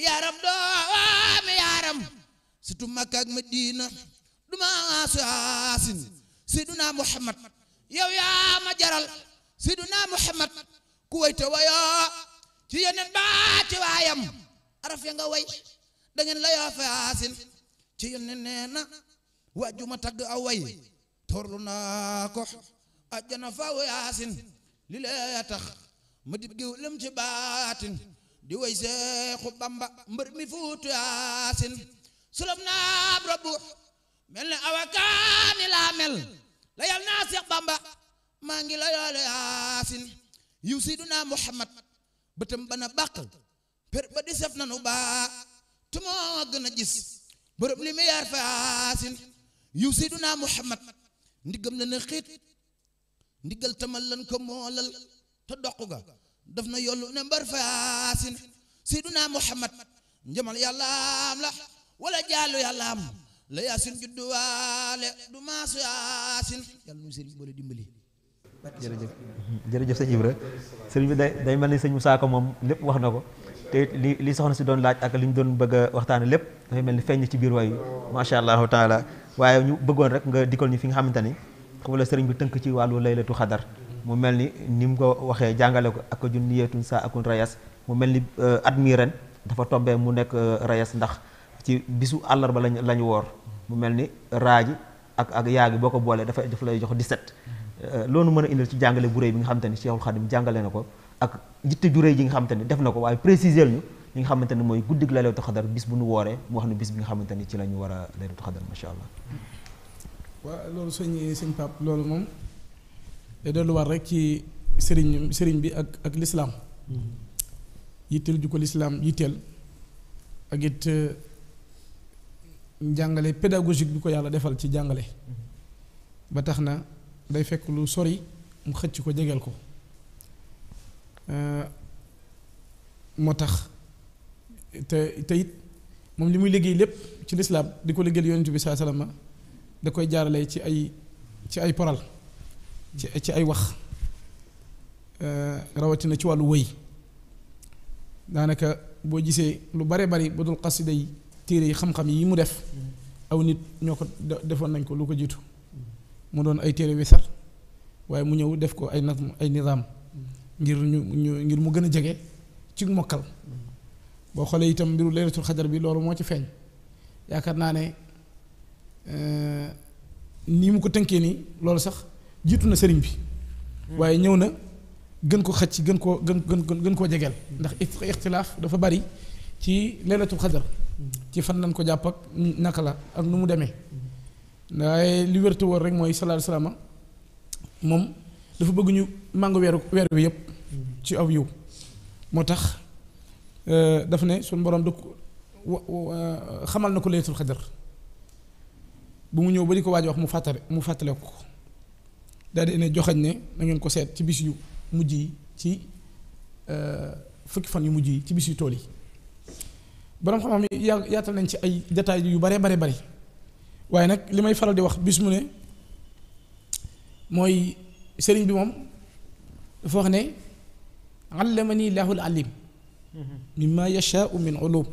yaaram doomi yaaram surtout Makka ak duma asu yaasin seyduna muhammad yow yaa ma jaral siduna muhammad ku way te ci yeneen baa ci waayam araf ya way da ngeen layoo faasin ci yeneen nee na tagg aw way toorlu naa ko ajjana faw yaasin li lee tax ma dib giw lim ci baatin di way seexu bamba mbër mi fuutu yaasin sulub naab rabbu mel ne awakaani laa mel la yal naa seex bamba maa ngi la yoole yaasin yiw siduna muhammad bëtam na bàq per ba di sef nanu baa tumoo gën a gis bërëb li mu yaar fa yaasin yiw siduna muhammad ndigam la na xiit ndigal tamal lan ko moolal te doq ga daf na yollu ne mbar fa yaasin siduna muhammad njamal yàllaam la wala jaalu yàllaam la yaasin judduwaale du maasu yaasin yàlla nu sëriñ boole dimbali jërëjëf jërëjëf sëñ Ibra sëriñ bi day day mel ni sëñ Moussa Ka moom lépp wax na ko te li li soxna si doon laaj ak li ñu doon bëgg a waxtaane lépp dafay mel ni feeñ ci biir wayu macha allahu taala waaye ñu bëggoon rek nga dikkal ñu fi nga xamante ni foofu la sëriñ bi tënk ci wàllu laylatu xadar mu mel ni ni mu ko waxee jàngale ko ak jun niyeetun saa akun rayas mu mel ni euh, at mi ren dafa tombee mu nekk euh, rayas ndax ci bisu àllarba lañ la ñu woor mu mel ni raaji ak ak yaagi boo ko boolee dafa daf lay jox 17 Euh, loolu mën a indil ci jàngale bu réy bi nga xamante ni Cheikhul Khadim jàngale na ko ak jitte ju ji nga xamante ni def na ko waaye préciser ñu nga xamante ne mooy guddig laylatul xadar bis bu nu wooree mu wax ne bis bi nga xamante war a laylatul xadar macha loolu sëñ sëñ Pape loolu moom rek ci sëriñ sëriñ bi ak ak lislaam yitteel ju ko lislaam yitteel ak it euh, njàngale pédagogique bi ko yàlla defal ci jàngale ba tax na. day fekk lu sori mu xëcc ko jegeel ko euh, moo tax te te moom li muy liggéey lépp ci lislaam di ko liggéeyal yonent bi saa salama da koy jaarale ci ay ci ay poral ci ci ay wax euh, rawatina ci wàllu wëy daanaka boo gisee lu bare bari bu dul xasida yi téere yi xam-xam yi mu def aw nit ñoo ko defoon nañ ko lu ko jiitu mu doon ay téere wi sax waaye mu ñëw def ko ay na ay nizaam ngir ñu ñu ngir mu gën a jege ci mokkal boo xoolee itam mbiru leeratul xajar bi loolu moo ci feeñ yaakaar naa ne eh, nii mu ko tënkee nii loolu sax jiitu na sëriñ bi waaye ñëw na gën ko xacc gën koo gën gën gën koo jegeel ndax ixtilaaf dafa bari ci leeratul xajar ci fan lañ ko jàpp ak naka la ak nu mu demee waaye li woon rek mooy salaatu salaama moom dafa bëgg màngo weeru weer wi yëpp ci aw yiw moo tax euh, daf ne suñ boroom dëkk euh, xamal na ko laylatul xadar bu mu ñëw ba ko waaj wax mu fàttale mu fàttale ko daal di ne joxañ ne na ngeen ko seet ci bis yu mujj yi ci euh, fukki fan yu mujj yi ci bis yu tool yi boroom xam-xam yaatal nañ ci ay détails yu bare bare bare waaye nag li may faral di wax bis mu ne mooy sëriñ bi moom dafa wax ne allamani lahul alim mimma yashaau min ulum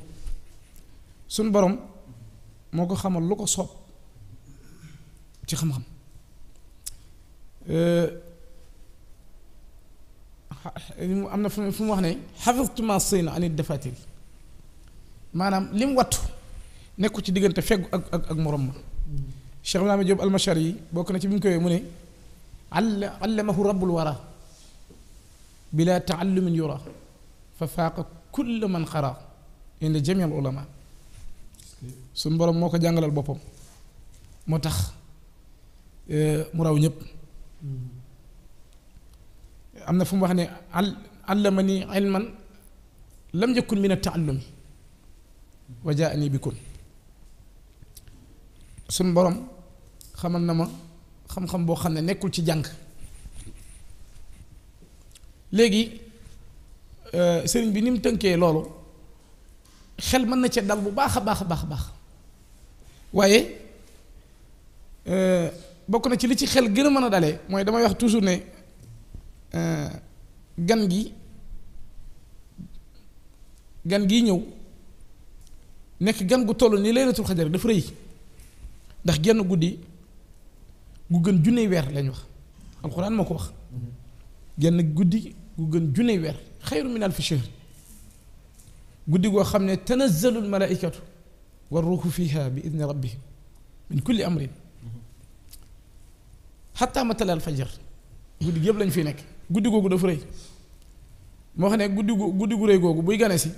suñ borom moo ko xamal lu ko soob ci xam-xam am na fu mu wax ne xafiztu ma sayna anit dafatir maanaam lim wattu nekku ci diggante fegg ak ak ak morom ma Cheikh Ibrahima Diop almachari yi bokk na ci bi mu koy mu ne alla allamahu rabbul wara bila taallumin yura fa faaqa kull man xara inda jami al ulama suñ borom moo ko jàngalal boppam moo tax mu raw ñëpp am na fu mu wax ne al allamani ilman lam yakun min attaallumi wa jaani bikun suñ borom xamal na ma xam-xam boo xam ne nekkul ci jàng léegi sëriñ bi ni mu tënkee loolu xel mën na cee dal bu baax a baax a baax a baax waaye bokk na ci li ci xel gën a mën a dalee mooy damay wax toujours ne gan gi gan gii ñëw nekk gan gu toll ni laylatul xadar dafa rëy ndax genn guddi gu gën junne weer lañ wax alxuraan moo ko wax genn guddi gu gën junne weer xayru min alfi shahr guddi goo xam ne tanazzalu almalaikatu fiha bi idni rabbihim min kulli amrin hatta matal alfajar guddi yëpp lañ fiy nekk guddi googu dafa rëy moo xam guddi guddi gu rëy googu buy gane si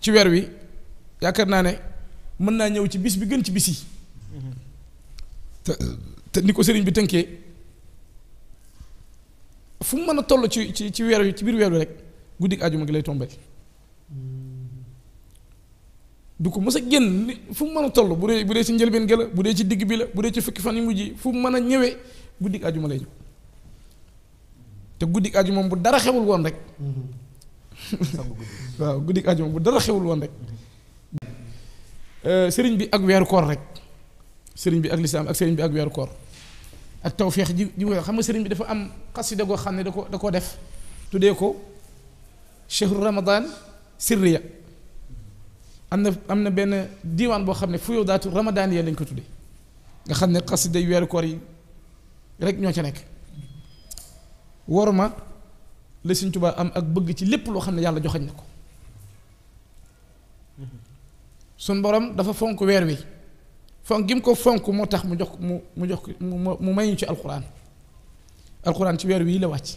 ci weer wi yaakaar ne mën ñëw ci bis bi gën ci te ni ko sëriñ bi tënkee fu mu mën a toll ci ci ci weer wi ci biir weer rek guddi àjjuma gi lay tombé du ko mës a génn fu mu mën a toll bu dee bu dee ci njëlbeen gi la bu dee ci digg bi la bu dee ci fukki fan yu mujj yi fu mu mën a ñëwee guddi àjjuma lay ñëw te guddi àjjuma moom bu dara xewul woon rek. waaw guddik àjjuma bu dara xewul woon rek. Euh, sëriñ bi ak weeru koor rek. سيرين بي اك لسام اك سيرين بي اك وير كور التوفيق دي دي وخا ما سيرين بي دا فا ام قصيده غو خاني داكو داكو ديف تودي كو شهر رمضان سريه امنا امنا بن ديوان بو خاني فيو ذات رمضان يا لنج تودي غا خاني قصيده وير كور ريك نيو تي نيك ورما لي سيرين توبا ام اك بغي سي ليپ لو خاني يالا جوخاج نكو سون بروم دا فا فونك وير وي fonk gi mu ko fonk moo tax mu jox mu mu jox mu mu mayuñ ci alquran alquran ci weer wii la wàcc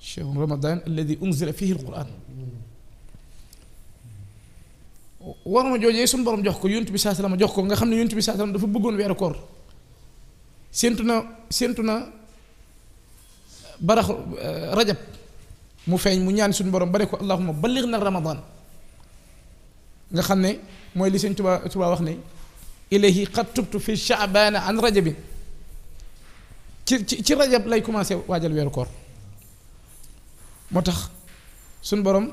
شهر رمضان الذي أنزل فيه القرآن warma joojee sun borom jox ko yonent bi saa salaam jox ko nga xam ne yonent bi saa salaam dafa bëggoon weeru koor séntu na séntu na barax rajab mu feeñ mu ñaan suñu borom bare ko allahuma balligna ramadan nga xam ne mooy li sëñ Tuba Tuba wax ne ilahi qad tubtu fi shaabaana an rajabin ci ci ci rajab lay commencé waajal weeru koor moo tax suñ borom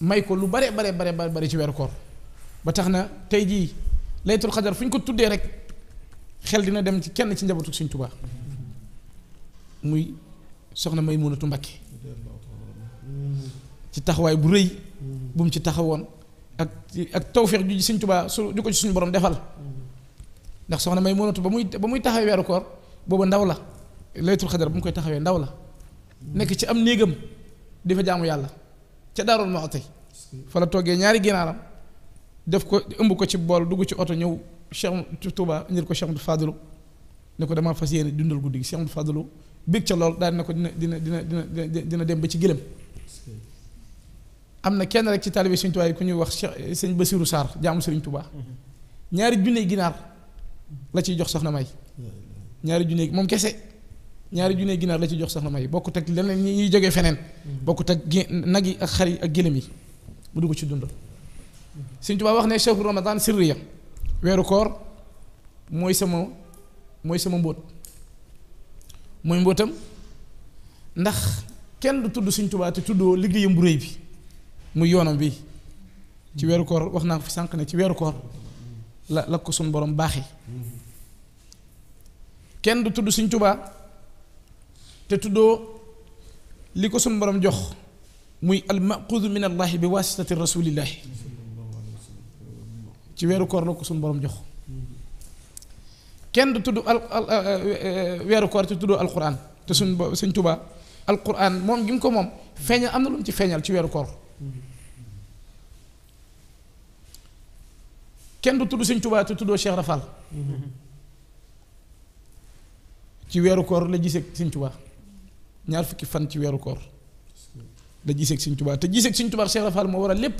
may ko lu bare bare bare bare ci weeru koor ba tax na tey jii laytul xadar fu ñu ko tuddee rek xel dina dem ci kenn ci njabootu suñ Tuba muy soxna Maymunatu Mbakke ci taxawaay bu rëy bu mu ci taxawoon ak ak feex ju Sëñ tubaa su ju ko suñu boroom defal ndax soxna may mënatu ba muy ba muy taxawee weeru koor booba ndaw la laytul xadar bu mu koy taxawee ndaw la nekk ci am néegam di fa jaamu yàlla ca Daarul Muxti fa la toggee ñaari ginaaram def ko ëmb ko ci bool dugg ci oto ñëw Cheikh Touba indil ko Cheikh Amadou Fadilou ne ko damaa fas yéene dundal guddi gi Cheikh Amadou Fadilou bég ca lool daal ne ko dina dina dina dina dina dem ba ci gëlëm am na kenn rek ci taalibe Sëriñ Tuubaa yi ku ñuy wax Cheikh eh, sëñ Basiru Sarr jaamu Sëriñ Tuubaa mm-hmm. ñaari junne ginaar la ciy jox soxna May ñaari junne moom kese ñaari junne ginaar la ciy jox soxna May bokkut ak leneen ñi ñuy jógee feneen mm-hmm. bokkut ak nag yi ak xar yi ak gëlëm yi mu dugg ci dund mm-hmm. Sëriñ Tuubaa wax ne chahru ramadan ya weeru koor mooy sama mooy sama mbóot mooy mbóotam ndax kenn du tudd Sëriñ Tuubaa te tuddoo liggéeyam bu réy bi muy yoonam bi ci weeru koor wax naa ko fi sànq ne ci weeru koor la la ko suñ borom yi kenn du tudd suñ tubaa te tuddoo li ko suñ borom jox muy al maqudu min allahi bi wasitati rasulillahi ci weeru koor la ko suñ jox kenn du tudd al euh, weeru koor te tuddoo alquran te suñ suñ tubaa alquran moom gi mu ko moom feeñal am na lu ci feeñal ci weeru koor kenn du tudd sëñ Tuubaa te tuddoo Cheikh Rafal ci weeru koor la gisee sëñ Tuubaa ñaar fukki fan ci weeru koor la gisee ak sëñ Tuubaa te gisee ak sëñ Tuubaa Cheikh moo waral lépp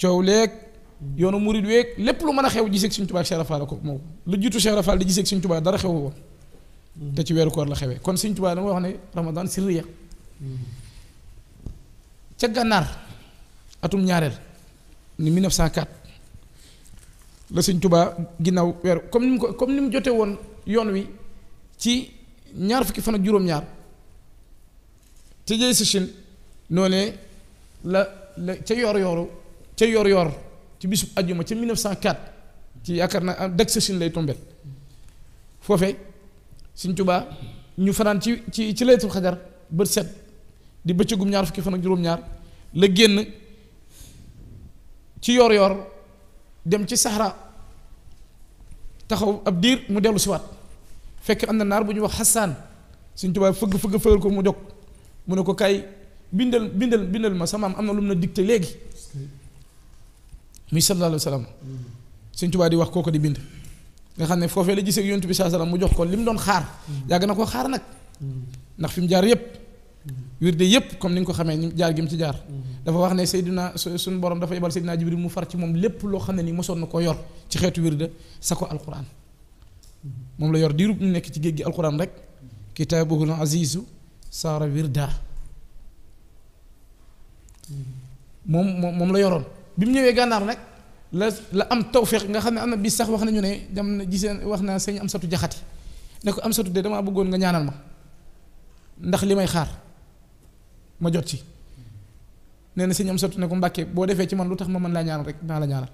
coow leeg yoonu murid weeg lépp lu mën a xew gisee ak sëñ Tuubaa Cheikh Rafal ko moom lu jiitu Cheikh Rafal di gisee ak sëñ dara xew woon te ci weeru koor la xewee kon sëñ Tuubaa dama wax ne Ramadan sirriya ca gànnaar atum ñaareel ni 1904 la sëñ Touba ginnaaw weer comme ni mu ko comme ni mu jote woon yoon wi ci ñaar fukki fan ak juróom-ñaar te jëy noonee la la ca yor-yoru ca yor yoor ci bisub ajjuma ca 1904 ci yaakaar naa am dëkk si lay tombé foofe sëñ Touba ñu fanaan ci ci ci laytul xajar bët set di bëccëgum ñaar fukki fan ak juróom-ñaar la génn. ci yoor yoor dem ci saxara taxaw ab diir mu dellu siwaat fekk am na naar bu ñuy wax xasaan suñ tubaab fëgg fëgg fëgal ko mu dog mu ne ko kay bindal bindal bindal ma samaam am na lu mu na digte léegi muy sallallahu alayhi suñ tubaab di wax kooko di bind nga xam ne foofee la gisee yontu bi saa salaam mu jox ko li mu doon xaar yàgg na ko xaar nag ndax fi mu jaar yépp wirde yépp comme ni nga ko xamee ni jaar gi mu ci jaar mhm. dafa wax ne Seydina suñu borom dafa yebal Seydina Jibril mu far ci moom lépp loo xam ne ni mosoon na koo yor ci xeetu wirde sa ko alquran mhm. moom la yor diiru mu nekk ci géej gi alquran rek kitaabuhul azizu saara wirda mhm. moom moom moom la yoroon bi mu ñëwee gànnaar nag la la am tawféex nga xam ne am na bis sax wax nañu ne dem na gisee wax naa sëñ am satu jaxati ne ko am satu de damaa bëggoon nga ñaanal ma ndax li may xaar ma jot ci neena na sëñ am satu ne ko mbàkke bo defé ci man lutax ma man la ñaanal rek naa la ñaanal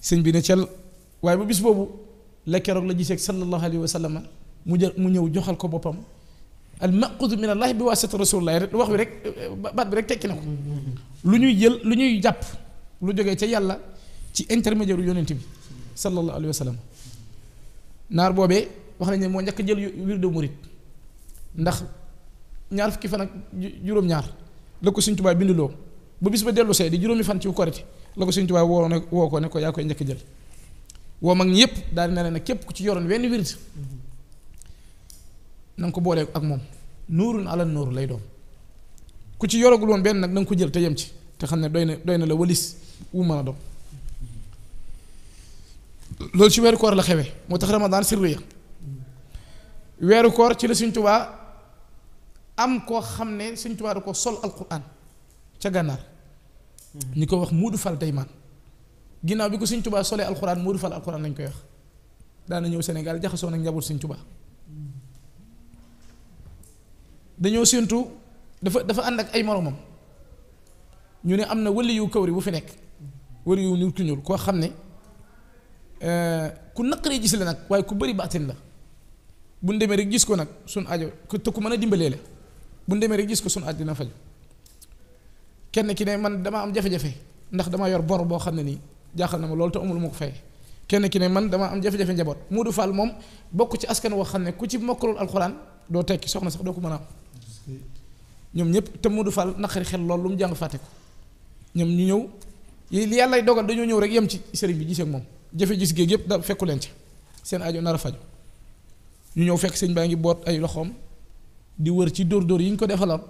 sëñ bi ne ciel way bu bis bobu la kérok la gisee sallallahu alayhi wa sallam mu jël mu ñëw joxal ko bopam al maqud min allah bi wasat rasulullah rek wax bi rek bat bi rek tekki nako lu ñuy jël lu ñuy jàpp lu joggé ci yàlla ci intermédiaire yonent bi sallallahu alayhi wa sallam naar boobee wax nañ mo ñak jël wirdo mourid ndax ñaar fukki fan ak juróom-ñaar la ko Sëñ Tuubaa bindiloo ba bis ba dellu see di juróomi fan ci korite la ko Sëñ Tuubaa woo ne woo ko ne ko yaa koy njëkk jël woo mag ñi yëpp daal dina leen ne képp ku ci yoroon wenn wird ko boolee ak moom nuurun alal nuur lay doon ku ci yoragul woon benn nag na ko jël te yem ci te xam ne doy na doy na la walis wu mën a doon loolu ci weeru koor la xewee moo tax ramadaan sirriya weeru koor ci la Sëñ Tuubaa am koo xam ne Sëñ Tuubaa da ko sol alquran ca gànnaar ñi ko wax fal Fall Taymaan ginnaaw bi ko Sëñ Tuubaa solee alquran fal Fall alquran lañ koy wax daana ñëw Sénégal jaxasoo nag njaboot Sëñ Tuubaa dañoo séentu dafa dafa ànd ak ay moroomam ñu ne am na wëli yu kawri bu fi nekk wëli yu nit ñuul koo xam ne euh, ku naqaree gis la nag waaye ku bëri baatin la bu ñu demee rek gis ko nag suñ ajo te ku mën a dimbalee la bu ñu demee rek gis ko sunu àddina faju kenn ki ne man dama am jafe-jafe ndax dama yor bor boo xam ne nii jaaxal na ma loolu te amul ma ko fay kenn ki ne man dama am jafe-jafe njaboot Modou Fall moom bokk ci askan woo xam ne ku ci mokkalul alxuraan doo tekki soxna sax doo ko mën a ñoom ñëpp te Modou Fall naqari xel loolu lu mu jàng fàtte ko ñoom ñu ñëw li yàllay dogal dañoo ñëw rek yem ci sëriñ bi gisee moom jafe gis géeg yëpp da fekku leen ci seen aajo nar a faju ñu ñëw fekk sëñ baa ngi boot ay loxoom di wër ci dor dor yi ñu ko defalal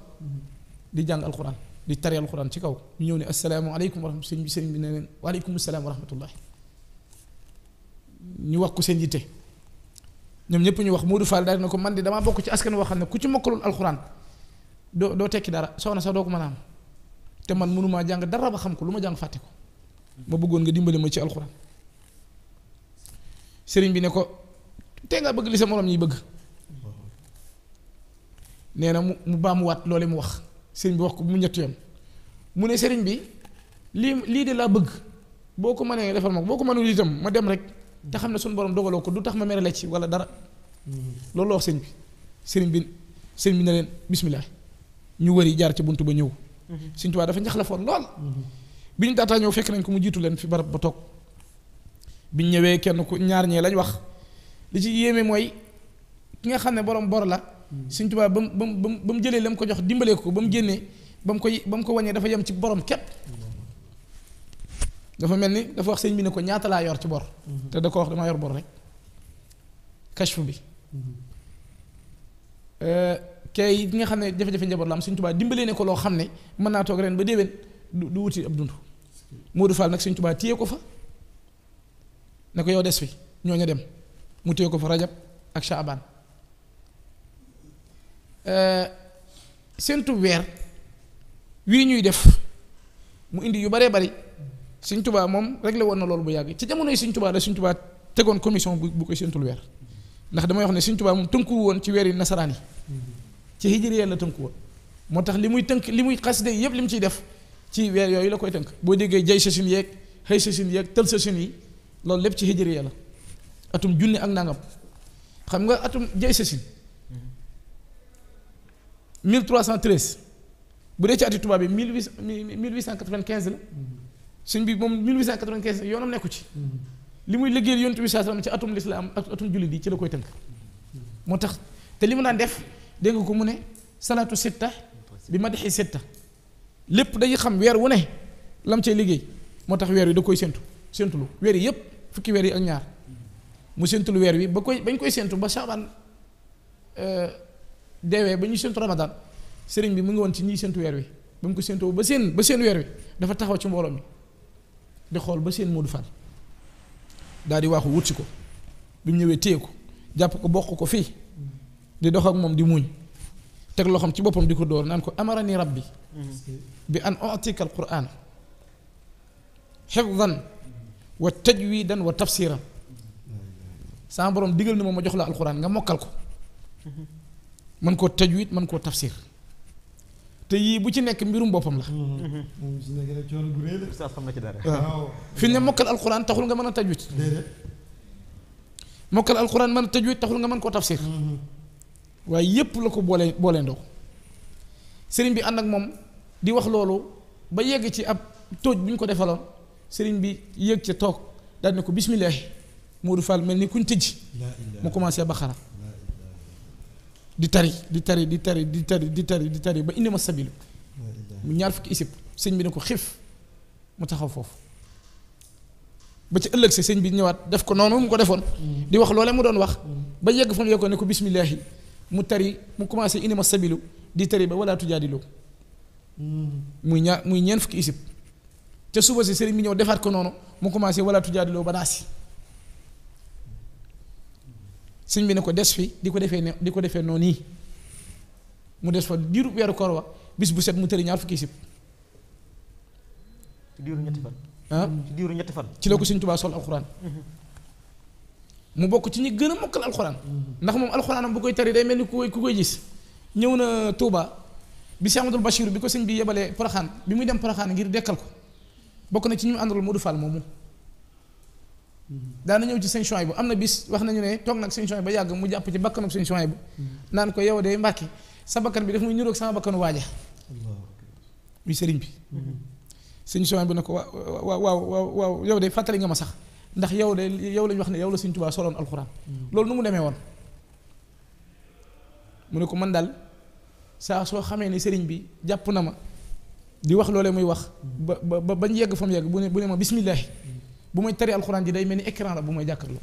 di jang alquran di tari alquran ci kaw ñu ni assalamu alaykum wa rahmatullahi sëñ bi sëñ bi ne leen waaleykum salaam wa rahmatullahi ñu wax ko seen yité ñom ñëpp ñu wax Modou Fall dal nako man di dama bokk ci askan wo xamne ku ci mokkalul alquran do do tekki dara soxna sax doo ko te man mënuma jang dara ba xam ko luma jang ma bëggoon nga dimbali ma ci alquran serigne bi ne ko te nga bëgg li sa morom ñi bëgg nee na mu mu baamuwaat loole mu wax sëriñ bi wax ko mu ñetti yoon mu ne sëriñ bi lii lii de laa bëgg boo ko mënee defal ma ko boo ko mënul itam ma dem rek te xam ne suñu borom dogaloo ko du tax ma mere la ci wala dara mm-hmm. loolu la bi sëriñ bi sëriñ bi ne leen bismillah ñu wëri jaar ci bunt ba ñëw mm-hmm. sëriñ Tuubaa dafa njaxlafoon lool mm-hmm. bi ñu fekk nañ ko mu jiitu leen fi barab ba toog bi ñëwee kenn ku ñaar ñee lañ wax li ci yéeme mooy ki nga xam ne borom bor la Mm. Sëñ Tuubaa ba mu ba mu ba mu jëlee la mu ko jox dimbalee ko ba mu génnee ba mu koy ba mu ko wàññee dafa yem ci borom képp dafa mel ni dafa wax sëñ bi ne ko ñaata laa yor ci bor mm-hmm. te da ko wax damaa yor bor rek kashfu bi mm-hmm. euh, kay yi nga xam ne jafe-jafe njaboot la am Sëñ Tuubaa dimbalee ne ko loo xam ne mën naa toog reen ba déwén du wuti ab dund Modou Fall nag Sëñ Tuubaa téye ko fa ne ko yow des fi ñoo ñu dem mu téye ko fa rajab ak Shaaban Euh, seentu weer wii ñuy def mu indi yu baree bari Sëñ Tuubaa moom réglé woon na loolu bu yàgg ci jamonoy Sëñ Tuubaa la Sëñ Tuubaa tegoon commission bu bu koy seentul weer ndax damay wax ne suñ tubaa moom tënku woon ci weer yi nasaraan yi ci hijriya la tënku woon moo tax li muy tënk li muy xas xasida yëpp li mu ciy def ci weer yooyu la koy tënk boo déggee jay sasin yeeg xëy sasin yeeg tël sasin yi loolu lépp ci hijriya la atum junni ak nangam xam nga atum jay sasin 1313 bu dee ci ati tubaab bi 1895 la suñ bi moom 1895 yoonam nekku ci li muy liggéey yonent bi sallallahu alayhi wasallam ci atum lislaam ak atum jullit yi ci la koy tënk moo tax te li mu naan def dégg nga ko mu ne salaatu sitta bi ma dexi sitta lépp dañuy xam weer wu ne lam cay liggéey moo tax weer wi da koy séntu séntulu weer yi yëpp fukki weer yi ak ñaar mu séntulu weer wi ba koy bañ koy séntu ba saabaan euh, dewe bañu sentu ramadan sëriñ bi mu ngi won ci ñi sentu weer wi bam ko sentu ba seen ba seen weer wi dafa taxaw ci mbolom mi di xol ba seen Modou Fall daal di waxu wut ko bi téeku japp ko bokku ko fi di dox ak mom di muñ tek loxam ci bopam diko door nan ko amarani rabbi bi an utika al quran wa tajwidan wa tafsiran sa borom digel ni mo ma jox la alquran nga mokal ko mën koo tajwid man koo tafsir te yii bu ci nekk mbirum boppam la. waaw fi ne mokkal alquran taxul nga mën a tajwid. mokkal alquran mën a tajwid taxul nga mën koo tafsir. Mm-hmm. waaye yépp la ko boole boole ndox sëriñ bi ànd ak moom di wax loolu ba yegg ci ab tóoj bu ñu ko defaloon sëriñ bi yéeg ca toog daal ne ko bismillah Modou Fall mel ni kuñ tëj mu commencé Bakara. di tari di tari di tari di tari di tari di tari ba indi ma sabilu mu ñaar fukki isip sëñ bi ne ko xif mu taxaw foofu ba ci ëllëg se sëñ bi ñëwaat def ko noonu mu ko defoon di wax loolee mu doon wax ba yegg fa mu yokkoon ne ko bismillaahi mu tari mu commencé indi ma sabilu di tari ba wala tujaadiloo muy ñaar muy ñeen fukki isip te suba si sëriñ bi ñëw defaat ko noonu mu commencé wala tujaadiloo ba daasi sin bi ne ko des fi di ko defee ne di ko defee noonu mu des fa diiru weeru koor wa bis bu set mu tëri ñaar fukki sib diiru ñetti fan ah diiru ñetti fan ci la ko sëñ Tuubaa sol alquran mu bokk ci ñi gën a mokkal alxuraan ndax moom alxuraanam bu koy tari day mel ni ku koy ku koy gis ñëw na Touba bi Cheikh Amadou bashir bi ko bi yebalee Porokhane bi muy dem Porokhane ngir dekkal ko bokk na ci ñu àndal Modou Fall moomu daana ñëw ci sëñ Chouaïbou am na bis wax nañu ne toog nag sëñ Chouaïbou ba yàgg mu jàpp ci bakkanam sëñ Chouaïbou naan ko yow de Mbàkke sa bakkan bi daf muy niroog sama bakkanu waaja muy bi sëñ Chouaïbou ne ko waaw waaw waaw yow de fàttali nga ma sax ndax yow de yow lañu wax ne yow la sëñ Tuubaa soloon alxuraan loolu nu mu demee ne ko man daal saa soo xamee ne sëriñ bi jàpp na ma di wax loolee muy wax ba ba bañ yegg fa mu bu ne bu ma bismillaahi bu may tari alxuraan ji day mel ni écran la bu may jàkkarloo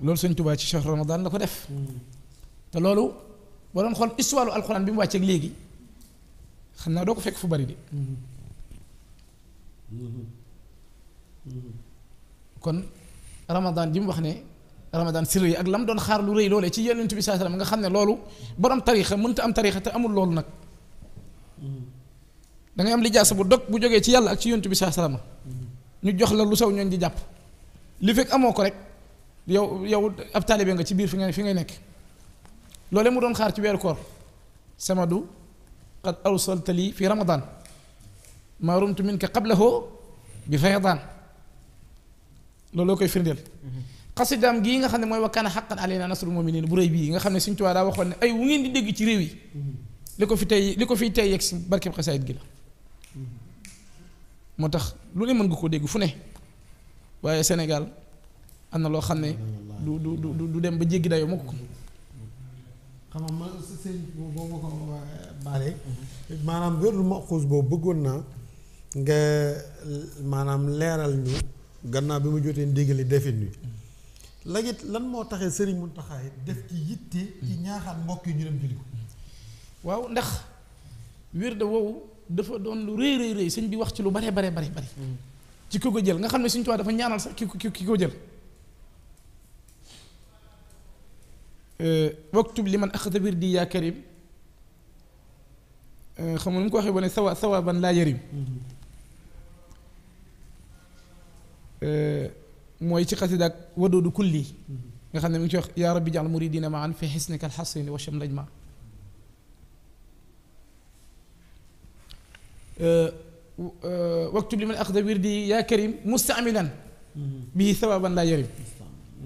loolu sëñ Tuubaa ci shahr ramadan la ko def te loolu boo doon xool histoire alxuraan bi mu wàcceeg léegi xam naa doo ko fekk fu bari de kon ramadan ji mu wax ne ramadan sir yi ak lam doon xaar lu rëy loolee ci yonent bi saa salaam nga xam ne loolu borom tariixa mënta am tariixa te amul loolu nag da ngay am lijaasa bu dog bu joge ci yàlla ak ci yontu bi saa salama ñu jox la lu saw ñu di jàpp li fek amoko rek yow yow ab talibé nga ci biir fi nga fi ngay nek lolé mu doon xaar ci wér koor samadu qad awsalta li fi ramadan maa rumtu minka qablahu bi fayadan looloo koy firndeel xasidaam gii nga xam ne mooy wa alayna nasrul muminin bu rëy bii nga xam ne Sëñ Tuubaa daa ay wu ngeen di dégg ci réew yi li fi tey li fi tey yegg si barkeb gi la moo tax lu ne mën nga koo dégg fu ne waaye Sénégal am na loo xam ne du du du du dem ba jéggi dayoo mukk ko. xam nga ma ko baalee maanaam wérdu maxuus boobu bëggoon naa nga maanaam leeral ñu gannaaw bi ma jotee ndigali defin wi lagit lan moo taxee Serigne Mountakha def ci yitte ci ñaaxaat mbokk yi ñu dem julli ko waaw ndax wérde woowu dafa doon lu rëy rëy rëy sëñ bi wax ci lu bare bare bare bare ci ki ko jël nga xam ne sëñ Tuubaa dafa ñaanal sax ki ko ki ko jël waktub li man axata bir di ya karim xam nga nu ko waxe bone sawa sawa ban la yarim mooy ci xasida ak kulli nga xam ne mi ngi ci wax ya rabbi jaal muridina maan fi hisnika alhasin wa shamlajma chamlajma واكتب من اخذ وردي يا كريم مستعملا به ثوابا لا يرم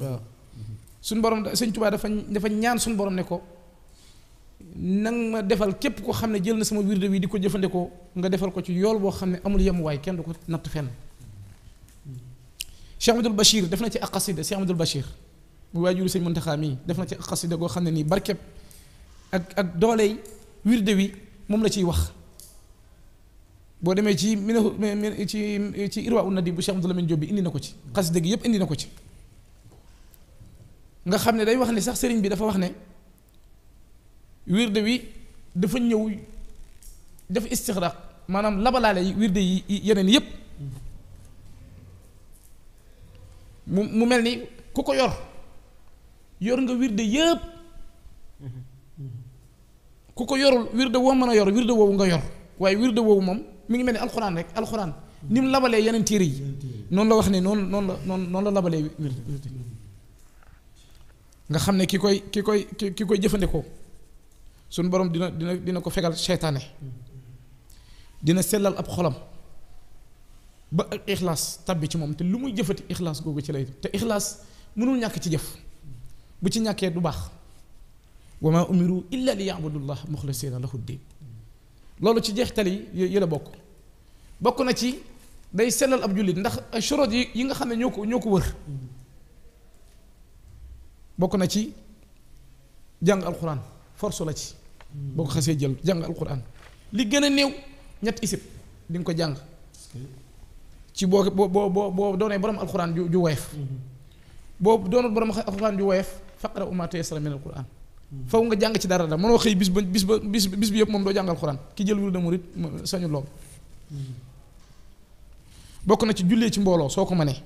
waaw suñ borom sëñ Tuubaa dafa dafa ñaan suñ borom nang ma defal képp koo xam ne jël na sama wirde wi di ko jëfandikoo nga defal ko ci yool boo xam ne amul yemuwaay kenn du ko natt fenn Cheikh Amadou Bachir def na ci ak xasida Cheikh Amadou Bachir bu waajuru sëñ Muntaxa mii def na ci ak goo xam ne nii barkeb ak ak dooley wirde wi moom la ciy wax boo demee ci mi ne ci ci irwa un nadi bu Cheikh Amadou Lamine Diop bi indi na ko ci xas dëgg yëpp indi na ko ci nga xam ne day wax ne sax sëriñ bi dafa wax ne wirde wi dafa ñëw def istixraq maanaam labalaale wirde yi yeneen yëpp mu mu mel ni ku ko yor yor nga wirde yëpp ku ko yorul wirde woo mën a yor wirde woowu nga yor waaye wirde woowu moom mi ngi mel ni alxuraan rek alxuraan ni mu labalee yeneen téere yi noonu la wax ne noonu noonu la noonu noonu la labalee nga xamne ne ki koy ki koy ki koy jëfandikoo suñu borom dina dina dina ko fegal shaytané dina selal ab xolam ba ak ikhlas tabbi ci mom te lu muy jëfati ikhlas googu ci lay te ikhlas mënul ñak ci jëf bu ci ñaké du bax wa maa umiru illa li yaabudullah muxlisina lahu diin loolu ci jeex jeexital yi yi la bokk bokk na ci day sellal ab jullit ndax choroot yi yi nga xam ne ñoo ko ñoo ko wër bokk na ci jàng alxuraan force la ci boo ko xasee jël jàng alxuraan li gën a néew ñett isib di nga ko jàng ci boo boo boo boo doonee borom alxuraan ju ju woyof mm-hmm. boo doonul borom alxuraan ju woyof faqra uma tayassara min alxuraan faw nga jàng ci dara da mënoo xëy bis ba bis ba bis bis bi yëpp moom doo jàngal xuraan ki jël wird murit sañu lool bokk na ci jullee ci mbooloo soo ko mënee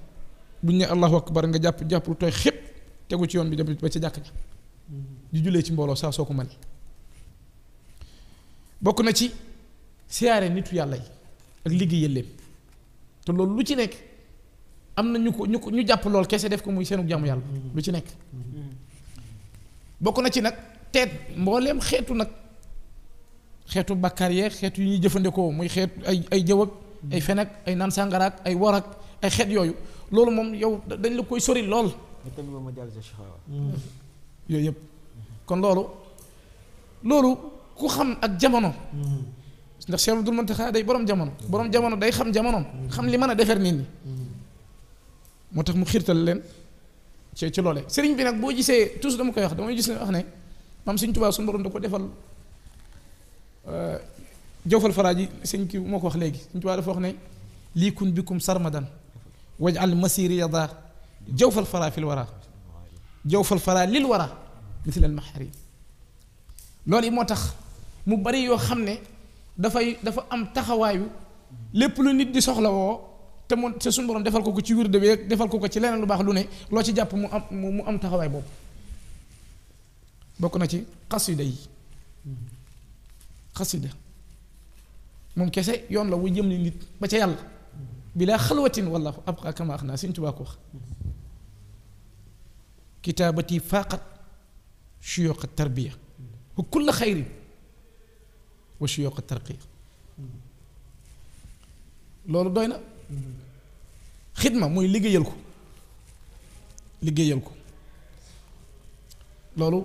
buñ ne allahu akbar nga jàpp jàpp tooy xépp tegu ci yoon bi ba ca jàkk ja di ci mbooloo saa ko mënee bokk na ci siyaare nitu yàlla yi ak liggéey leen te loolu lu ci nekk am na ñu ko ñu ko ñu jàpp lool kese def ko muy seenu jàmm yàlla lu ci nekk bokk na ci nak tet mbollem xetu nak xetu bakkaar xetu xeetu yu ñuy muy xet ay ay jëw ay fen ak ay nan sàngara ak ay war ay xet yoyu loolu mom yow dañ la koy sori lool. yooyu yëpp kon loolu loolu ku xam ak jamono. ndax Cheikh Abdoul mantakha day borom jamono. borom jamono day xam jamono. xam li mëna defer nit ñi. motax mu xirtal len ci ci lolé sëriñ bi nak bo gisé tous dama koy wax dama gis ne wax ne mam sëriñ touba sun borom da ko defal euh jëfël faraaji sëriñ ki moko wax légui sëriñ touba da fa wax ne li kun bikum sarmadan wajal masir yada jëfël fara fil wara jëfël fara lil wara mithl al mahri loolu motax mu bari yo xamné da fay da fa am taxawayu lépp lu nit di soxla woo te mu te suñu borom defal ko ko ci wirde bi rek defal ko ko ci leneen lu baax lu ne loo ci jàpp mu am mu am taxawaay boobu bokk na ci xasida yi xasida moom kese yoon la wu jëm ni nit ba ca yàlla bilaa xalwatin wallahu abqa kama ax naa Sëñ Tuubaa ko wax kitaabati faaqat shuyuuqa tarbiya wa kulla xayrin wa shuyuuqa tarqiya loolu doy na xidma muy liggéeyal ko liggéeyal ko loolu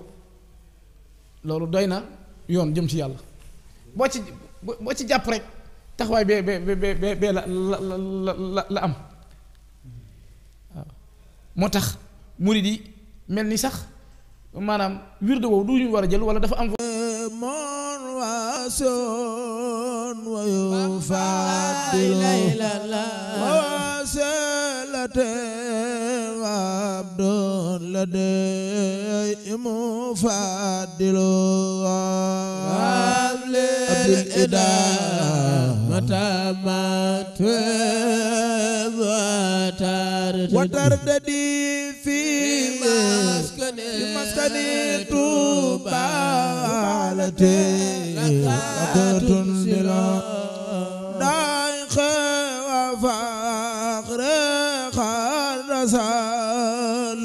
loolu doy na yoon jëm ci yàlla boo ci boo ci jàpp rek taxawaay bee bee bee bee la la la la am moo tax murid yi mel ni sax maanaam wirde woowu du ñu war a jël wala dafa am. ويفضل ووسيلة عبد لديه مفضل قبل الإله متى مات وترددي في مسكن مسكن طوبى علتي لقد تنزل دايخ وفخر خر سلوما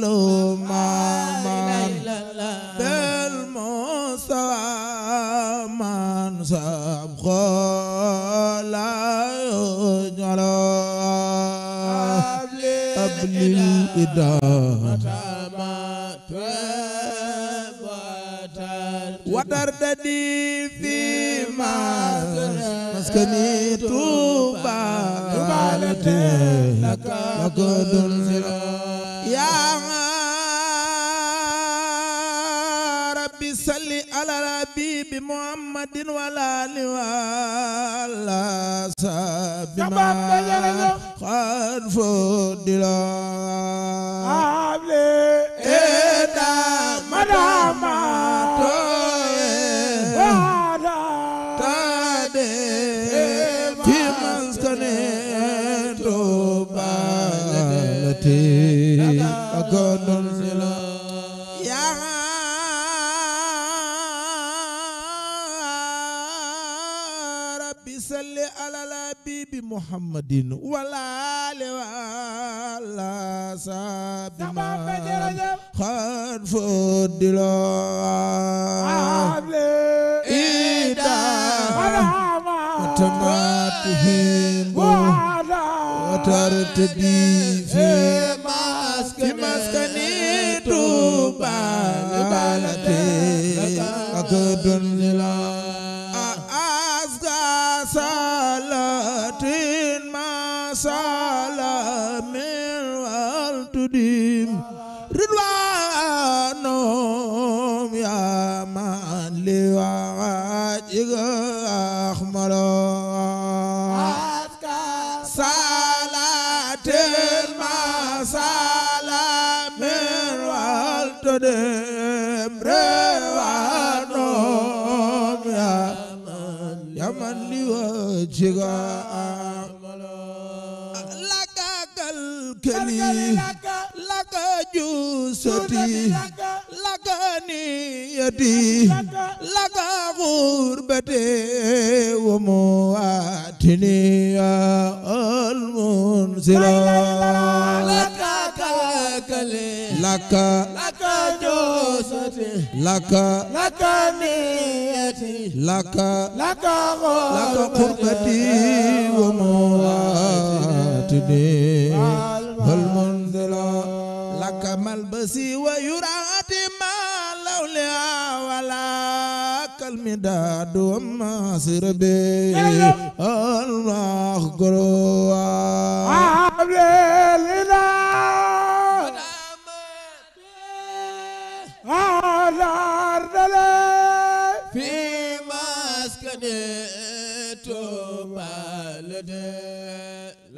بالمستوى من سبقه إذا أردني فيما مسكني طوبى قالت لك لقد يا ربي صل على الحبيب محمد وعلى آله وعلى صحبه قد فضل muhammadin walaale wala saabina xaat foot di idaa watamaat himbo watarta di fi maskani tuuba balate ak dun lilaa جغا لك الكلي لك جوستي لك نيتي لك غربتي ومواتني المنزل لك jëlale laka laka joosati laka laka niyati laka laka laka qurbati wa mawatini wal laka malbasi wa yurati ma lawliya wala kalmidad wa masirbi allah gorowa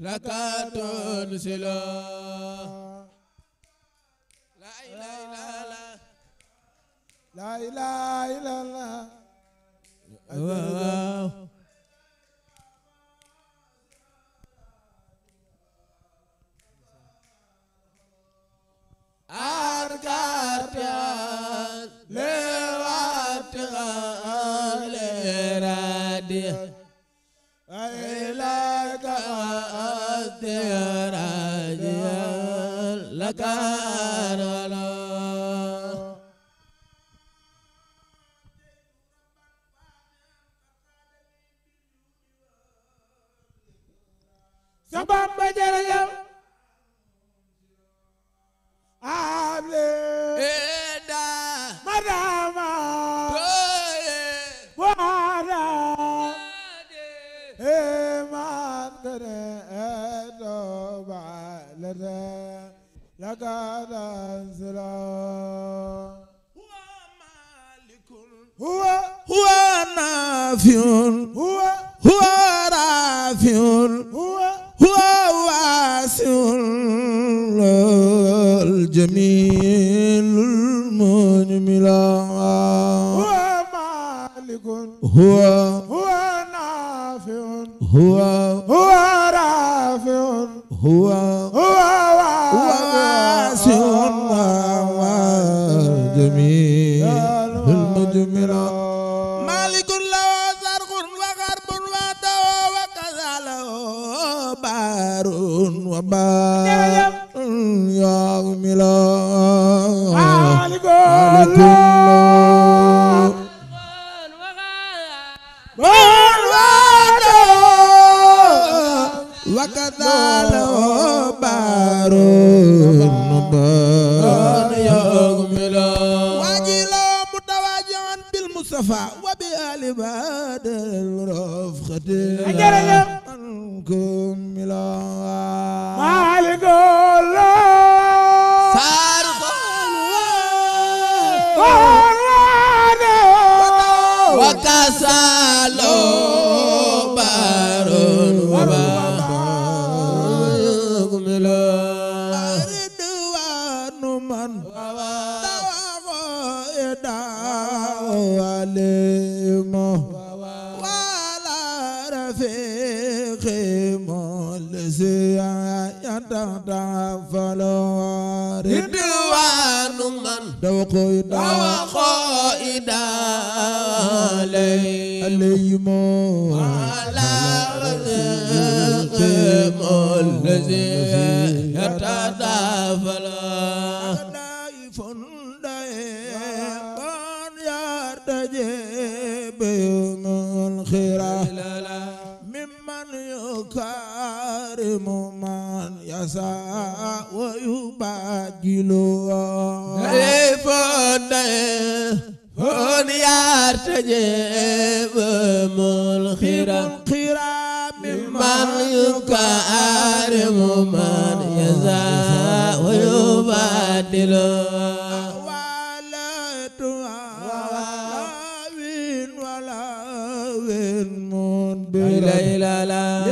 لك تنسل لا إله إلا الله لا إله إلا الله أرجعت لواتها لراديه لك الدراج لك sabab ba jërëjëf am le daa madama أبدا لك تنزلا هو هو نافع هو هو رافع هو هو واسع الجميل المنمل هو مالك هو هو نافع هو هو رافع هو جملا مالك له زرق وغرب ودو وكذاله بار وبار يا ملا مالك له وكذاله بار وبار الرفع وبآل بعد الرفقة أنكم إلى tarda falo ridwanu man dawqoy dawqoy dalay alaymo ala rizqimul lazi tarda falo daifun daiqan ya tajib yunul khira mimman yukarimu ma يشاء ويباجل لفن هون يرتجب ملخرا من يكارم من يشاء ويبادل لا لا لا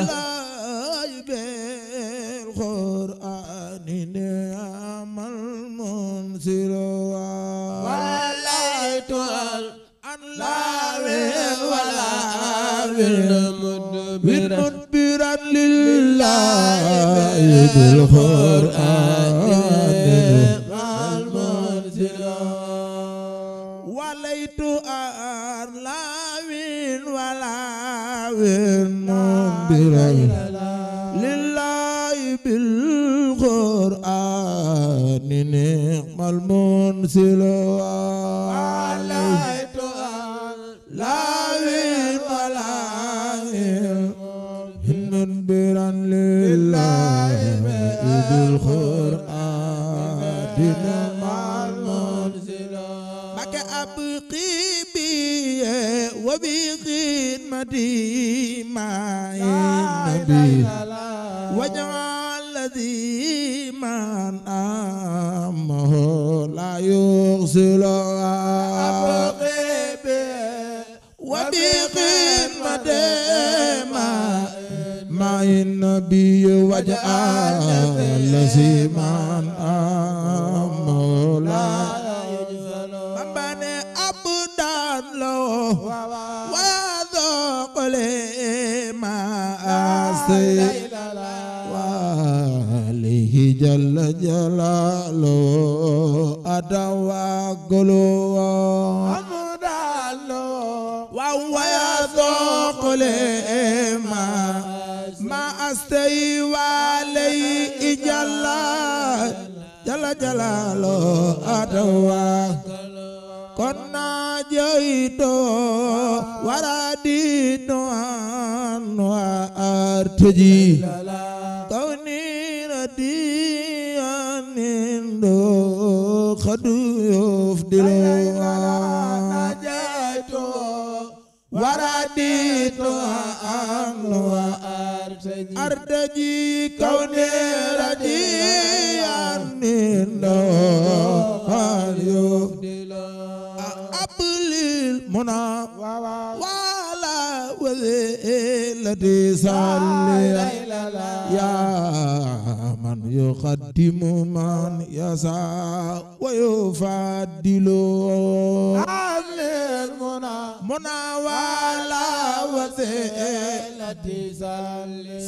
مدبرا لله بالقرآن مع المرسلة وليت أن لا من ولا من مدبرا لله بالقرآن نعم المنزل وليت أن لا من مدبرا لله إذ القرآن دنا مع المنزلة بك أبقي بي وبخدمتي مع النبي واجعل الذي من أمه لا يغسل أبقي بي وبخدمتي مع مع النبي وجعل الذي من مولا من أبدا له وذوق لي ما أسير وعليه جل جلاله أدوى قلوه أبدا له وذوق لي stay walay ijalla jala jalalo atawa konna joyto waradi no anwa artaji kawni radianindo khadu yof dilawa joyto waradi no anwa أرتجي كوني رديا من لو أبلي المنى ولا وذي الذي صلي يا يقدم من يسعى ويفضل عمل المنى منا وعلى وسيلتي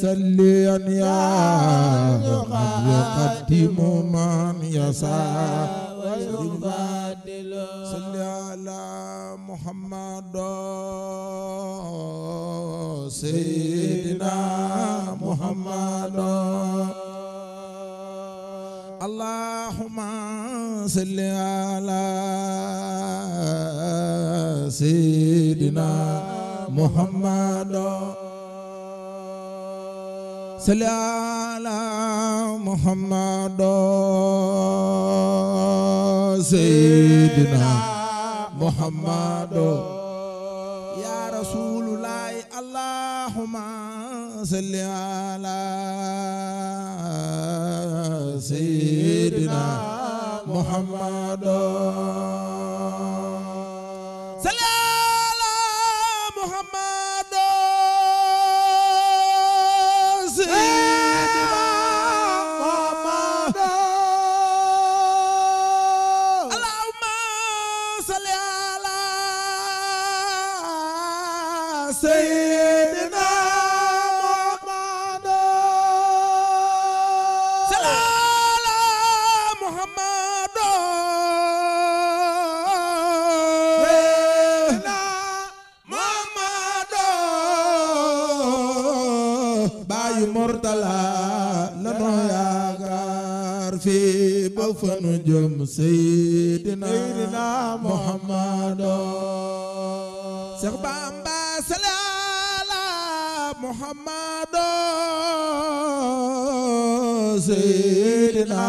سليا أن من يقدم من يسعى ويفضل صلي على محمد سيدنا محمد allahumma salli ala sayyidina muhammad salli ala muhammad sayyidina muhammad ya rasulullah allahumma صل على سيدنا محمد baay mortala lanoo yaakaar fii ba fanu jëm seydina muhammado Seex Bamba salaala muhammado seydina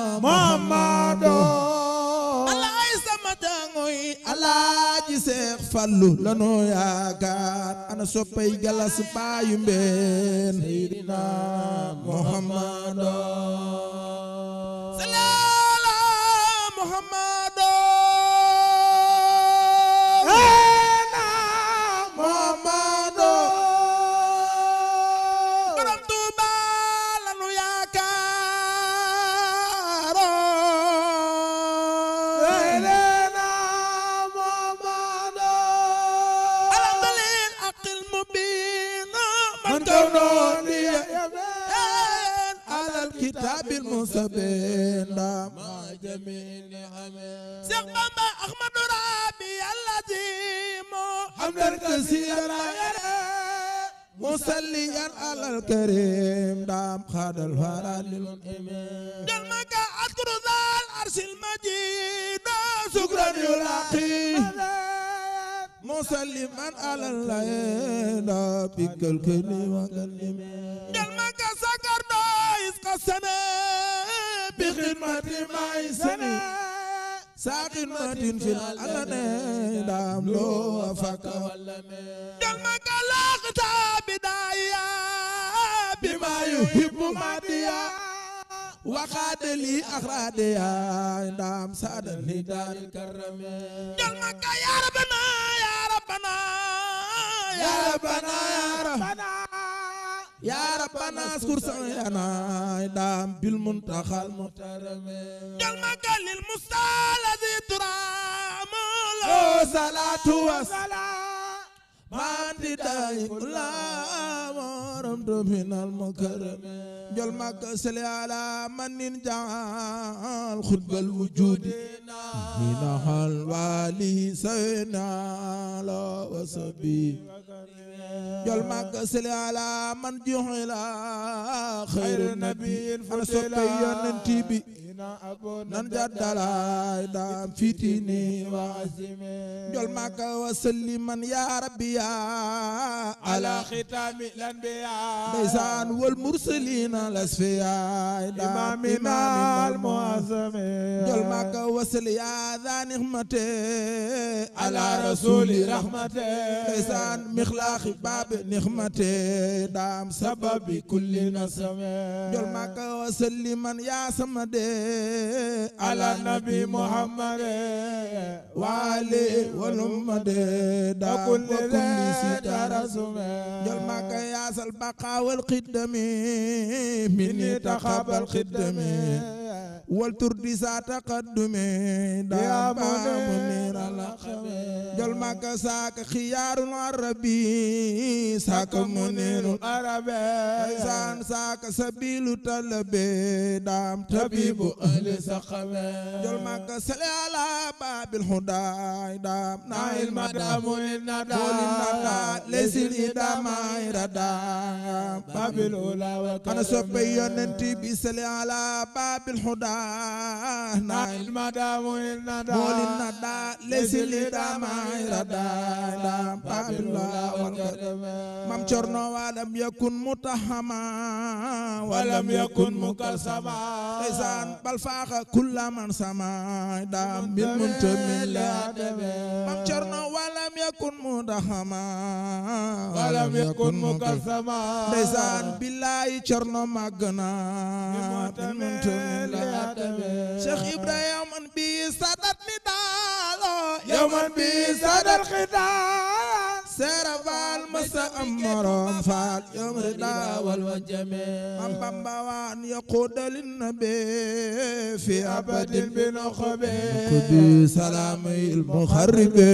Seex Fallu lanoo yaakaar ana soppay galas baayu mbeen Seydina Muhammad سبيلا مع جميع نعمه شيخ بابا احمد رابي العظيم حمدا كثيرا مصليا على الكريم دام خاد الفرا للامام جرمك اذكر ذا العرش المجيد شكرا يلاقي مسلما على الليلة بك الكلمة قلبك سكر دايس قسنا بخدمة ما سنة ساقمة في الألنة دام لو أفك قلبك لاغتا بدايا بما يحب ماديا وقادلي أخرادي عندام سادني دار الكرم جل مكة يا ربنا يا ربنا يا ربنا يا ربنا يا ربنا اذكر سعينا عندام بالمنتخى المحترم جل مكة للمستعى الذي ترام له صلاة وسلام maati daay kullaa maramtu min al mukarram jol makk sali ala man nin jaal xutbal wujudi hina hal wali sayna ala wasabi jol makk sali ala man juhila xayru nabiyin fa sotay yonent bi nan jaddala dam fitini wa azimi jol maka wa salliman ya rabbi ya ala khitami lanbiya daysan wal mursalin lasfiya imamina al muazzami jol maka wa sal ya dha nihmati ala rasuli rahmati daysan mikhlaq bab nihmati dam sababi kulli nasami jol maka wa salliman ya samade على النبي محمد وعلي والأمة دا كل ريت رسومه جل مكة يا سلبقى والقدم مني تخاب القدم والتردي ساتقدم يا منير الأخم جل مكة ساك خيار العربي ساك منير العربي سان ساك سبيل طلب دام طبيب أهل سقما جل مك سلي على باب الهدى دام نايل مدام دام ليس الإدام ردا باب الأولى وكرم أنا سبي ينتي بسلي على باب الهدى نايل مدام للندى للندى ليس الإدام ردا باب الأولى وكرم مام شرنا ولم يكن متهما ولم يكن مكسما ليسان bal faaxa kulla man sama da min muntamin la mam cerno walam yakun mudahama walam yakun mukassama ndeysaan billahi cerno màgg na min muntamin la Cheikh Ibrahima man bi sadat bi sadat xitaal seera faal masa am faal yom ridaawal wa jamee am bamba waan yaquudalin fi abadin bi noqobe kudi salaamil muxarribe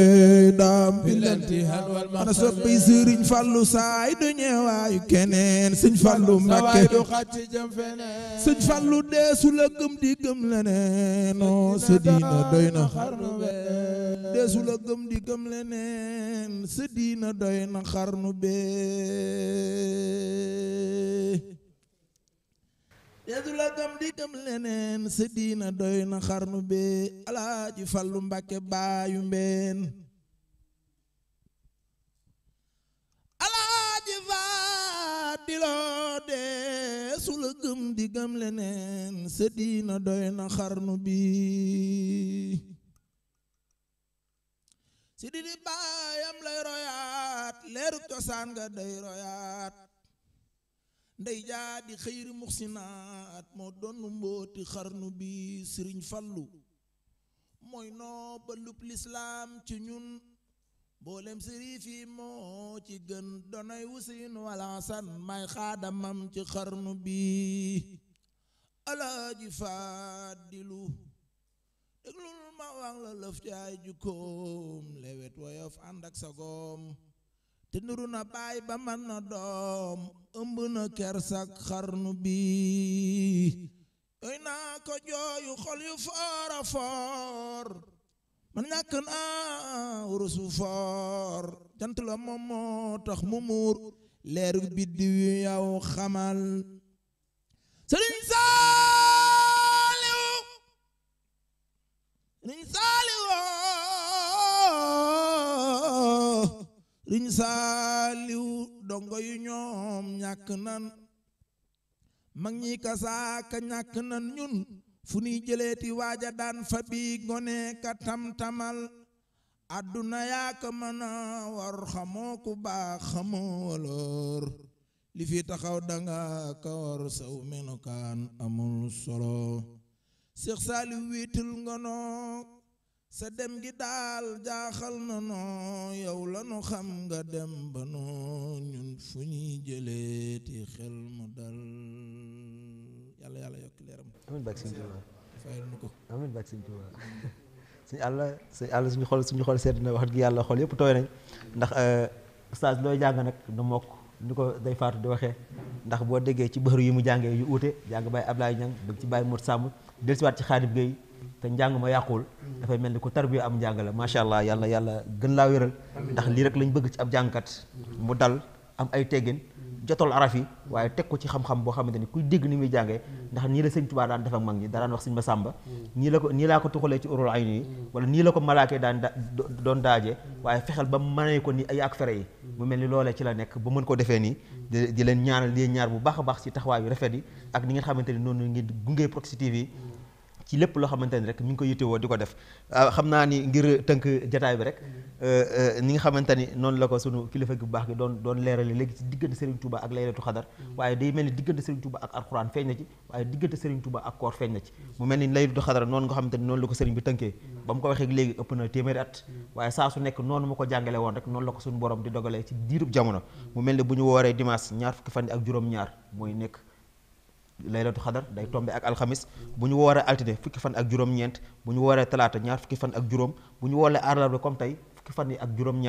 daam fi lantihan wal maxarribe ana soppi sëriñ fallu saay du ñeewaayu keneen sëñ fallu mbakke sëñ fallu deesu la gëm di gëm leneen non sa diina doy na xarnu be deesu la gëm di gëm diina xarnu na xarnu bee alaaji fallu mbàkke baayu mbeen alaaji faadiloo dee gëm di leneen sa diina xarnu bii si di di baayam lay royaat leerug cosaan nga day royaat ndey jaa di xëyri muxsinaat moo doon mbooti xarnu bi sëriñ fallu mooy noo ba lub lislaam ci ñun boolem sëriif yi moo ci gën donay wusin walansan may xaadamam ci xarnu bi alaaji faadilu déglul ma wang la lëf ci ay jukkoom lewet woyof ànd ak sagoom te nuru na baay ba man na doom ëmb na kersak xarnu bi yooy naa ko jooyu xol yu foora foor man ñàkk naa rusu foor jant la moom tax mu muur leeru biddi yu yow xamal sëriñ saa riñ saaliw dongo yu ñoom ñàkk nan mag ñi kasaaka ñàkk nan ñun fu nuy jëleeti waaja daan fa bi gone ka tam-tamal àdduna yaaka mën a war xamoo ku baax xamoo waloor li fi taxaw danga ka war saw menukaan amul solo Seex Saaliw wiitul ngono sa dem gi daal jaaxal na noo yow lanu xam nga dem ba noo ñun fu ñuy jëleeti xel mu dal yàlla yàlla yokk leeram amin bak sëñ Tuuba fayal nu ko amin bak sëñ suñu àlla suñu àlla suñu xol sedd na wax dëgg yàlla xol yëpp tooy nañ ndax euh, ustaas looy jàng nag du mokk ni ko day faatu di waxee ndax boo déggee ci bëru yi mu jàngee yu uute jàng ab laay Ñang ba ci bàyyi Mor Sàmm dellusiwaat ci Xaadim Géey te njàng ma yàquwul dafay mel ni ku tarbiya am njàng la macha allah yàlla yàlla gën laa wéral ndax lii rek lañ bëgg ci ab jàngkat mu dal am ay teggin jotol araf yi waaye teg ko ci xam-xam boo xamante ni kuy dégg ni muy jàngee ndax nii la sëñ Tuubaa daan def ak mag ñi daan wax sëñ Masamba nii la ko nii laa ko tuxalee ci urul ayni yi wala nii la ko malaakee daan da doon daajee waaye fexeel ba mënee ko ni ay ak fere yi mu mel ni loolee ci la nekk ba mën ko defee nii di di leen ñaanal lii ñaar baax a baax ci taxawaay yu yi ak ni nga xamante ni noonu ngeen gungee Proxi TV yi ci lépp loo xamante ni rek mi ngi ko woo di ko def ah, xam naa ni ngir tënk jataay bi rek euh, euh, ni nga xamante ni noonu la ko sunu kilifa gi bu baax gi doon doon leerale léegi ci diggante Serigne Touba ak laylatu xadar waaye day mel ni diggante Serigne Touba ak alxuraan feeñ na ci waaye diggante Serigne Touba ak koor feeñ na ci mu mel ni laylatu xadar noonu nga xamante ni noonu la ko Serigne bi tënkee ba mu ko waxee léegi ëpp na téeméeri at waaye saa su nekk noonu ma ko jàngale rek noonu la ko suñu borom di dogalee ci diirub jamono mu mel ni bu ñu wooree dimanche ñaar fukki fan ak juróom-ñaar mooy nekk laylatu xadar day tombe ak alxamis bu ñu wooree altine fukki fan ak juróom-ñeent bu ñu wooree talaata ñaar fukki fan ak juróom bu ñu wooree àllarba comme tey fukki fan yi ak juróom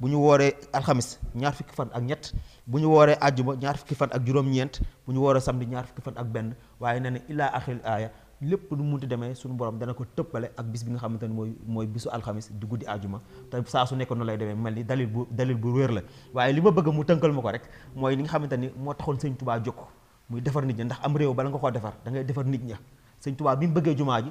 bu ñu wooree alxamis ñaar fukki fan ak ñett bu ñu wooree àjjuma ñaar fukki fan ak juróom-ñeent bu ñu wooree samedi ñaar fukki fan ak benn waaye ne na illaa axiril aaya lépp lu munti demee suñu borom dana ko tëppale ak bis bi nga xamante ne mooy mooy bisu alxamis di guddi ajuma te saa su nekk noonu lay demee mel ni dalil bu dalil bu wér la waaye li ma bëgg mu tënkal ma ko rek mooy li nga xamante ni moo taxoon sëñ Tuubaa jóg muy defar nit ña ndax am réew bala nga koo defar dangay defar nit ña sëñ Tuubaa bi mu bëggee jumaa ji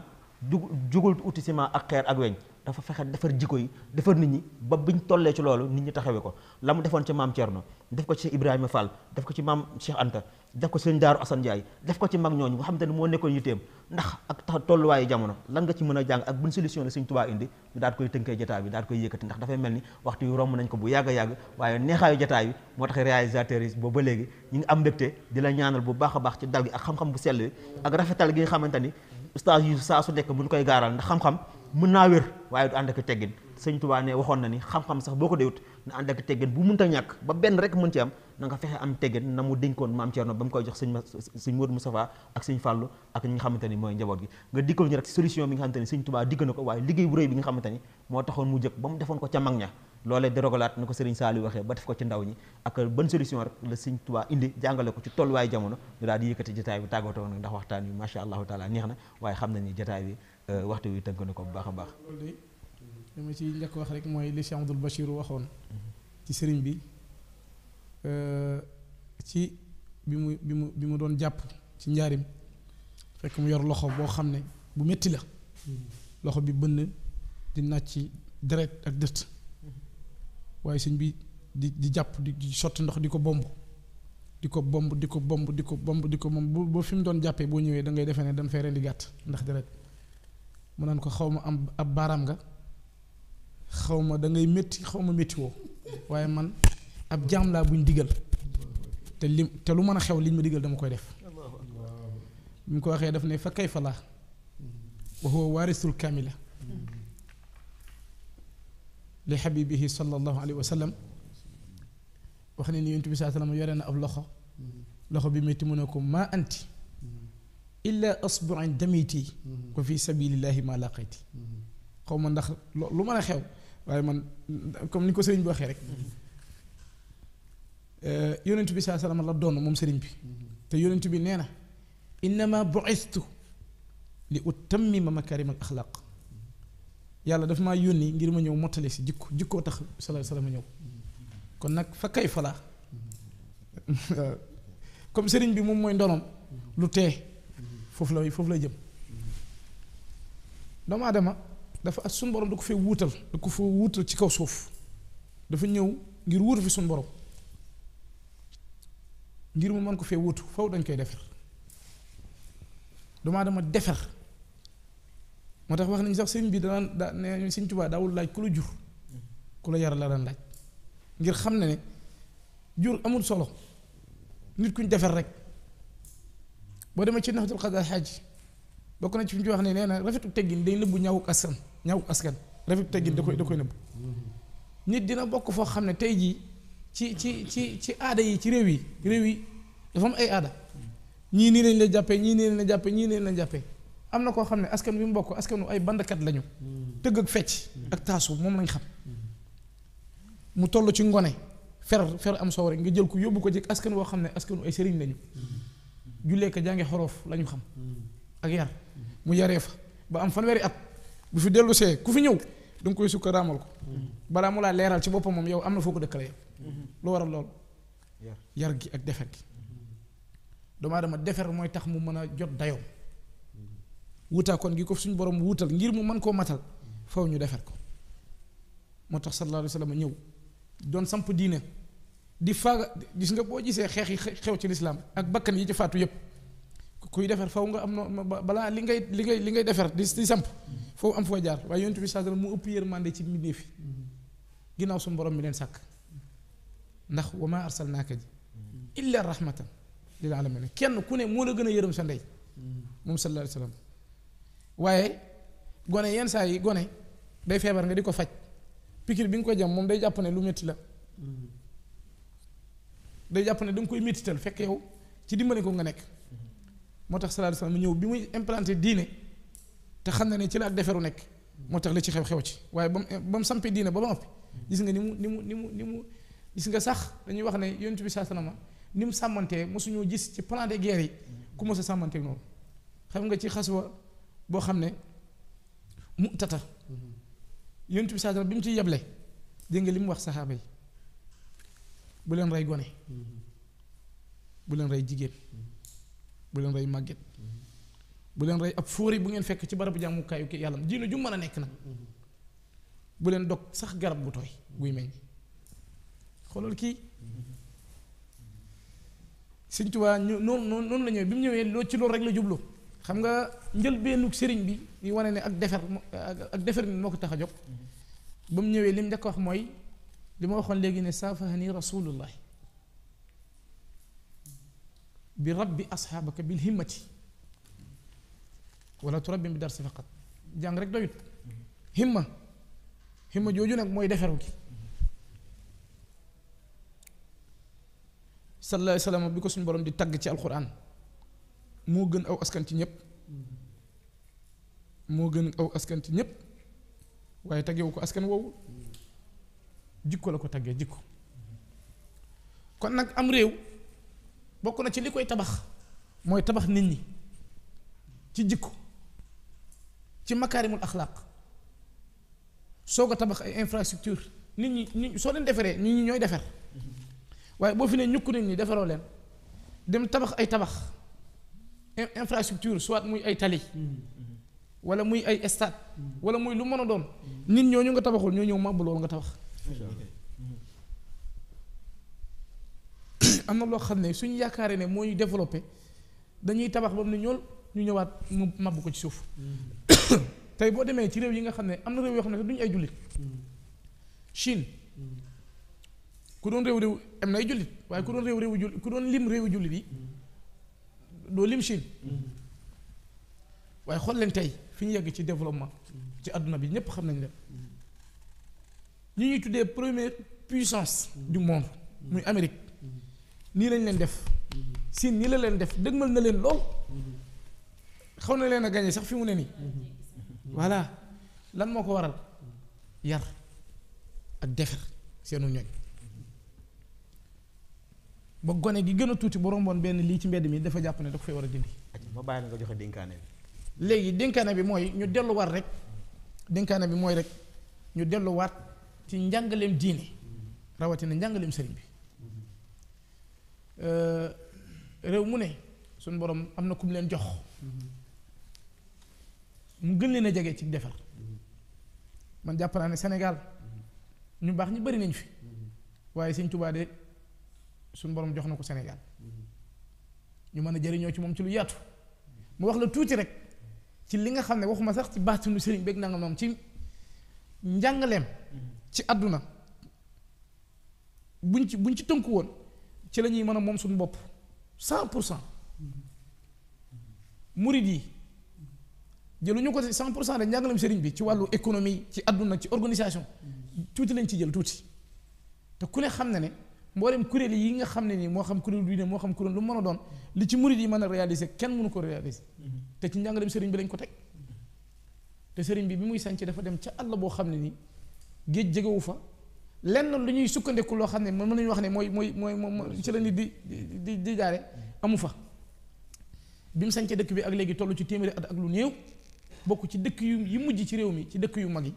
jugul uti ciment ak xeer ak weñ dafa fexe defar jikko yi defar nit ñi ba biñ tollee ci loolu nit ñi taxawee ko la mu defoon ci maam Thierno def ko ci Ibrahima Fall def ko ci maam Cheikh Anta def ko sëñ Daaru Assane Ndiaye def ko ci mag ñooñu nga xam te ne moo nekkoon yitteem ndax ak tax tolluwaayu jamono lan nga ci mën a jàng ak buñ solution la sëñ Tuubaa indi ñu daal koy tënkee jotaay bi daal koy yëkkati ndax dafay mel ni waxtu yu romb nañ ko bu yàgg a yàgg waaye neexaayu jotaay bi moo tax réalisateur yi boobu ba léegi ñu ngi am mbégte di la ñaanal bu baax a baax ci dal gi ak xam-xam bu sell bi ak gi nga xamante ni ustaas yu su nekk buñ koy gaaral ndax xam mën naa wér waaye du ànd ak teggin sëñ Tuubaa ne waxoon na ni xam-xam sax boo ko dee wut na ànd ak teggin bu munta ñàkk ba benn rek mën ci am na nga fexe am teggin na mu dénkoon maam Thierno ba mu koy jox sëñ sëñ Modou Moustapha ak sëñ xamante ni mooy njaboot gi nga dikkal ñu rek solution bi nga xamante ni sëñ Tuubaa digg na waaye liggéey bu ni moo taxoon mu jëkk ba mu defoon ko ca mag ña loolee dérogalaat na ko Serigne waxee ba def ko ci ndaw ñi ak bonne solution rek la Serigne Touba indi jàngale ko ci tolluwaay jamono ñu daal di yëkkati jotaay bi tàggatoo nag ndax waxtaan wi macha allahu taala neex na waaye xam nañu jotaay bi Euh, waxtu wi tënk na ko bu baax a baax. loolu de li ma njëkk wax rek mooy li Cheikh Abdoul Bachir waxoon. ci sëriñ bi euh, ci bi mu bi mu bi mu doon jàpp ci njaarim fekk mu yor loxo boo xam ne bu metti la. loxo bi bënn di naaj ci deret ak dëtt. waaye sëñ bi di di jàpp di sotti ndox di ko bomb. di ko bomb di ko bomb di ko bomb di ko moom bu ba fi mu doon jàppee boo ñëwee da ngay defee ne dañ fay rendi gàtt ndax deret mu naan ko xaw ma am ab baram nga xaw ma da ngay métti xaw ma métti woo waaye man ab jaam laa buñ digal te lim te lu mën a xew liñ ma digal dama koy def bi mu ko waxee daf ne fa kay fa wa huwa waarisul kamila li xabibihi sallallahu alayhi wa sallam wax ne ni yonent bi saa sallam yore na ab loxo loxo bi métti mu ne ko ma anti الا اصبع دميتي وفي سبيل الله ما لقيت خوما ندخ لو ما لا خيو واي مان كوم نيكو سيرين بي واخي ريك ا آه، يونت بي صلى الله عليه وسلم لا موم سيرين بي تي يونت بي نينا انما بعثت لاتمم مكارم الاخلاق يلا داف ما يوني غير ما نيو موتالي سي جيكو جيكو تخ صلى الله عليه وسلم نيو كون نك فكيف لا كوم سيرين بي موم موي ندونم لو تيه foofu la foofu lay jëm doomu aadama dafa suñu borom da ko fee wuutal da ko fa wuutal ci kaw suuf dafa ñëw ngir wuutu fi suñ boroom ngir mu mën ko fee wuutu faw dañ koy defar doomu aadama defar moo tax wax nañ sax sëñ bi danaan da ne sëñ Tuubaa daawul laaj ku la jur ku la yar la daan laaj ngir xam ne ne jur amul solo nit kuñ defar rek boo demee ci naxtul xadaa xaaj bokk na ci fi mu ci wax ne nee na rafetu teggin day nëbbu ñawuk askan ñawuk askan rafetu teggin da koy da koy nëbbu nit dina bokk foo xam ne tey jii ci ci ci ci aada yi ci réew yi réew yi dafa am ay aada ñii nii lañ la jàppee ñii nii lañ la jàppee ñii nii nañ la jàppee am na koo xam ne askan wi mu bokk askanu ay bandkat lañu tëgg ak fecc ak taasu moom lañ xam mu tollu ci ngone fer fer am soow rek nga jël ko yóbbu ko ci askan woo xam ne askanu ay sëriñ lañu jullee ko jàngi xorof lañu ñu xam mm-hmm. ak yar mu yaree fa ba am fanweeri at bu fi dellu see ku fi ñëw da nga koy sukka raamal ko mm-hmm. balaa mu laa leeral ci boppam moom yow am na foo ko la yow mm-hmm. lu waral loolu yar gi ak defer gi doomu aadama defer mooy tax mu mën a jot dayoom wutaa kon gi ko suñu borom wuutal ngir mu mën koo matal faw ñu defer ko moo tax sallallahu alayhi wa sallam ñëw doon samp diine di faaga gis nga boo gisee xeex yi xew ci lislaam ak bakkan yi ci faatu yëpp kuy defar faw nga am no balaa li ngay li ngay li ngay defar di di samp foofu am foo jaar waaye yonent bi saa mu ëpp yërmande ci mbindeef yi ginnaaw suñu borom mi leen sàkk ndax wa maa arsalnaaka ji illa rahmatan lil alamin kenn ku ne moo la gën a yërëm sa ndey moom sallallahu alayhi wa sallam waaye gone yenn saa yi gone day feebar nga di ko faj pikir bi nga ko jam moom day jàpp ne lu métti la day jàpp ne da koy métital fekk yow ci dimbale ko nga nekk moo tax sallallahu alayhi wasallam ñëw bi muy implanté diine te xam na ne ci la ak deferu nekk moo tax la ci xew xew ci waaye ba mu ba mu sampee diine ba ba noppi gis nga ni mu ni mu ni mu ni mu gis nga sax dañuy wax ne yonent bi saa sanama ni mu sàmmantee mosuñoo gis ci plan de guerre yi ku mos a sàmmantee noonu xam nga ci xaswa boo xam ne mu tata yonent bi saa bi mu ciy yeble dégg nga li mu wax saxaaba yi bu leen rey gone mm-hmm. bu leen rey jigéen mm-hmm. bu leen rey màgget mm-hmm. bu leen rey ab fóori bu ngeen fekk ci barabu jàmmukaayu ki yàlla diine ju man a nekk nag bu leen dog sax garab bu tooy buy meññ xoolal kii Sëñ Tuubaa ñu noonu noonu la ñëwee bi mu ñëwee loo ci loolu rek la jubloo xam nga njëlbeenu sëriñ bi yi wane ne ak defer ak defer nit moo ko tax a jóg ba mu ñëwee li mu njëkk wax mooy لما أخوان لقي نسافة هني رسول الله برب أصحابك بالهمة ولا تربي بدرس فقط جان رك دويت همة همة جوجونك موي دفروكي صلى الله عليه وسلم بكو سن بروم دي تاغ تي القران مو گن او اسكان تي نيب مو گن او اسكان تي نيب واي تاغي وكو اسكان وو jikko la ko taggee jikko mm-hmm. kon nag am réew bokk na ci li koy tabax mooy tabax nit ñi ci jikko ci makaarimul axlaaq soo ko tabax ay infrastructure nit ñi nit soo leen defaree nit ñi ñooy defar mm-hmm. waaye boo fi ne ñukk nit ñi defaroo leen dem tabax ay tabax infrastructure soit muy ay tali mm-hmm. wala muy ay stade wala muy lu mën a doon nit ñoo ñu nga tabaxul ñoo ñëw màbb loolu nga tabax am na loo xam ne suñu yaakaaree ne moo ñu développé dañuy tabax ba mu ne ñool ñu ñëwaat mu mabbu ko ci suuf tey boo demee ci réew yi nga xam ne am na réew yoo xam ne duñu ay jullit Chine ku doon réew réew am na ay jullit waaye ku doon réew réew jullit ku doon lim réewu jullit yi doo lim Chine waaye xool leen tey fi ñu yàgg ci développement ci àdduna bi ñépp xam nañ leen ñi ñuy tuddee première puissance du monde muy Amérique nii lañ leen def Siin nii la leen def dëgmal na leen lool xaw na leen a gañe sax fi mu ne nii voilà lan moo ko waral yar ak defer seenu ñoñ ba gone gi gën a tuuti bu romboon benn lii ci mbedd mi dafa jàpp ne da ko fay war a dindi ma bàyyi la nga joxe dénkaane bi léegi dénkaane bi mooy ñu delluwaat rek dénkaane bi mooy rek ñu delluwaat ci njàngaleem diine rawatina njàngaleem sëriñ bi euh, réew mu ne suñ borom am na kum leen jox mu gën leen a jege ci defar man jàpp naa ne Sénégal ñu baax ñi bari nañ fi waaye Sëñ Tuubaa de suñ borom jox na ko Sénégal ñu mën a jëriñoo ci moom ci lu yaatu mu wax la tuuti rek ci li nga xam ne waxuma sax ci baatinu sëriñ beeg nangam moom ci njàngaleem ci àdduna buñ ci buñ ci tënk woon ci la ñuy mën a moom suñu bopp cent pour cent murid yi jëluñu ko cent pour cent de njàngalam sëriñ bi ci wàllu économie ci àdduna ci organisation tuuti lañ ci jël tuuti te ku ne xam na ne mboolem kuréel yi nga xam ne nii moo xam kuréel diine moo xam kuréel lu mën a doon li ci murid yi mën a réaliser kenn mënu ko réaliser te ci njàngalam sëriñ bi lañ ko teg te sëriñ bi bi muy sànc dafa dem ca àll boo xam ne nii géej jegewu fa lenn lu ñuy sukkandiku loo xam ne mën nañu wax ne mooy mooy mooy mooy ci la nit di di di jaare amu fa bi mu sañcee dëkk bi ak léegi toll ci téeméeri at ak lu néew bokk ci dëkk yu yi mujj ci réew mi ci dëkk yu mag yi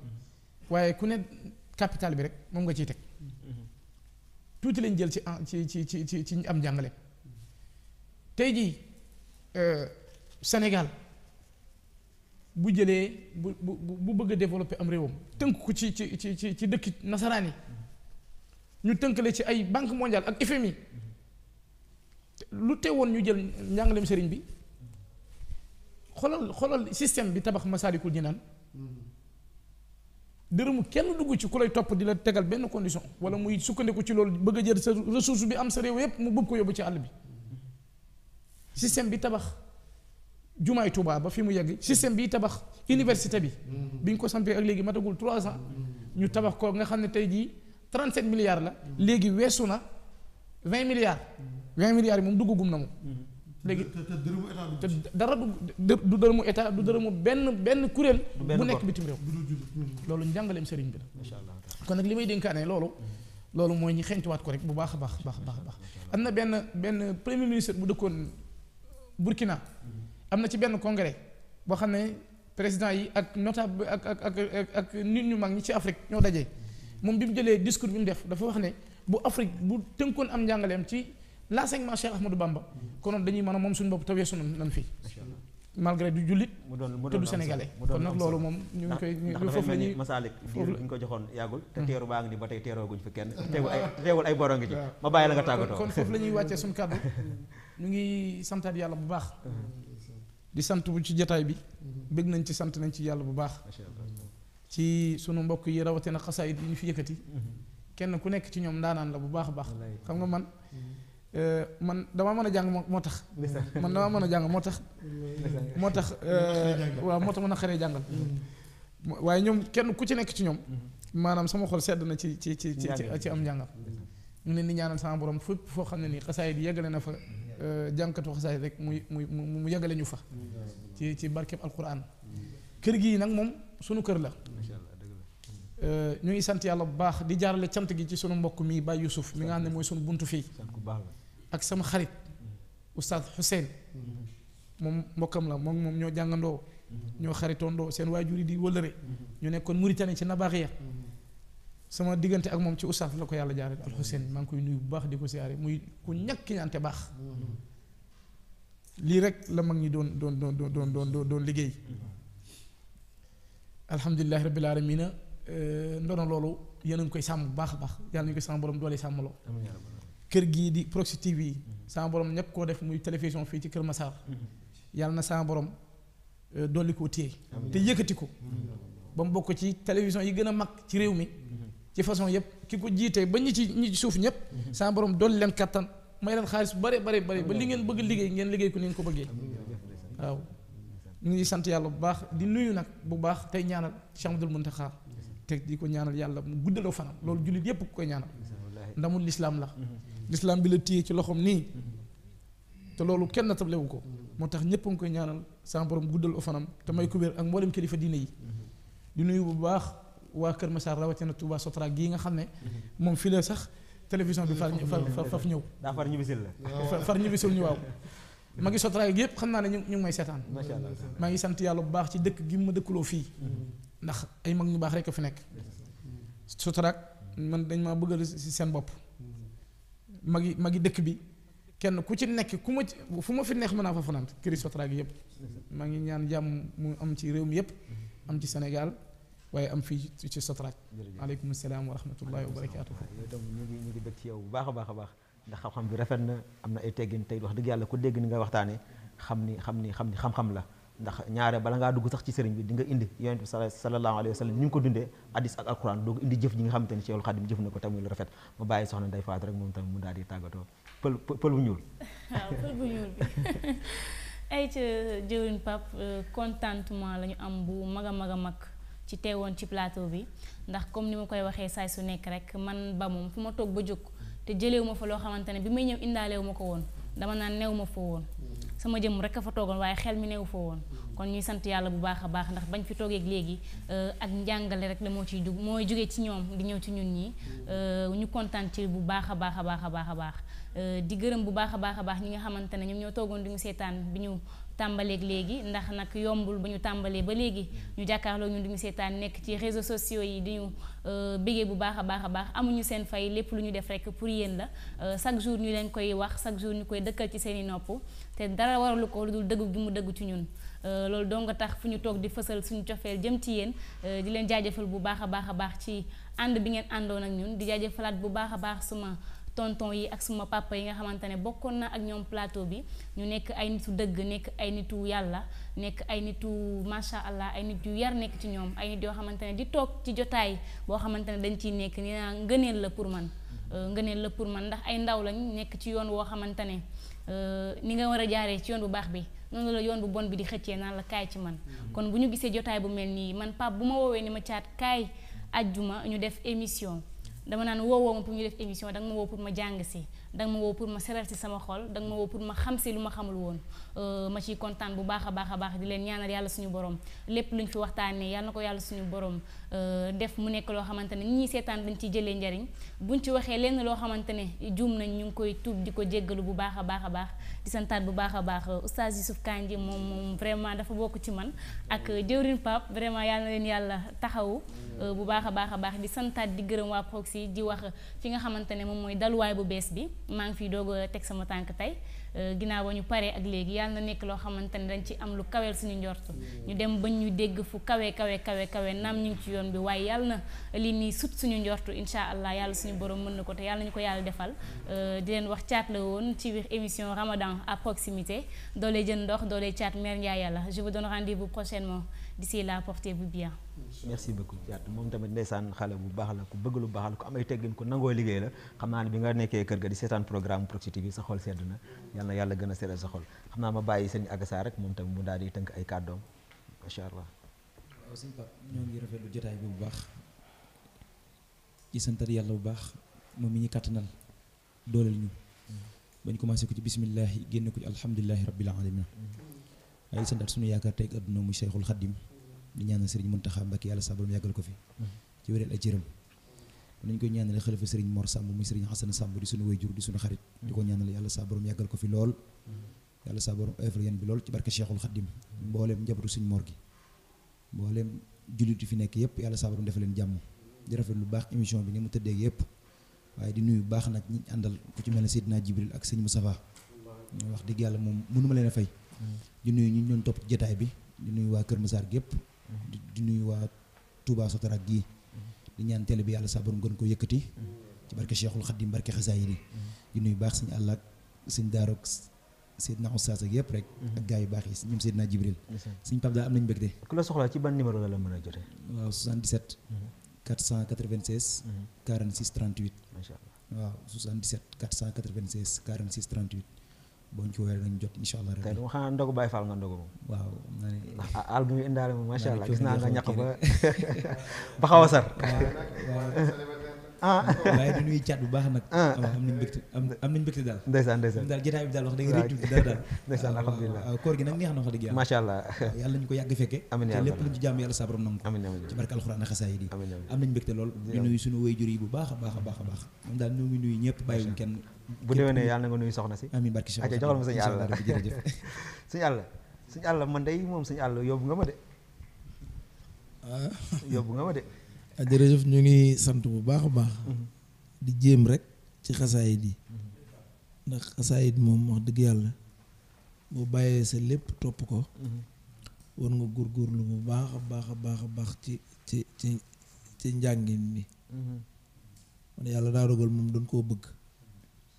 waaye ku ne capital bi rek moom nga ciy teg tuuti lañ jël ci ci ci ci ci ci am njàngale tey jii euh, Sénégal bu jëlee bu bu bëgg a am réewam tënk ko ci ci ci ci ci dëkki nasaraan yi ñu tënkale ci ay banque mondiale ak FMI lu teewoon ñu jël njàngaleem sëriñ bi xolal xolal système bi tabax Masaalikul naan dërëmu kenn dugg ci ku lay topp di la tegal benn condition wala muy sukkandiku ci loolu bëgg a jël sa ressource bi am sa réew yépp mu bëgg ko yóbbu ci àll bi système bi tabax. jumaay Touba ba fi mu yegg système bi tabax université bi. bi ñu ko sampee ak léegi matagul trois ans. ñu tabax ko nga xam ne tey jii trente sept milliards la. léegi weesu na vingt milliards. vingt milliards yi moom duggagum na moom. léegi te dara du du mu état du dërëmu benn benn kuréel. bu nekk bitim réew. loolu njàngaleem sëriñ bi la. macha allah kon nag li may dénkaanee loolu. loolu mooy ñi xeeñtuwaat ko rek bu baax a baax baax baax baax. am na benn benn premier ministre bu dëkkoon Burkina. am na ci benn congrès boo xam ne président yi ak notable ak ak ak ak nit ñu mag ñi ci Afrique ñoo dajee moom bi mu jëlee discours bi mu def dafa wax ne bu Afrique bu tënkoon am njàngaleem ci l'enseignement Cheikh Ahmadou Bamba konoon dañuy mën a moom suñu bopp te weesu nan fii malgré du jullit te du sénégalais kon nag loolu moom ñu ngi koy ñu foofu la ñuy masaalik diir bu ñu ko joxoon yàggul te mm-hmm. teeru baa ngi ni mm-hmm. nga tàggatoo kon foofu la ñuy wàccee suñu kàddu ñu ngi santaat yàlla bu baax mm-hmm. di sant bu ci jataay bi mm-hmm. bëgg nañ ci sant nañ ci yàlla bu baax ci sunu mbokk yi rawatina xasaayit yi ñu fi yëkkati mm-hmm. kenn ku nekk ci ñoom ndaanaan la bu baax a baax xam nga man mm-hmm. euh, man damaa mën a jàng moo tax man damaa mën a euh, jàng moo tax moo tax waaw moo tax mën a xaree jàng jàngal waaye ñoom kenn ku ci nekk ci ñoom maanaam sama xol sedd na ci ci ci ci am njàngal ñu leen di ñaanal sama borom fépp foo xam ne nii xasaayit yi yeggale na fa Euh, jànkatu xasaay rek muy muy mu yàggale ñu fa ci ci barkeb alquran kër gii nag moom sunu kër la euh, ñu ngi sant yàlla bu baax di jaarale cant gi ci sunu mbokk mii Baye Youssouf mi nga am ne mooy sunu buntu fii ak sama xarit Oustaz Hussein moom mbokkam la moom moom ñoo jàngandoo mm-hmm. ñoo xaritoondoo seen waajur yi di wëllëre mm-hmm. ñu nekkoon Mauritanie ci Nabaxiya sama diggante ak moom ci oustaz la ko yàlla jaarale alxuseen maa ngi koy nuyu bu baax di ko siyaare muy ku ñàkk ñaante baax lii rek la mag ñi doon doon doon doon doon doon liggéey alhamdulilahi rabbil alamina euh, ndono loolu yéen a ngi koy sàmm bu baax baax yàlla ñu koy sàmm borom doole kër gii di Proxi TV yi mhm. sama borom ñëpp koo def muy télévision fii ci Kër mhm. na sama borom euh, dolli koo téye te yëkkati ko ba mu bokk ci télévision yi gën a mag ci réew mi mhm. ci façon yëpp ki ko jiitee ba ñi ci ñi ci suuf ñëpp mhm. sama borom dool leen kattan may leen xaalis bu bare bare bare ba li ngeen bëgg liggéey ngeen liggéey ko ni ngeen ko bëggee waaw ñu ngi sant yàlla bu baax di nuyu nag bu baax tey ñaanal Cheikh Abdoul Mountakha te di ko ñaanal yàlla mu guddaloo fanam loolu jullit yépp ku koy ñaanal ndamul lislaam la mhm, mhm. lislaam bi la téye ci loxoom nii te loolu kenn tablewu ko moo tax ñëpp a ngi koy ñaanal sama borom guddal o fanam te may kubéer ak mboolem kilifa diine di nuyu waa Kër Massar rawatina Touba Sotra gii nga xam ne moom fii la sax télévision bi far far far ñëw. daa far ñibisil la. far ñibisil ñu waaw. ma ngi Sotra gi xam naa ne ñu ngi may seetaan. macha maa ngi sant yàlla bu baax ci dëkk gi ma dëkkuloo fii. Mm-hmm. ndax ay mag ñu baax rek a fi nekk. Sotra man dañ maa bëggal si seen bopp. Mm-hmm. mag ngi ma ngi dëkk bi kenn ku ci nekk ku ma ci fu ma fi neex mën naa fa fanaan këri Sotra gi yëpp. Mm-hmm. maa ngi ñaan jàmm mu am ci réew mi yëpp. am ci Sénégal. waaye am fii ci sotraaj aleykum salaam wa rahmatullahi wa barakaatu yow tam ñu ngi ñu ngi bëgg ci yow bu baax a baax a baax ndax xam-xam bi rafet na am na ay teggin tey wax dëgg yàlla ko dégg ni nga waxtaane xam ni xam ni xam ni xam-xam la ndax ñaare bala ngaa dugg sax ci sëriñ bi di nga indi yonent bi sa alayhi wa sallam ñu ngi ko dundee hadis ak alquran doog indi jëf ji nga xamante ni Cheikhul Khadim jëf na ko tamit lu rafet ma bàyyi soxna Ndeye Fatou rek moom mu daal di tàggatoo pël pël bu ñuul waaw pël bu ñuul bi ay ca euh, la am bu mag a mag ci teewoon ci plateau bi ndax comme ni ma koy waxee saay su nekk rek man ba moom fu ma toog ba jóg te jëlewu ma fa loo xamante ne bi may ñëw indaalewu ma ko woon dama naan new ma fa woon sama jëm rek a fa toogoon waaye xel mi newu fa woon kon ñuy sant yàlla bu baax a baax ndax bañ fi toogeeg léegi euh, ak njàngale rek la moo ciy dugg mooy jógee ci ñoom di ñëw ci ñun ñi euh, ñu kontaan ci bu baax a baax a baax a baax a euh, baax di gërëm bu baax a baax a baax ñi nga xamante ne ñoom ñoo toogoon di ñu seetaan bi ñu tàmbaleeg léegi ndax nag yombul ba ñu tàmbalee ba léegi ñu jàkkaarloo ñu duñu seetaan nekk ci réseaux sociaux yi di ñu euh, bégee bu baax a baax a baax amuñu seen fay lépp lu ñu def rekk pour yéen la euh, chaque jour ñu leen koy wax chaque jour ñu koy dëkkal ci seeni nopp te dara waralu ko lu dul dëggu gi mu dëggu ci ñun euh, loolu doo nga tax fu ñu toog di fësal suñu cofeel jëm ci yéen di leen jaajëfal bu baax a baax a baax ci ànd bi ngeen àndoon ak ñun di jaajëfalaat bu baax a baax suma tonton yi ak suma papa yi nga xamante ne bokkoon na ak ñoom plateau bi ñu nekk ay nitu dëgg nekk ay nitu yàlla nekk ay nitu macha allah ay nit yu yar nekk ci ñoom ay nit yoo xamante ne di toog ci jotaay boo xamante ne dañ ciy nekk ni naa ngëneel la pour man euh, ngëneel la pour man ndax ay ndaw lañu nekk ci yoon woo xamante ne euh, ni nga war a jaaree ci yoon bu baax bi noonu la yoon bu bon bi di xëccee naan la kaay ci man mm-hmm. kon bu ñu gisee jotaay bu mel nii man pap bu ma woowee ni ma caat kaay ajjuma ñu def émission dama naan woowoo ma pour ñu def émission danga ma woo ma jàng si danga ma woo pour ma seral si sama xol danga ma woo pour ma xam si lu ma xamul woon euh, ma ciy kontaan bu baax a baax a baax di leen ñaanal yàlla suñu borom lépp lu luñ fi waxtaan waxtaanee yàlla na ko yàlla suñu borom euh, def mu nekk loo xamante ne ñi seetaan dañ ciy jëlee njariñ buñ ci waxee lenn loo xamante ne juum nañ ñu ngi koy tuub di ko jéggalu bu baax a baax a baax di santaat bu baax a baax euh, oustaz Youssouf Kandji moom moom vraiment dafa bokk ci man ak jëwrin Pape vraiment yàlla na yàlla taxawu bu baax a baax a baax di santaat di gërëm waa Proxi di wax fi nga xamante ne moom mooy daluwaay bu bees bi maa ngi fiy doog a teg sama tànk tey euh, ginnaaw ba ñu paree ak léegi yàlla na nekk loo xamante ne dañ ci am lu kaweel suñu njortu ñu dem ba ñu dégg fu kawe kawe kawe kawe nam ñu ngi ci yoon bi waaye yàlla na li nii sut suñu njortu incha allah yàlla suñu borom mën na ko te yàlla nañu ko yàlla defal euh, di leen wax caat la woon ci biir émission Ramadan à proximité doolee jën ndox doolee caat mère Ndiaye yàlla je vous donne rendez-vous prochainement d'ici là portez-vous bien merci beaucoup Thiat moom tamit ndeysaan xale bu baax la ku bëgg lu baax la ku amay teggin ku nangoo liggéey la xam naa ne bi nga nekkee kër ga di seetaan programme Proxi TV sa xol sedd na yàlla gën a sedd sa xol xam naa ma bàyyi sëñ Agassa rek moom tamit mu daal di tënk ay kàddoom macha allah. waaw sëñ Pape ñoo ngi rafetlu jotaay bi bu baax ci santat bu baax moom mi ñu kàttanal dooleel ñu bañ commencé ko ci bisimilah génn ko ci alhamdulilah rabil aalamiina waaye santat suñu yaakaar tey adduna muy Cheikhul Khadim di ñaanal sëriñ Mountakha Mbacké yàlla sabaram yàggal ko fi ci wéral ay cëram nañ koy ñaanale xalifa sëriñ Mor Samb muy sëriñ Xasan Samb di suñu wayjur di suñu xarit di ko ñaanale yàlla sabaram yàggal ko fi lool yàlla sabaram oefal yan bi lool ci barke Cheikhul Khadim mbooleem njabootu suñu mor gi mbooleem jullit yi fi nekk yëpp yàlla sabaram defal leen jàmm di rafet lu baax émission bi ni mu tëddeeg yëpp waaye di nuyu baax nag ñi àndal ku ci mel ne Seydina Jibril ak sëñ Moustapha wax dëgg yàlla moom mënuma leen a fay mm. di nuyu ñu ñoon topp jotaay bi di nuyu waa Kër Massar gépp di nuyu waa Touba Sotarak gii di ñaan télé bi yàlla sabarum gën ko yëkkati ci barke Cheikhul Khadim barke xasaayid yi di nuyu baax suñu àll ak suñu daaroog Seydina Oustaz ak yëpp rek ak gars yu baax yi ñoom Seydina Jibril suñ Pape daal am nañu mbégte ku la soxlaa ci ban numéro la mën a jotee waaw 77 496 46 38 macha allah waaw 77 496 46 38 boo ñu ci woowee nañ jot incha allah. tey dama xanaa ndogu Baye Fall nga ndogu waaw ma ne. ndax àll bi mu indaale moom macha allah gis naa nga ñaq ba ba xaw a sar. ah waaye du nuyu caat bu baax nag. Ah. am nañu mbégte am nañu mbégte daal. ndeysaan ndeysaan daal jotaay bi daal wax dëgg rëccu dara daal. koor gi nag neex na wax dëgg yàlla. macha allah yàlla ñu ko yàgg fekke amiin te lépp luñ ci jàmm yàlla sabram nangu ko. ci barke alxuraan ak xasaayid am nañu mbégte lool. di nuyu suñu wayjur yi bu baax a baax a baax a baax. moom daal ñoo ngi nuyu ñëpp bàyyiwuñ kenn. bu déwénee yàlla nga nuyu soxna si. amiin barke si joxal ma moom suñu àll jërëjëf ñu ngi sant bu baax a baax. Mhm. di jéem rek ci xasaayit yi mhm. ndax xasaayit moom wax dëgg yàlla boo bàyyee sa lépp topp ko. Mhm. war nga góorgóorlu bu baax a baax a baax a baax ci ci ci ci njàngin bi. man yàlla daa dogal moom doon koo bëgg.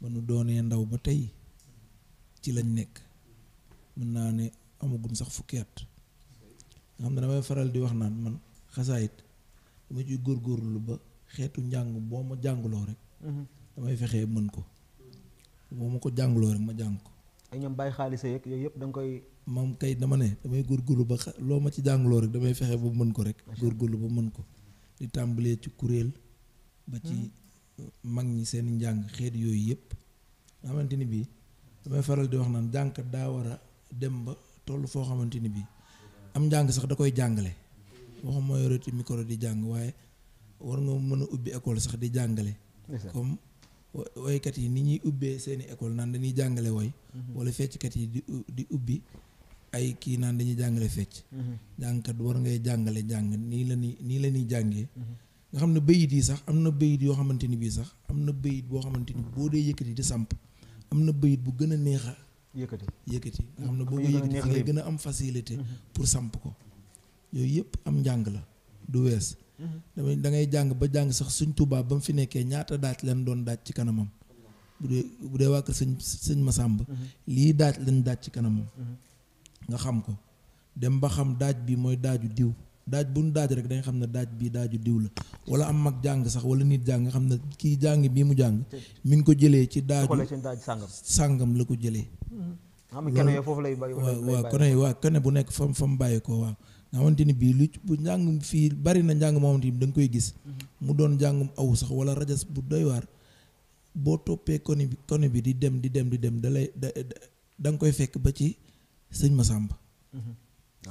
ba nu doonee ndaw ba tey ci lañ nekk mën naa ne amagum sax fukki at nga xam ne damay faral di wax naan man xasaayit dama ciy góorgóorlu ba xeetu njàng boo ma jàngloo rek. Mhm. damay fexee mën ko. boo ma ko jàngloo rek ma jàng ko. bàyyi xaalis yeeg yooyu yëpp da koy. moom kay dama ne damay góorgóorlu ba xa loo ma ci jàngloo rek damay fexe ba mën ko rek. góorgóorlu ba mën ko. di tàmbalee ci kuréel. ba ci mhm. mag ñi seen njàng xeet yooyu yëpp. nga xamante ni bii damay faral di wax naan jànkat daa war a dem ba toll foo xamante ni bii am njàng sax da koy jàngale. waxuma yoreti micro di jàng waaye war nga mën a ubbi école sax di jàngale comme woykat yi ni ñuy ubbee seeni école naan dañuy jàngale woy mhm. wala fecckat yi di di ubbi ay kii naan dañuy jàngale fecc mhm. jàngkat war ngay jàngale jàng nii la ñuy nii la ñuy jàngee mhm. nga xam ne bayit yi sax am na bayit yoo xamante ni bii sax am na bayit boo xamante ni boo dee yëkkati di samp am na bayit bu gën a neexa yëkkati yëkkati nga xam ne boo ko yëkkati ngay gën a am facilité pour samp ko yooyu yëpp am njàng la du wees damay da jàng ba jàng sax suñ Tuubaa ba mu fi nekkee ñaata daaj leen doon daaj ci kanamam bu dee bu dee waa kër sëñ ma sàmb lii daaj leen daaj ci kanamam nga xam ko dem ba xam daaj bi mooy daaju diw daaj bu nu daaj rek da xam ne daaj bi daaju diw la wala am mag jàng sax wala nit jàng nga xam ne kii jàng bii mu jàng mi ngi ko jëlee ci daaju sàngam la ko jëlee waaw waaw kone waa kone bu nekk fam fam bàyyi ko nga xamante ni bii lu bu njàng fii bari na njàng moo xamante ni da koy gis mhm. mu doon njàngum aw sax wala rajas bu doy waar boo toppee koni bi koni di dem di dem di dem da danga koy fekk ba ci sëñ ma Masamba mhm.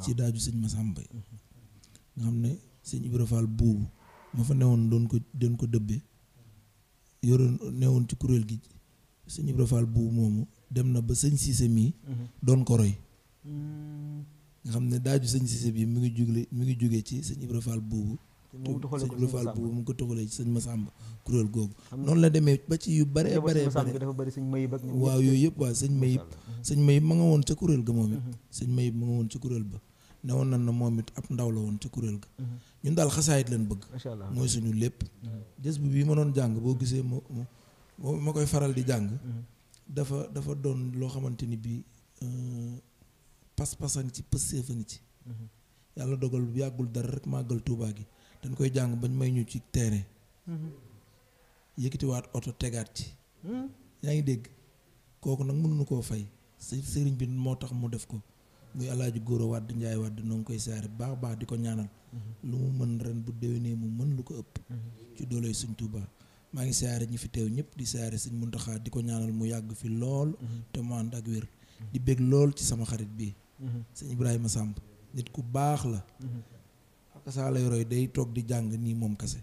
ci ah. daaju sëñ ma sàmb mhm. nga xam ne sëñ Ibra Fall buubu ma fa newoon doon ko doon ko dëbbee newoon ci kuréel gi sëñ Ibra Fall buubu moomu dem na ba sëñ Cissé mii doon ko roy mm. nga xam ne daaju sëñ Cissé bi mi ngi jugle mi ngi jógee ci sëñ Ibra Fall buubu sëñ Ibra Fall buubu mu ngi ko toxalee ci sëñ Massamba kuréel googu noonu la demee ba ci yu bare bare bare waaw yooyu yëpp waaw sëñ Mayib sëñ Mayib ma nga woon ca kuréel ga moom it mm-hmm. sëñ Mayib ma nga woon ca kuréel ba ne woon nan na moom it ab ndaw la woon ca kuréel ga mm-hmm. ñun daal xasaayit leen bëgg mooy suñu lépp des mm-hmm. bi bii ma doon jàng boo gisee ma koy faral di jàng dafa dafa doon loo xamante ni euh, pas pasan ci ya fa ngi ci mhm. yalla dogal bu yagul dar rek màggal touba gi dan koy jang bañ may ñu ci terrain mhm. yëkkatiwaat auto tegaat ci mhm. yaa ngi dégg kooku nag mënuñu fay sëriñ bi moo tax mu def ko muy alaaji goro a ndjay njaay wàdd koy saari baax baax di ko ñaanal lu mu mën ren bu déwénee mu mën lu ko ëpp ci dooley suñ touba ma ngi saari ñi fi teew ñëpp di saari suñ muntaxaa di ko ñaanal mu yag fi lool te mo and ak wër di bég lool ci sama xarit bi sëñ Ibrahima Samb nit ku baax la ak saa day toog di jàng nii moom kase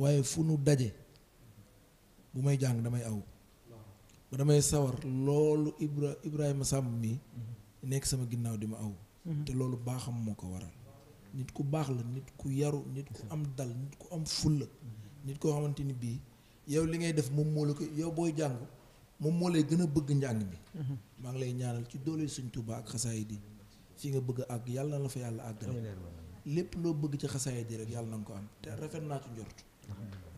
waaye fu nu daje bu may jàng damay aw ba damay sawar loolu Ibra Ibrahima Samb mi nekk sama ginnaaw di ma aw mhm. te loolu baaxam moo ko waral nit ku baax la nit ku yaru nit ku am dal nit ku am fulla mhm. nit koo xamante ni bii yow li ngay def moom moo la ko yow booy jàng moom moo lay gën a bëgg njàng bi mhm. maa ngi lay ñaanal ci doole suñ Tuubaa ak xasaayid yi fi nga bëgg àgg yàlla na la fa yàlla àgg rek lépp loo bëgg ci xasaayid di rek yàlla na nga ko am te rafet naa ci njort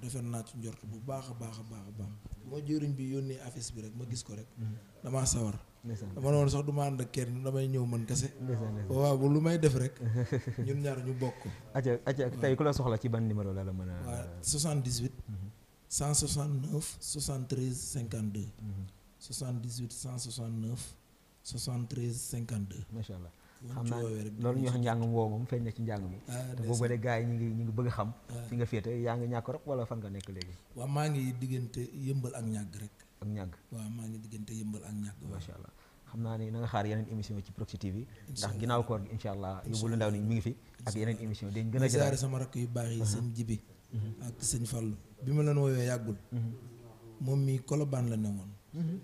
rafet naa ci bu baax a baax a baax a baax mhm. moo jëriñ bi yónnee affiche bi rek ma gis ko rek mhm. damaa sawar dama noonu sax du ma ànd ak kenn damay ñëw man kese waaw lu may def rek ñun ñaar ñu bokk acca acca tey ku la soxla ci ban numéro la la mën a 78 169 73 52. 78 169 73 52. macha allah xam naa loolu ñuy wax njàng woowu moom feeñ na ci njàng mi. Ah, te boobu de gars yi ñu ngi ngi bëgg xam. Ah. fi nga féete yaa ngi ñàkk rek wala fan nga nekk léegi. waa maa ngi diggante yëmbal ak ñàgg rek. ak ñàgg waaw maa ngi diggante yëmbal ak ñàgg. macha allah xam naa ne na nga xaar yeneen émission ci Proxi TV. ndax ginnaaw koor gi incha allah yóbbu lu ndaw ni mi ngi fi. ak yeneen émission dañ gën a. jaaree sama rakk yu baax yi seen jibi Mm-hmm. ak seigne fallu bima ma leen yagul mom mm-hmm. mi koloban la ne mm-hmm.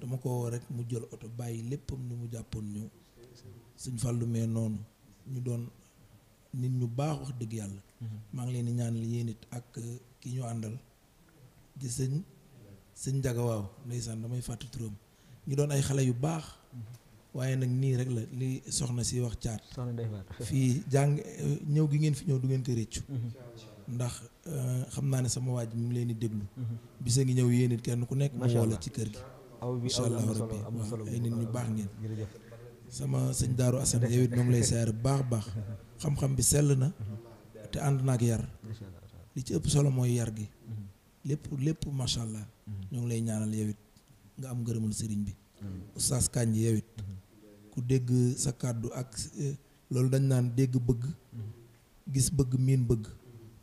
dama ko woo rek mu jël auto bayyi léppam ni mu jàppoon ñu seigne fallu mais non ñu don nit ñu baax wax deug yalla ma ngi leen di ñaanal yéen ak uh, ki ñu andal di seigne daga jagawaaw ndeysaan damay fatu turam ñu doon ay xalé yu baax waye nak ni rek la li soxna ci wax jang fi jang ñew gi ngeen fi ñew du ngeen te reccu ndax Euh, xam naa ne sama waaj mu ngi leen di déglu. Mhm. bisa ngi ñëw yéen it kenn ku nekk. mu woo la ci kër gi. incha allahu rabbi waaw ay nit ñu baax ngeen. sama sëñ Daaru Assane yow it ñoo lay seer bu baax baax. xam-xam bi sell na. Mhm. te ànd na ak yar. li ci ëpp solo mooy yar gi. Mhm. lépp lépp macha allah. ñoo ngi lay ñaanal yow it nga am ngërëmal sëriñ bi. oustaz Kandji yow ku dégg sa kàddu ak eh, loolu dañ naan dégg bëgg. gis bëgg miin bëgg.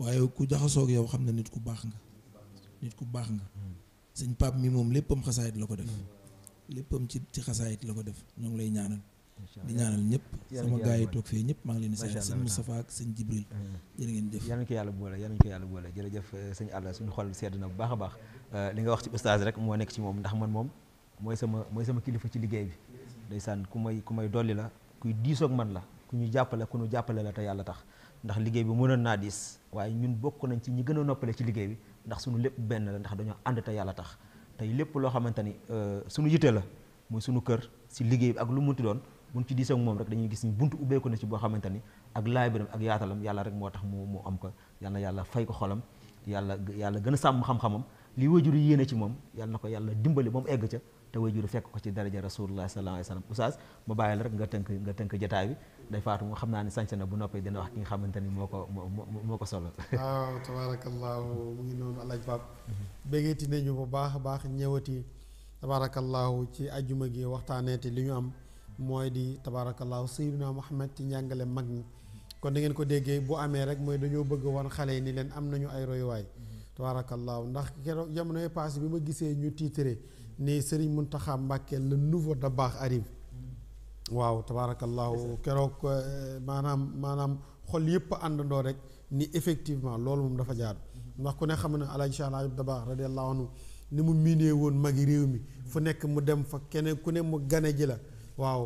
waaye ku jaxasoog yow xam ne nit ku baax nga nit ku baax nga hmm. sëñ Pape mi moom léppam xasaayit la ko def léppam ci ci xasaayit la ko def ñoo ngi lay ñaanal di ñaanal ñëpp sama gars yi toog fii ñëpp maa ngi leen di sant sëñ Moustapha ak sëñ Jibril hmm. jërë ngeen jëf yal nañu ko yàlla boole yal nañu ko yàlla boole eh, suñu xol sedd na bu baax a baax eh, li nga wax ci oustaz rek moo nekk ci moom ndax man moom mooy sama mooy sama kilifa ci liggéey bi day ndeysaan ku may ku may dolli la kuy diisoog man la ku ñu jàppale ku ñu jàppale la te yàlla tax ndax liggéey bi mënoon naa diis waaye ñun bokk nañ ci ñi gën a noppale ci liggéey bi ndax suñu lépp benn la ndax dañoo ànd te yàlla tax tey lépp loo xamante ni euh, suñu yite la muy sunu kër si liggéey bi ak lu munti doon buñ ci diisoo moom rek dañuy gis ni buntu ubbeeku na ci boo xamante ni ak laay biram ak yaatalam yàlla rek moo tax mu mu am ko yàlla na yàlla fay ko xolam yàlla yàlla gën a sàmm xam-xamam li wajur yi yéene ci moom yàlla na ko yàlla dimbali ba mu egg ca te wajur fekk ko ci daraja rasulullah sallallahu alayhi wasallam oustaz ma bàyyi la rek nga tënk nga tënk jataay bi day faatu moo xam naa ne sañse na bu noppee dina wax ki nga xamante ni moo ko moo ko solo waaw tabaarakallaahu mu ngi noonu alaaj Pape mhm. béggeeti nañu bu baax a baax ñëwati tabaarakallaahu ci ajjuma gi waxtaaneeti li ñu am mooy di tabaarakallaahu sayyidina Muhammad ci njàngale mag ñi kon da ngeen ko déggee bu amee rek mooy dañoo bëgg wan xale yi ni leen am nañu ay royuwaay mhm. tabaarakallaahu ndax keroog jamonoy passé bi ma gisee ñu tiitre ni Serigne Mountakha Mbacké le nouveau Dabakh arrive waaw tabaarakallaahu keroog eh, maanaam maanaam xol yëpp àndandoo rek ni effectivement loolu moom dafa jaar mm-hmm. ndax ku ne xam ne alaaji Cheikh Alaaji baax radiyallaahu anhu ni mu miinee woon magi réew mi mm-hmm. fu nekk mu dem fa keneen ku ne mu gane ji la waaw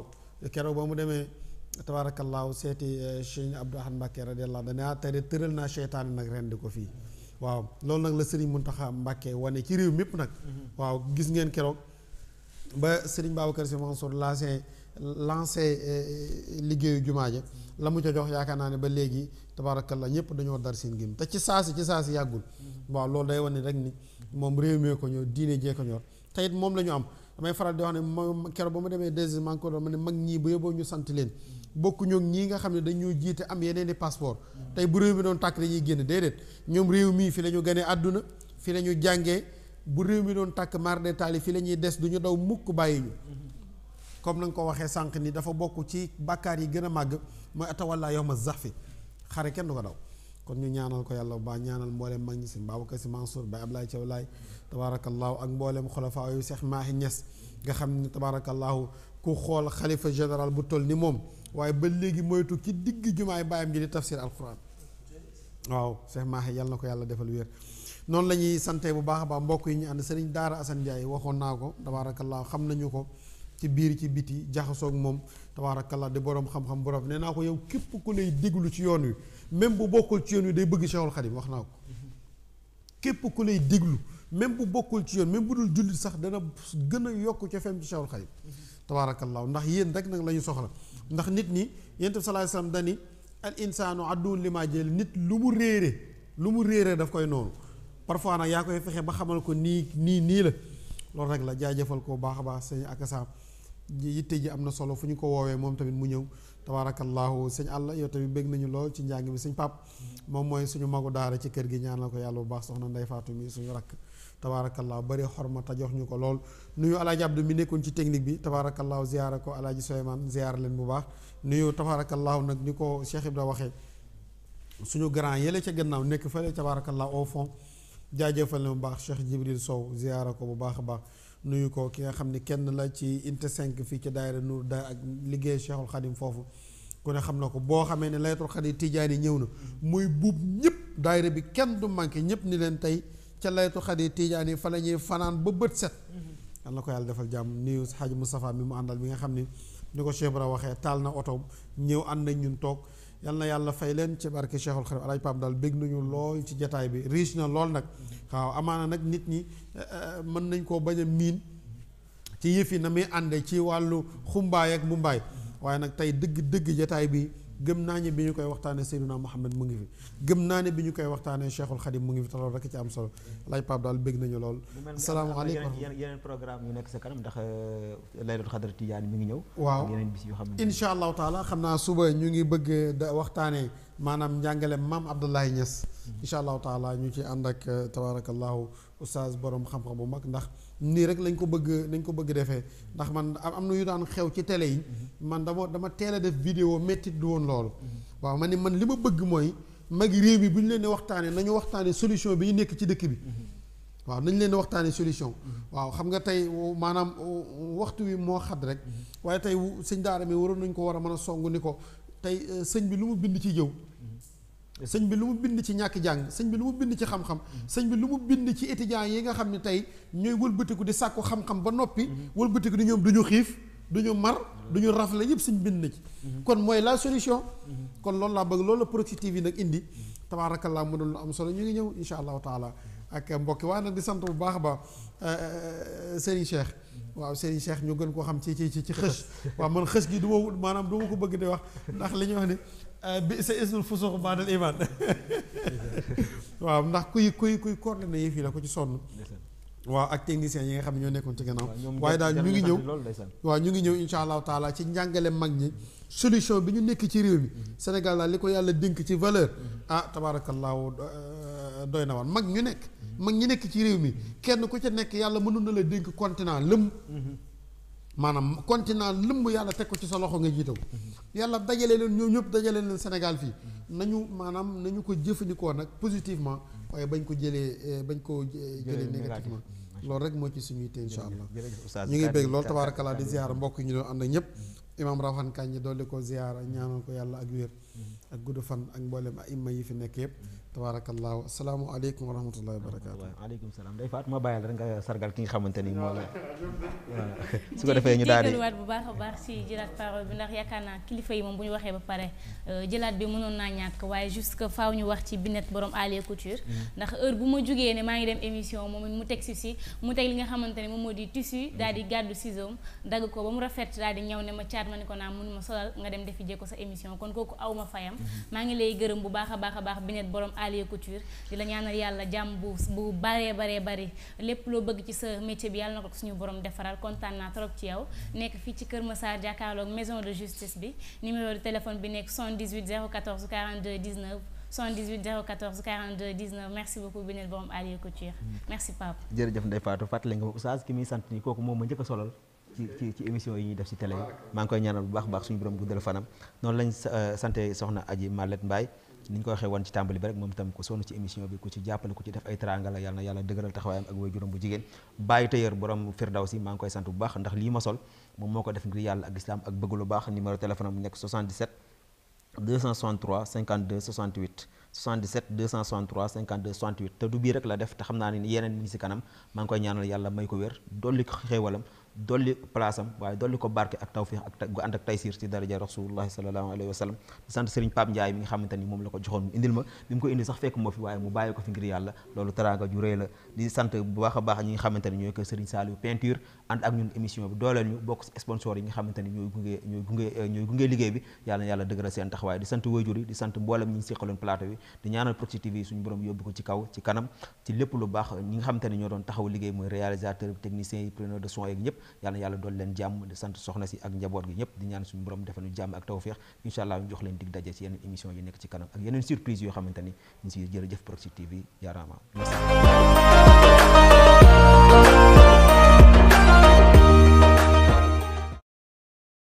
keroog ba mu demee tabaarakallaahu seeti Cheikh Abdou Ahad Mbàkke radiyallaahu danaa tere tëral naa seytaane nag ren di ko fii mm-hmm. waaw loolu nag la Serigne taxa Mbàkke wane ci réew mépp nag waaw gis ngeen keroog ba Serigne Babacar Sy Mansour lancé euh, liggéeyu jumaa ja la mu ca jox yaakaar naa ne ba léegi la ñëpp dañoo dar seen gém te ci saasi ci saasi yàggul waaw loolu day wane rek ni moom réew mee ko ñëw diine jee ko ñor te moom la ñu am damay faral di wax ne ma kero ba ma demee deuxième man ko ne mag ñii bu yóbboo ñu sant leen bokku ñoom ñii nga xam ne dañoo jiite am yeneen i passeport tey bu réew mi doon tàkk dañuy génn déedéet ñoom réew mii fi la gane ganee àdduna fi la ñu jàngee bu réew mi doon tàkk mar taali fi la ñuy des du ñu daw mukk bàyyi comme nango waxe sank ni dafa bokku ci bakar yi gëna mag màgg atawalla yawma zahfi xare kenn du daw kon ñu ñaanal ko yàlla ba ñaanal mbolem mag ñi seigne Babacar si Mansour Baye ablay Thiaw Laye tabaarakallaahu ak mbolem khulafa yu Cheikh Mahi ness nga xamni tabarakallah ku xol khalifa général bu toll ni mom waye ba legi moytu ci digg jumaay bayam ji di tafsir alquran waaw Cheikh Mahi yàlla nako yàlla defal wér non lañuy sante bu baax ba mbokk yi ñu ànd serigne Daara Assane jaay waxon nako tabarakallah tabaarakallaahu xam nañu ko ci biir ci biti jaxasoog moom tabaarakallah di borom xam-xam borom nee naa ko yow képp ku lay déglu ci yoon wi même bu bokkul ci yoon wi day bëgg Cheikhul Khadim wax naa ko képp ku lay diglu même bu bokkul ci yoon même bu dul jullit sax dana gën a yokk cofeem ci Cheikhul Khadim tabaarakallah ndax yéen rek nag la ñu soxla ndax nit ñi yonent bi sallallahu alayhi wasallam dani al insaanu adduun li maa jël nit lu mu réere lu mu réere daf koy noonu parfois nag yaa koy fexe ba xamal ko nii nii nii la loolu rek la jaajëfal ko baax a baax sëñ ak yitte ji am na solo fu ñu ko woowee moom tamit mu ñëw tabaarakallaahu sëñ àlla yow tamit bég nañu lool ci njàng mi sëñ pap moom mooy suñu magu daara ci kër gi ñaan ñaanal ko yàlla bu baax soxna Ndey Faatu mi suñu rakk tabaarakallaahu bari xorma ta jox ñu ko lool nuyu alaaji Abdu mi nekkoon ci technique bi tabaarakallaahu ziyaara ko alaaji Souleymane ziyaara leen bu baax nuyu tabaarakallaahu nag ñu ko Cheikh Ibra waxee suñu grand yële ca gannaaw nekk fële tabaarakallaahu au fond jaajëfal na bu baax Cheikh Jibril Sow ziyaara ko bu baax a baax nuyu ko ki nga xam ni kenn la ci inte 5 fii ci daayira Nour da ak liggéey Cheikhul Khadim foofu ku ne xam na ko boo xamee ne laylatul xadr tijaani ñëw na muy buub ñëpp daayira bi kenn du manqué ñëpp ni leen tey ca laylatul xadr tijaani fa la ñuy fanaan ba bët set mm-hmm. yàlla na ko yàlla defal jàmm nuyu Hadj Moustapha mi mu àndal bi nga xam ni ni ko Cheikh Bara waxee taal na oto ñëw ànd nañ ñun toog yal na yàlla fay leen ci barke Cheikhul Khadim Alaaji Pape daal bég nañu lool ci jataay bi riche na lool nag waaw amaana nag nit ñi eh, eh, mën nañ koo bañ a miin ci yëf yi na muy ànde ci wàllu xumbaay ak mbumbaay waaye nag tey dëgg dëgg jataay bi gëm naa ne bi ñu koy waxtaanee Seydouna Mohamed mu ngi fi gëm naa ne bi ñu koy waxtaanee Cheikhul Khadim mu ngi fi te loolu rek ci am solo laaj Pape daal bégg nañu lool. asalaamaaleykum yeneen yeneen programme yu nekk sa kanam ndax Laylatul Qadr Tidiane mi ngi ñëw. waaw yeneen bis yu xam ne incha allahu taala xam naa suba ñu ngi bëgg da waxtaanee maanaam njàngale Mam Abdoulaye Niass. incha allahu taala ñu ci ànd ak tabaarakallahu oustaz borom xam-xam bu mag ndax. nii rek lañ ko bëgg nañ ko bëgg defee ndax man am na yu daan xew ci télé yi mhm. man dama dama teel a def vidéo métti du woon loolu mhm. waaw man ni man li ma bëgg mooy mag réew mi bu ñu leen di waxtaanee nañu waxtaanee solution bi ñu nekk ci dëkk bi mhm. waaw nañ leen di waxtaanee solution waaw xam nga tey maanaam waxtu wi moo xat rek waaye tey sëñ daara mi waroon nañ ko war a mën a song ni ko tey euh, sëñ bi lu mu bind ci jëw sëñ bi lu mu bind ci ñàkk jàng sëñ bi lu mu bind ci xam-xam sëñ bi lu mu bind ci étudiants yi nga xam ne tey ñooy wëlbatiku di sàkku xam-xam ba noppi wëlbatiku di ñoom ñu xiif duñu mar duñu rafle yëpp sëñ bind na ci kon mooy la solution kon loolu laa bëgg loolu la Proxi TV nag indi tabaarakallaa mu doon lu am solo ñu ngi ñëw insha allah taala ak mbokki waa nag di sant bu baax ba eh, eh, Serigne Cheikh waaw Serigne Cheikh ñoo gën koo xam ci ci ci xës waaw man xës gi du ma maanaam du ko bëgg di wax ndax ñu wax Euh, bi sa ismul fusuq ba'dal iman waaw ndax kuy kuy kuy coordonné yëf fii la ko ci sonn waaw ak techniciens yi nga xam ne ñoo nekkoon ci gannaaw waaye daal ñu ngi ñëw waaw ñu ngi ñëw insha allahu taala ci njàngale mag ñi solution bi ñu nekk ci réew mi mhm. Sénégal daal li ko yàlla dénk ci valeur mhm. ah tabaarakallaahu euh, doy na waan mag ñu nekk mhm. mag ñi nekk ci réew mi kenn ku ca nekk yàlla mënoon na la dénk continent lëm maanaam continent lëmb yàlla teg ko ci sa loxo nga jiite ko yàlla dajale leen ñoo ñëpp dajale leen Sénégal fii nañu maanaam nañu ko jëfandikoo nag positivement waaye bañ ko jëlee eh, bañ ko jëlee négativement loolu rek moo ci suñuy te incha allah ñu ngi bég loolu tabaarakalaa di ziar mbokk ñu doon ànd ak ñëpp imaam Rawane Kandji dolli ko ziar ñaanal ko yàlla ak wér mm-hmm. ak gudd fan ak mbooleem ay imma yi fi nekk yëpp tabarakallahu asalaamu aleykum wa rahmatullahi wa barakatu aleykum salaam day fatma bayal bàyyi kan rek nga sargal ki nga xamante ni la su ko ñu bu baax baax si jilat parole ya, eh, bi ndax yaakaar naa kilifa yi moom bu ñu waxee ba pare jëlaat bi mënoon binet ñàkk waaye juste que faaw ñu wax ci borom Alé Couture hmm. ndax heure bu ma jugee ne maa ngi dem émission moom mu teg si si mu teg li nga xamante ne moom moo di tissu hmm. daal di ciseau ko ba mu rafet ma ko mun ma solal nga dem defi jee ko sa émission kon kooku aw fayam hmm. maa ngi lay gërëm bu baax a baax borom Alia Couture di la ñaanal yàlla jàmm bu bu baree baree lépp loo bëgg ci sa métier bi yàlla na ko suñu borom defaral kontaan trop ci yow nekk fii ci Kër Massar jàkkaarloog maison de justice bi numéro de téléphone bi nekk 78 014 42 19 78 014 42 19 merci beaucoup beneen borom Alia Couture merci Pape. jërëjëf Ndeye Fatou fàttali nga ma oustaz ki muy sant nii a solal. ci ci ci émission yi ñuy def ci télé yi maa ngi ni ñu ko waxee woon ci tàmbali bi rek moom itam ku sonn ci émission bi ku ci jàppale ku ci def ay teranga la yàlla dëgëral taxawaayam ak way juróom bu jigéen bàyyi tëyër borom Firdawsi maa ngi koy sant bu baax ndax lii ma sol moom moo ko def ngir yàlla ak islam ak bëgg lu baax numéro téléphone am nekk 77 263 52 68 77 263 52 68 te du bii rek la def te xam naa ne yeneen mi ngi si kanam maa ngi koy ñaanal yàlla may dolli place am waaye dolli ko barke ak tawfiix ak gu ànd ak taysiir ci daraja rasulullahi sallallahu alayhi wa sallam di sant Serigne Pape Ndiaye mi nga xamante ni moom la ko joxoon mu indil ma bi mu ko indi sax fekk moo fi waaye mu bàyyi ko fi ngir yàlla loolu taraanga ju rëy la di sant bu baax a baax ñi nga xamante ni ñooy ko Serigne Saliou peinture ànd ak ñun émission bi dooleel ñu bokk sponsor yi nga xamante ni ñooy gunge ñooy gunge eh, ñooy gunge liggéey bi yàlla na yàlla dëgëral seen taxawaay di sant waajur yi di sant mboolem ñi ñu seqaloon plateau bi di ñaanal Proxi TV suñu borom yóbbu ko ci kaw ci kanam ci lépp lu baax ñi nga xamante ni ñoo doon taxaw liggéey mooy réalisateur bi technicien yi preneur de son yeeg ñëpp yal na yàlla dool leen jàmm di sant soxna si ak njaboot gi ñëpp di ñaan suñ borom defe ñu jàmm ak tawféex incha allah ñu jox leen dig daje ci yeneen émission yi nekk ci kanam ak yeneen surprise yoo xamante ni ñu si jërëjëf Proxi TV yaaraama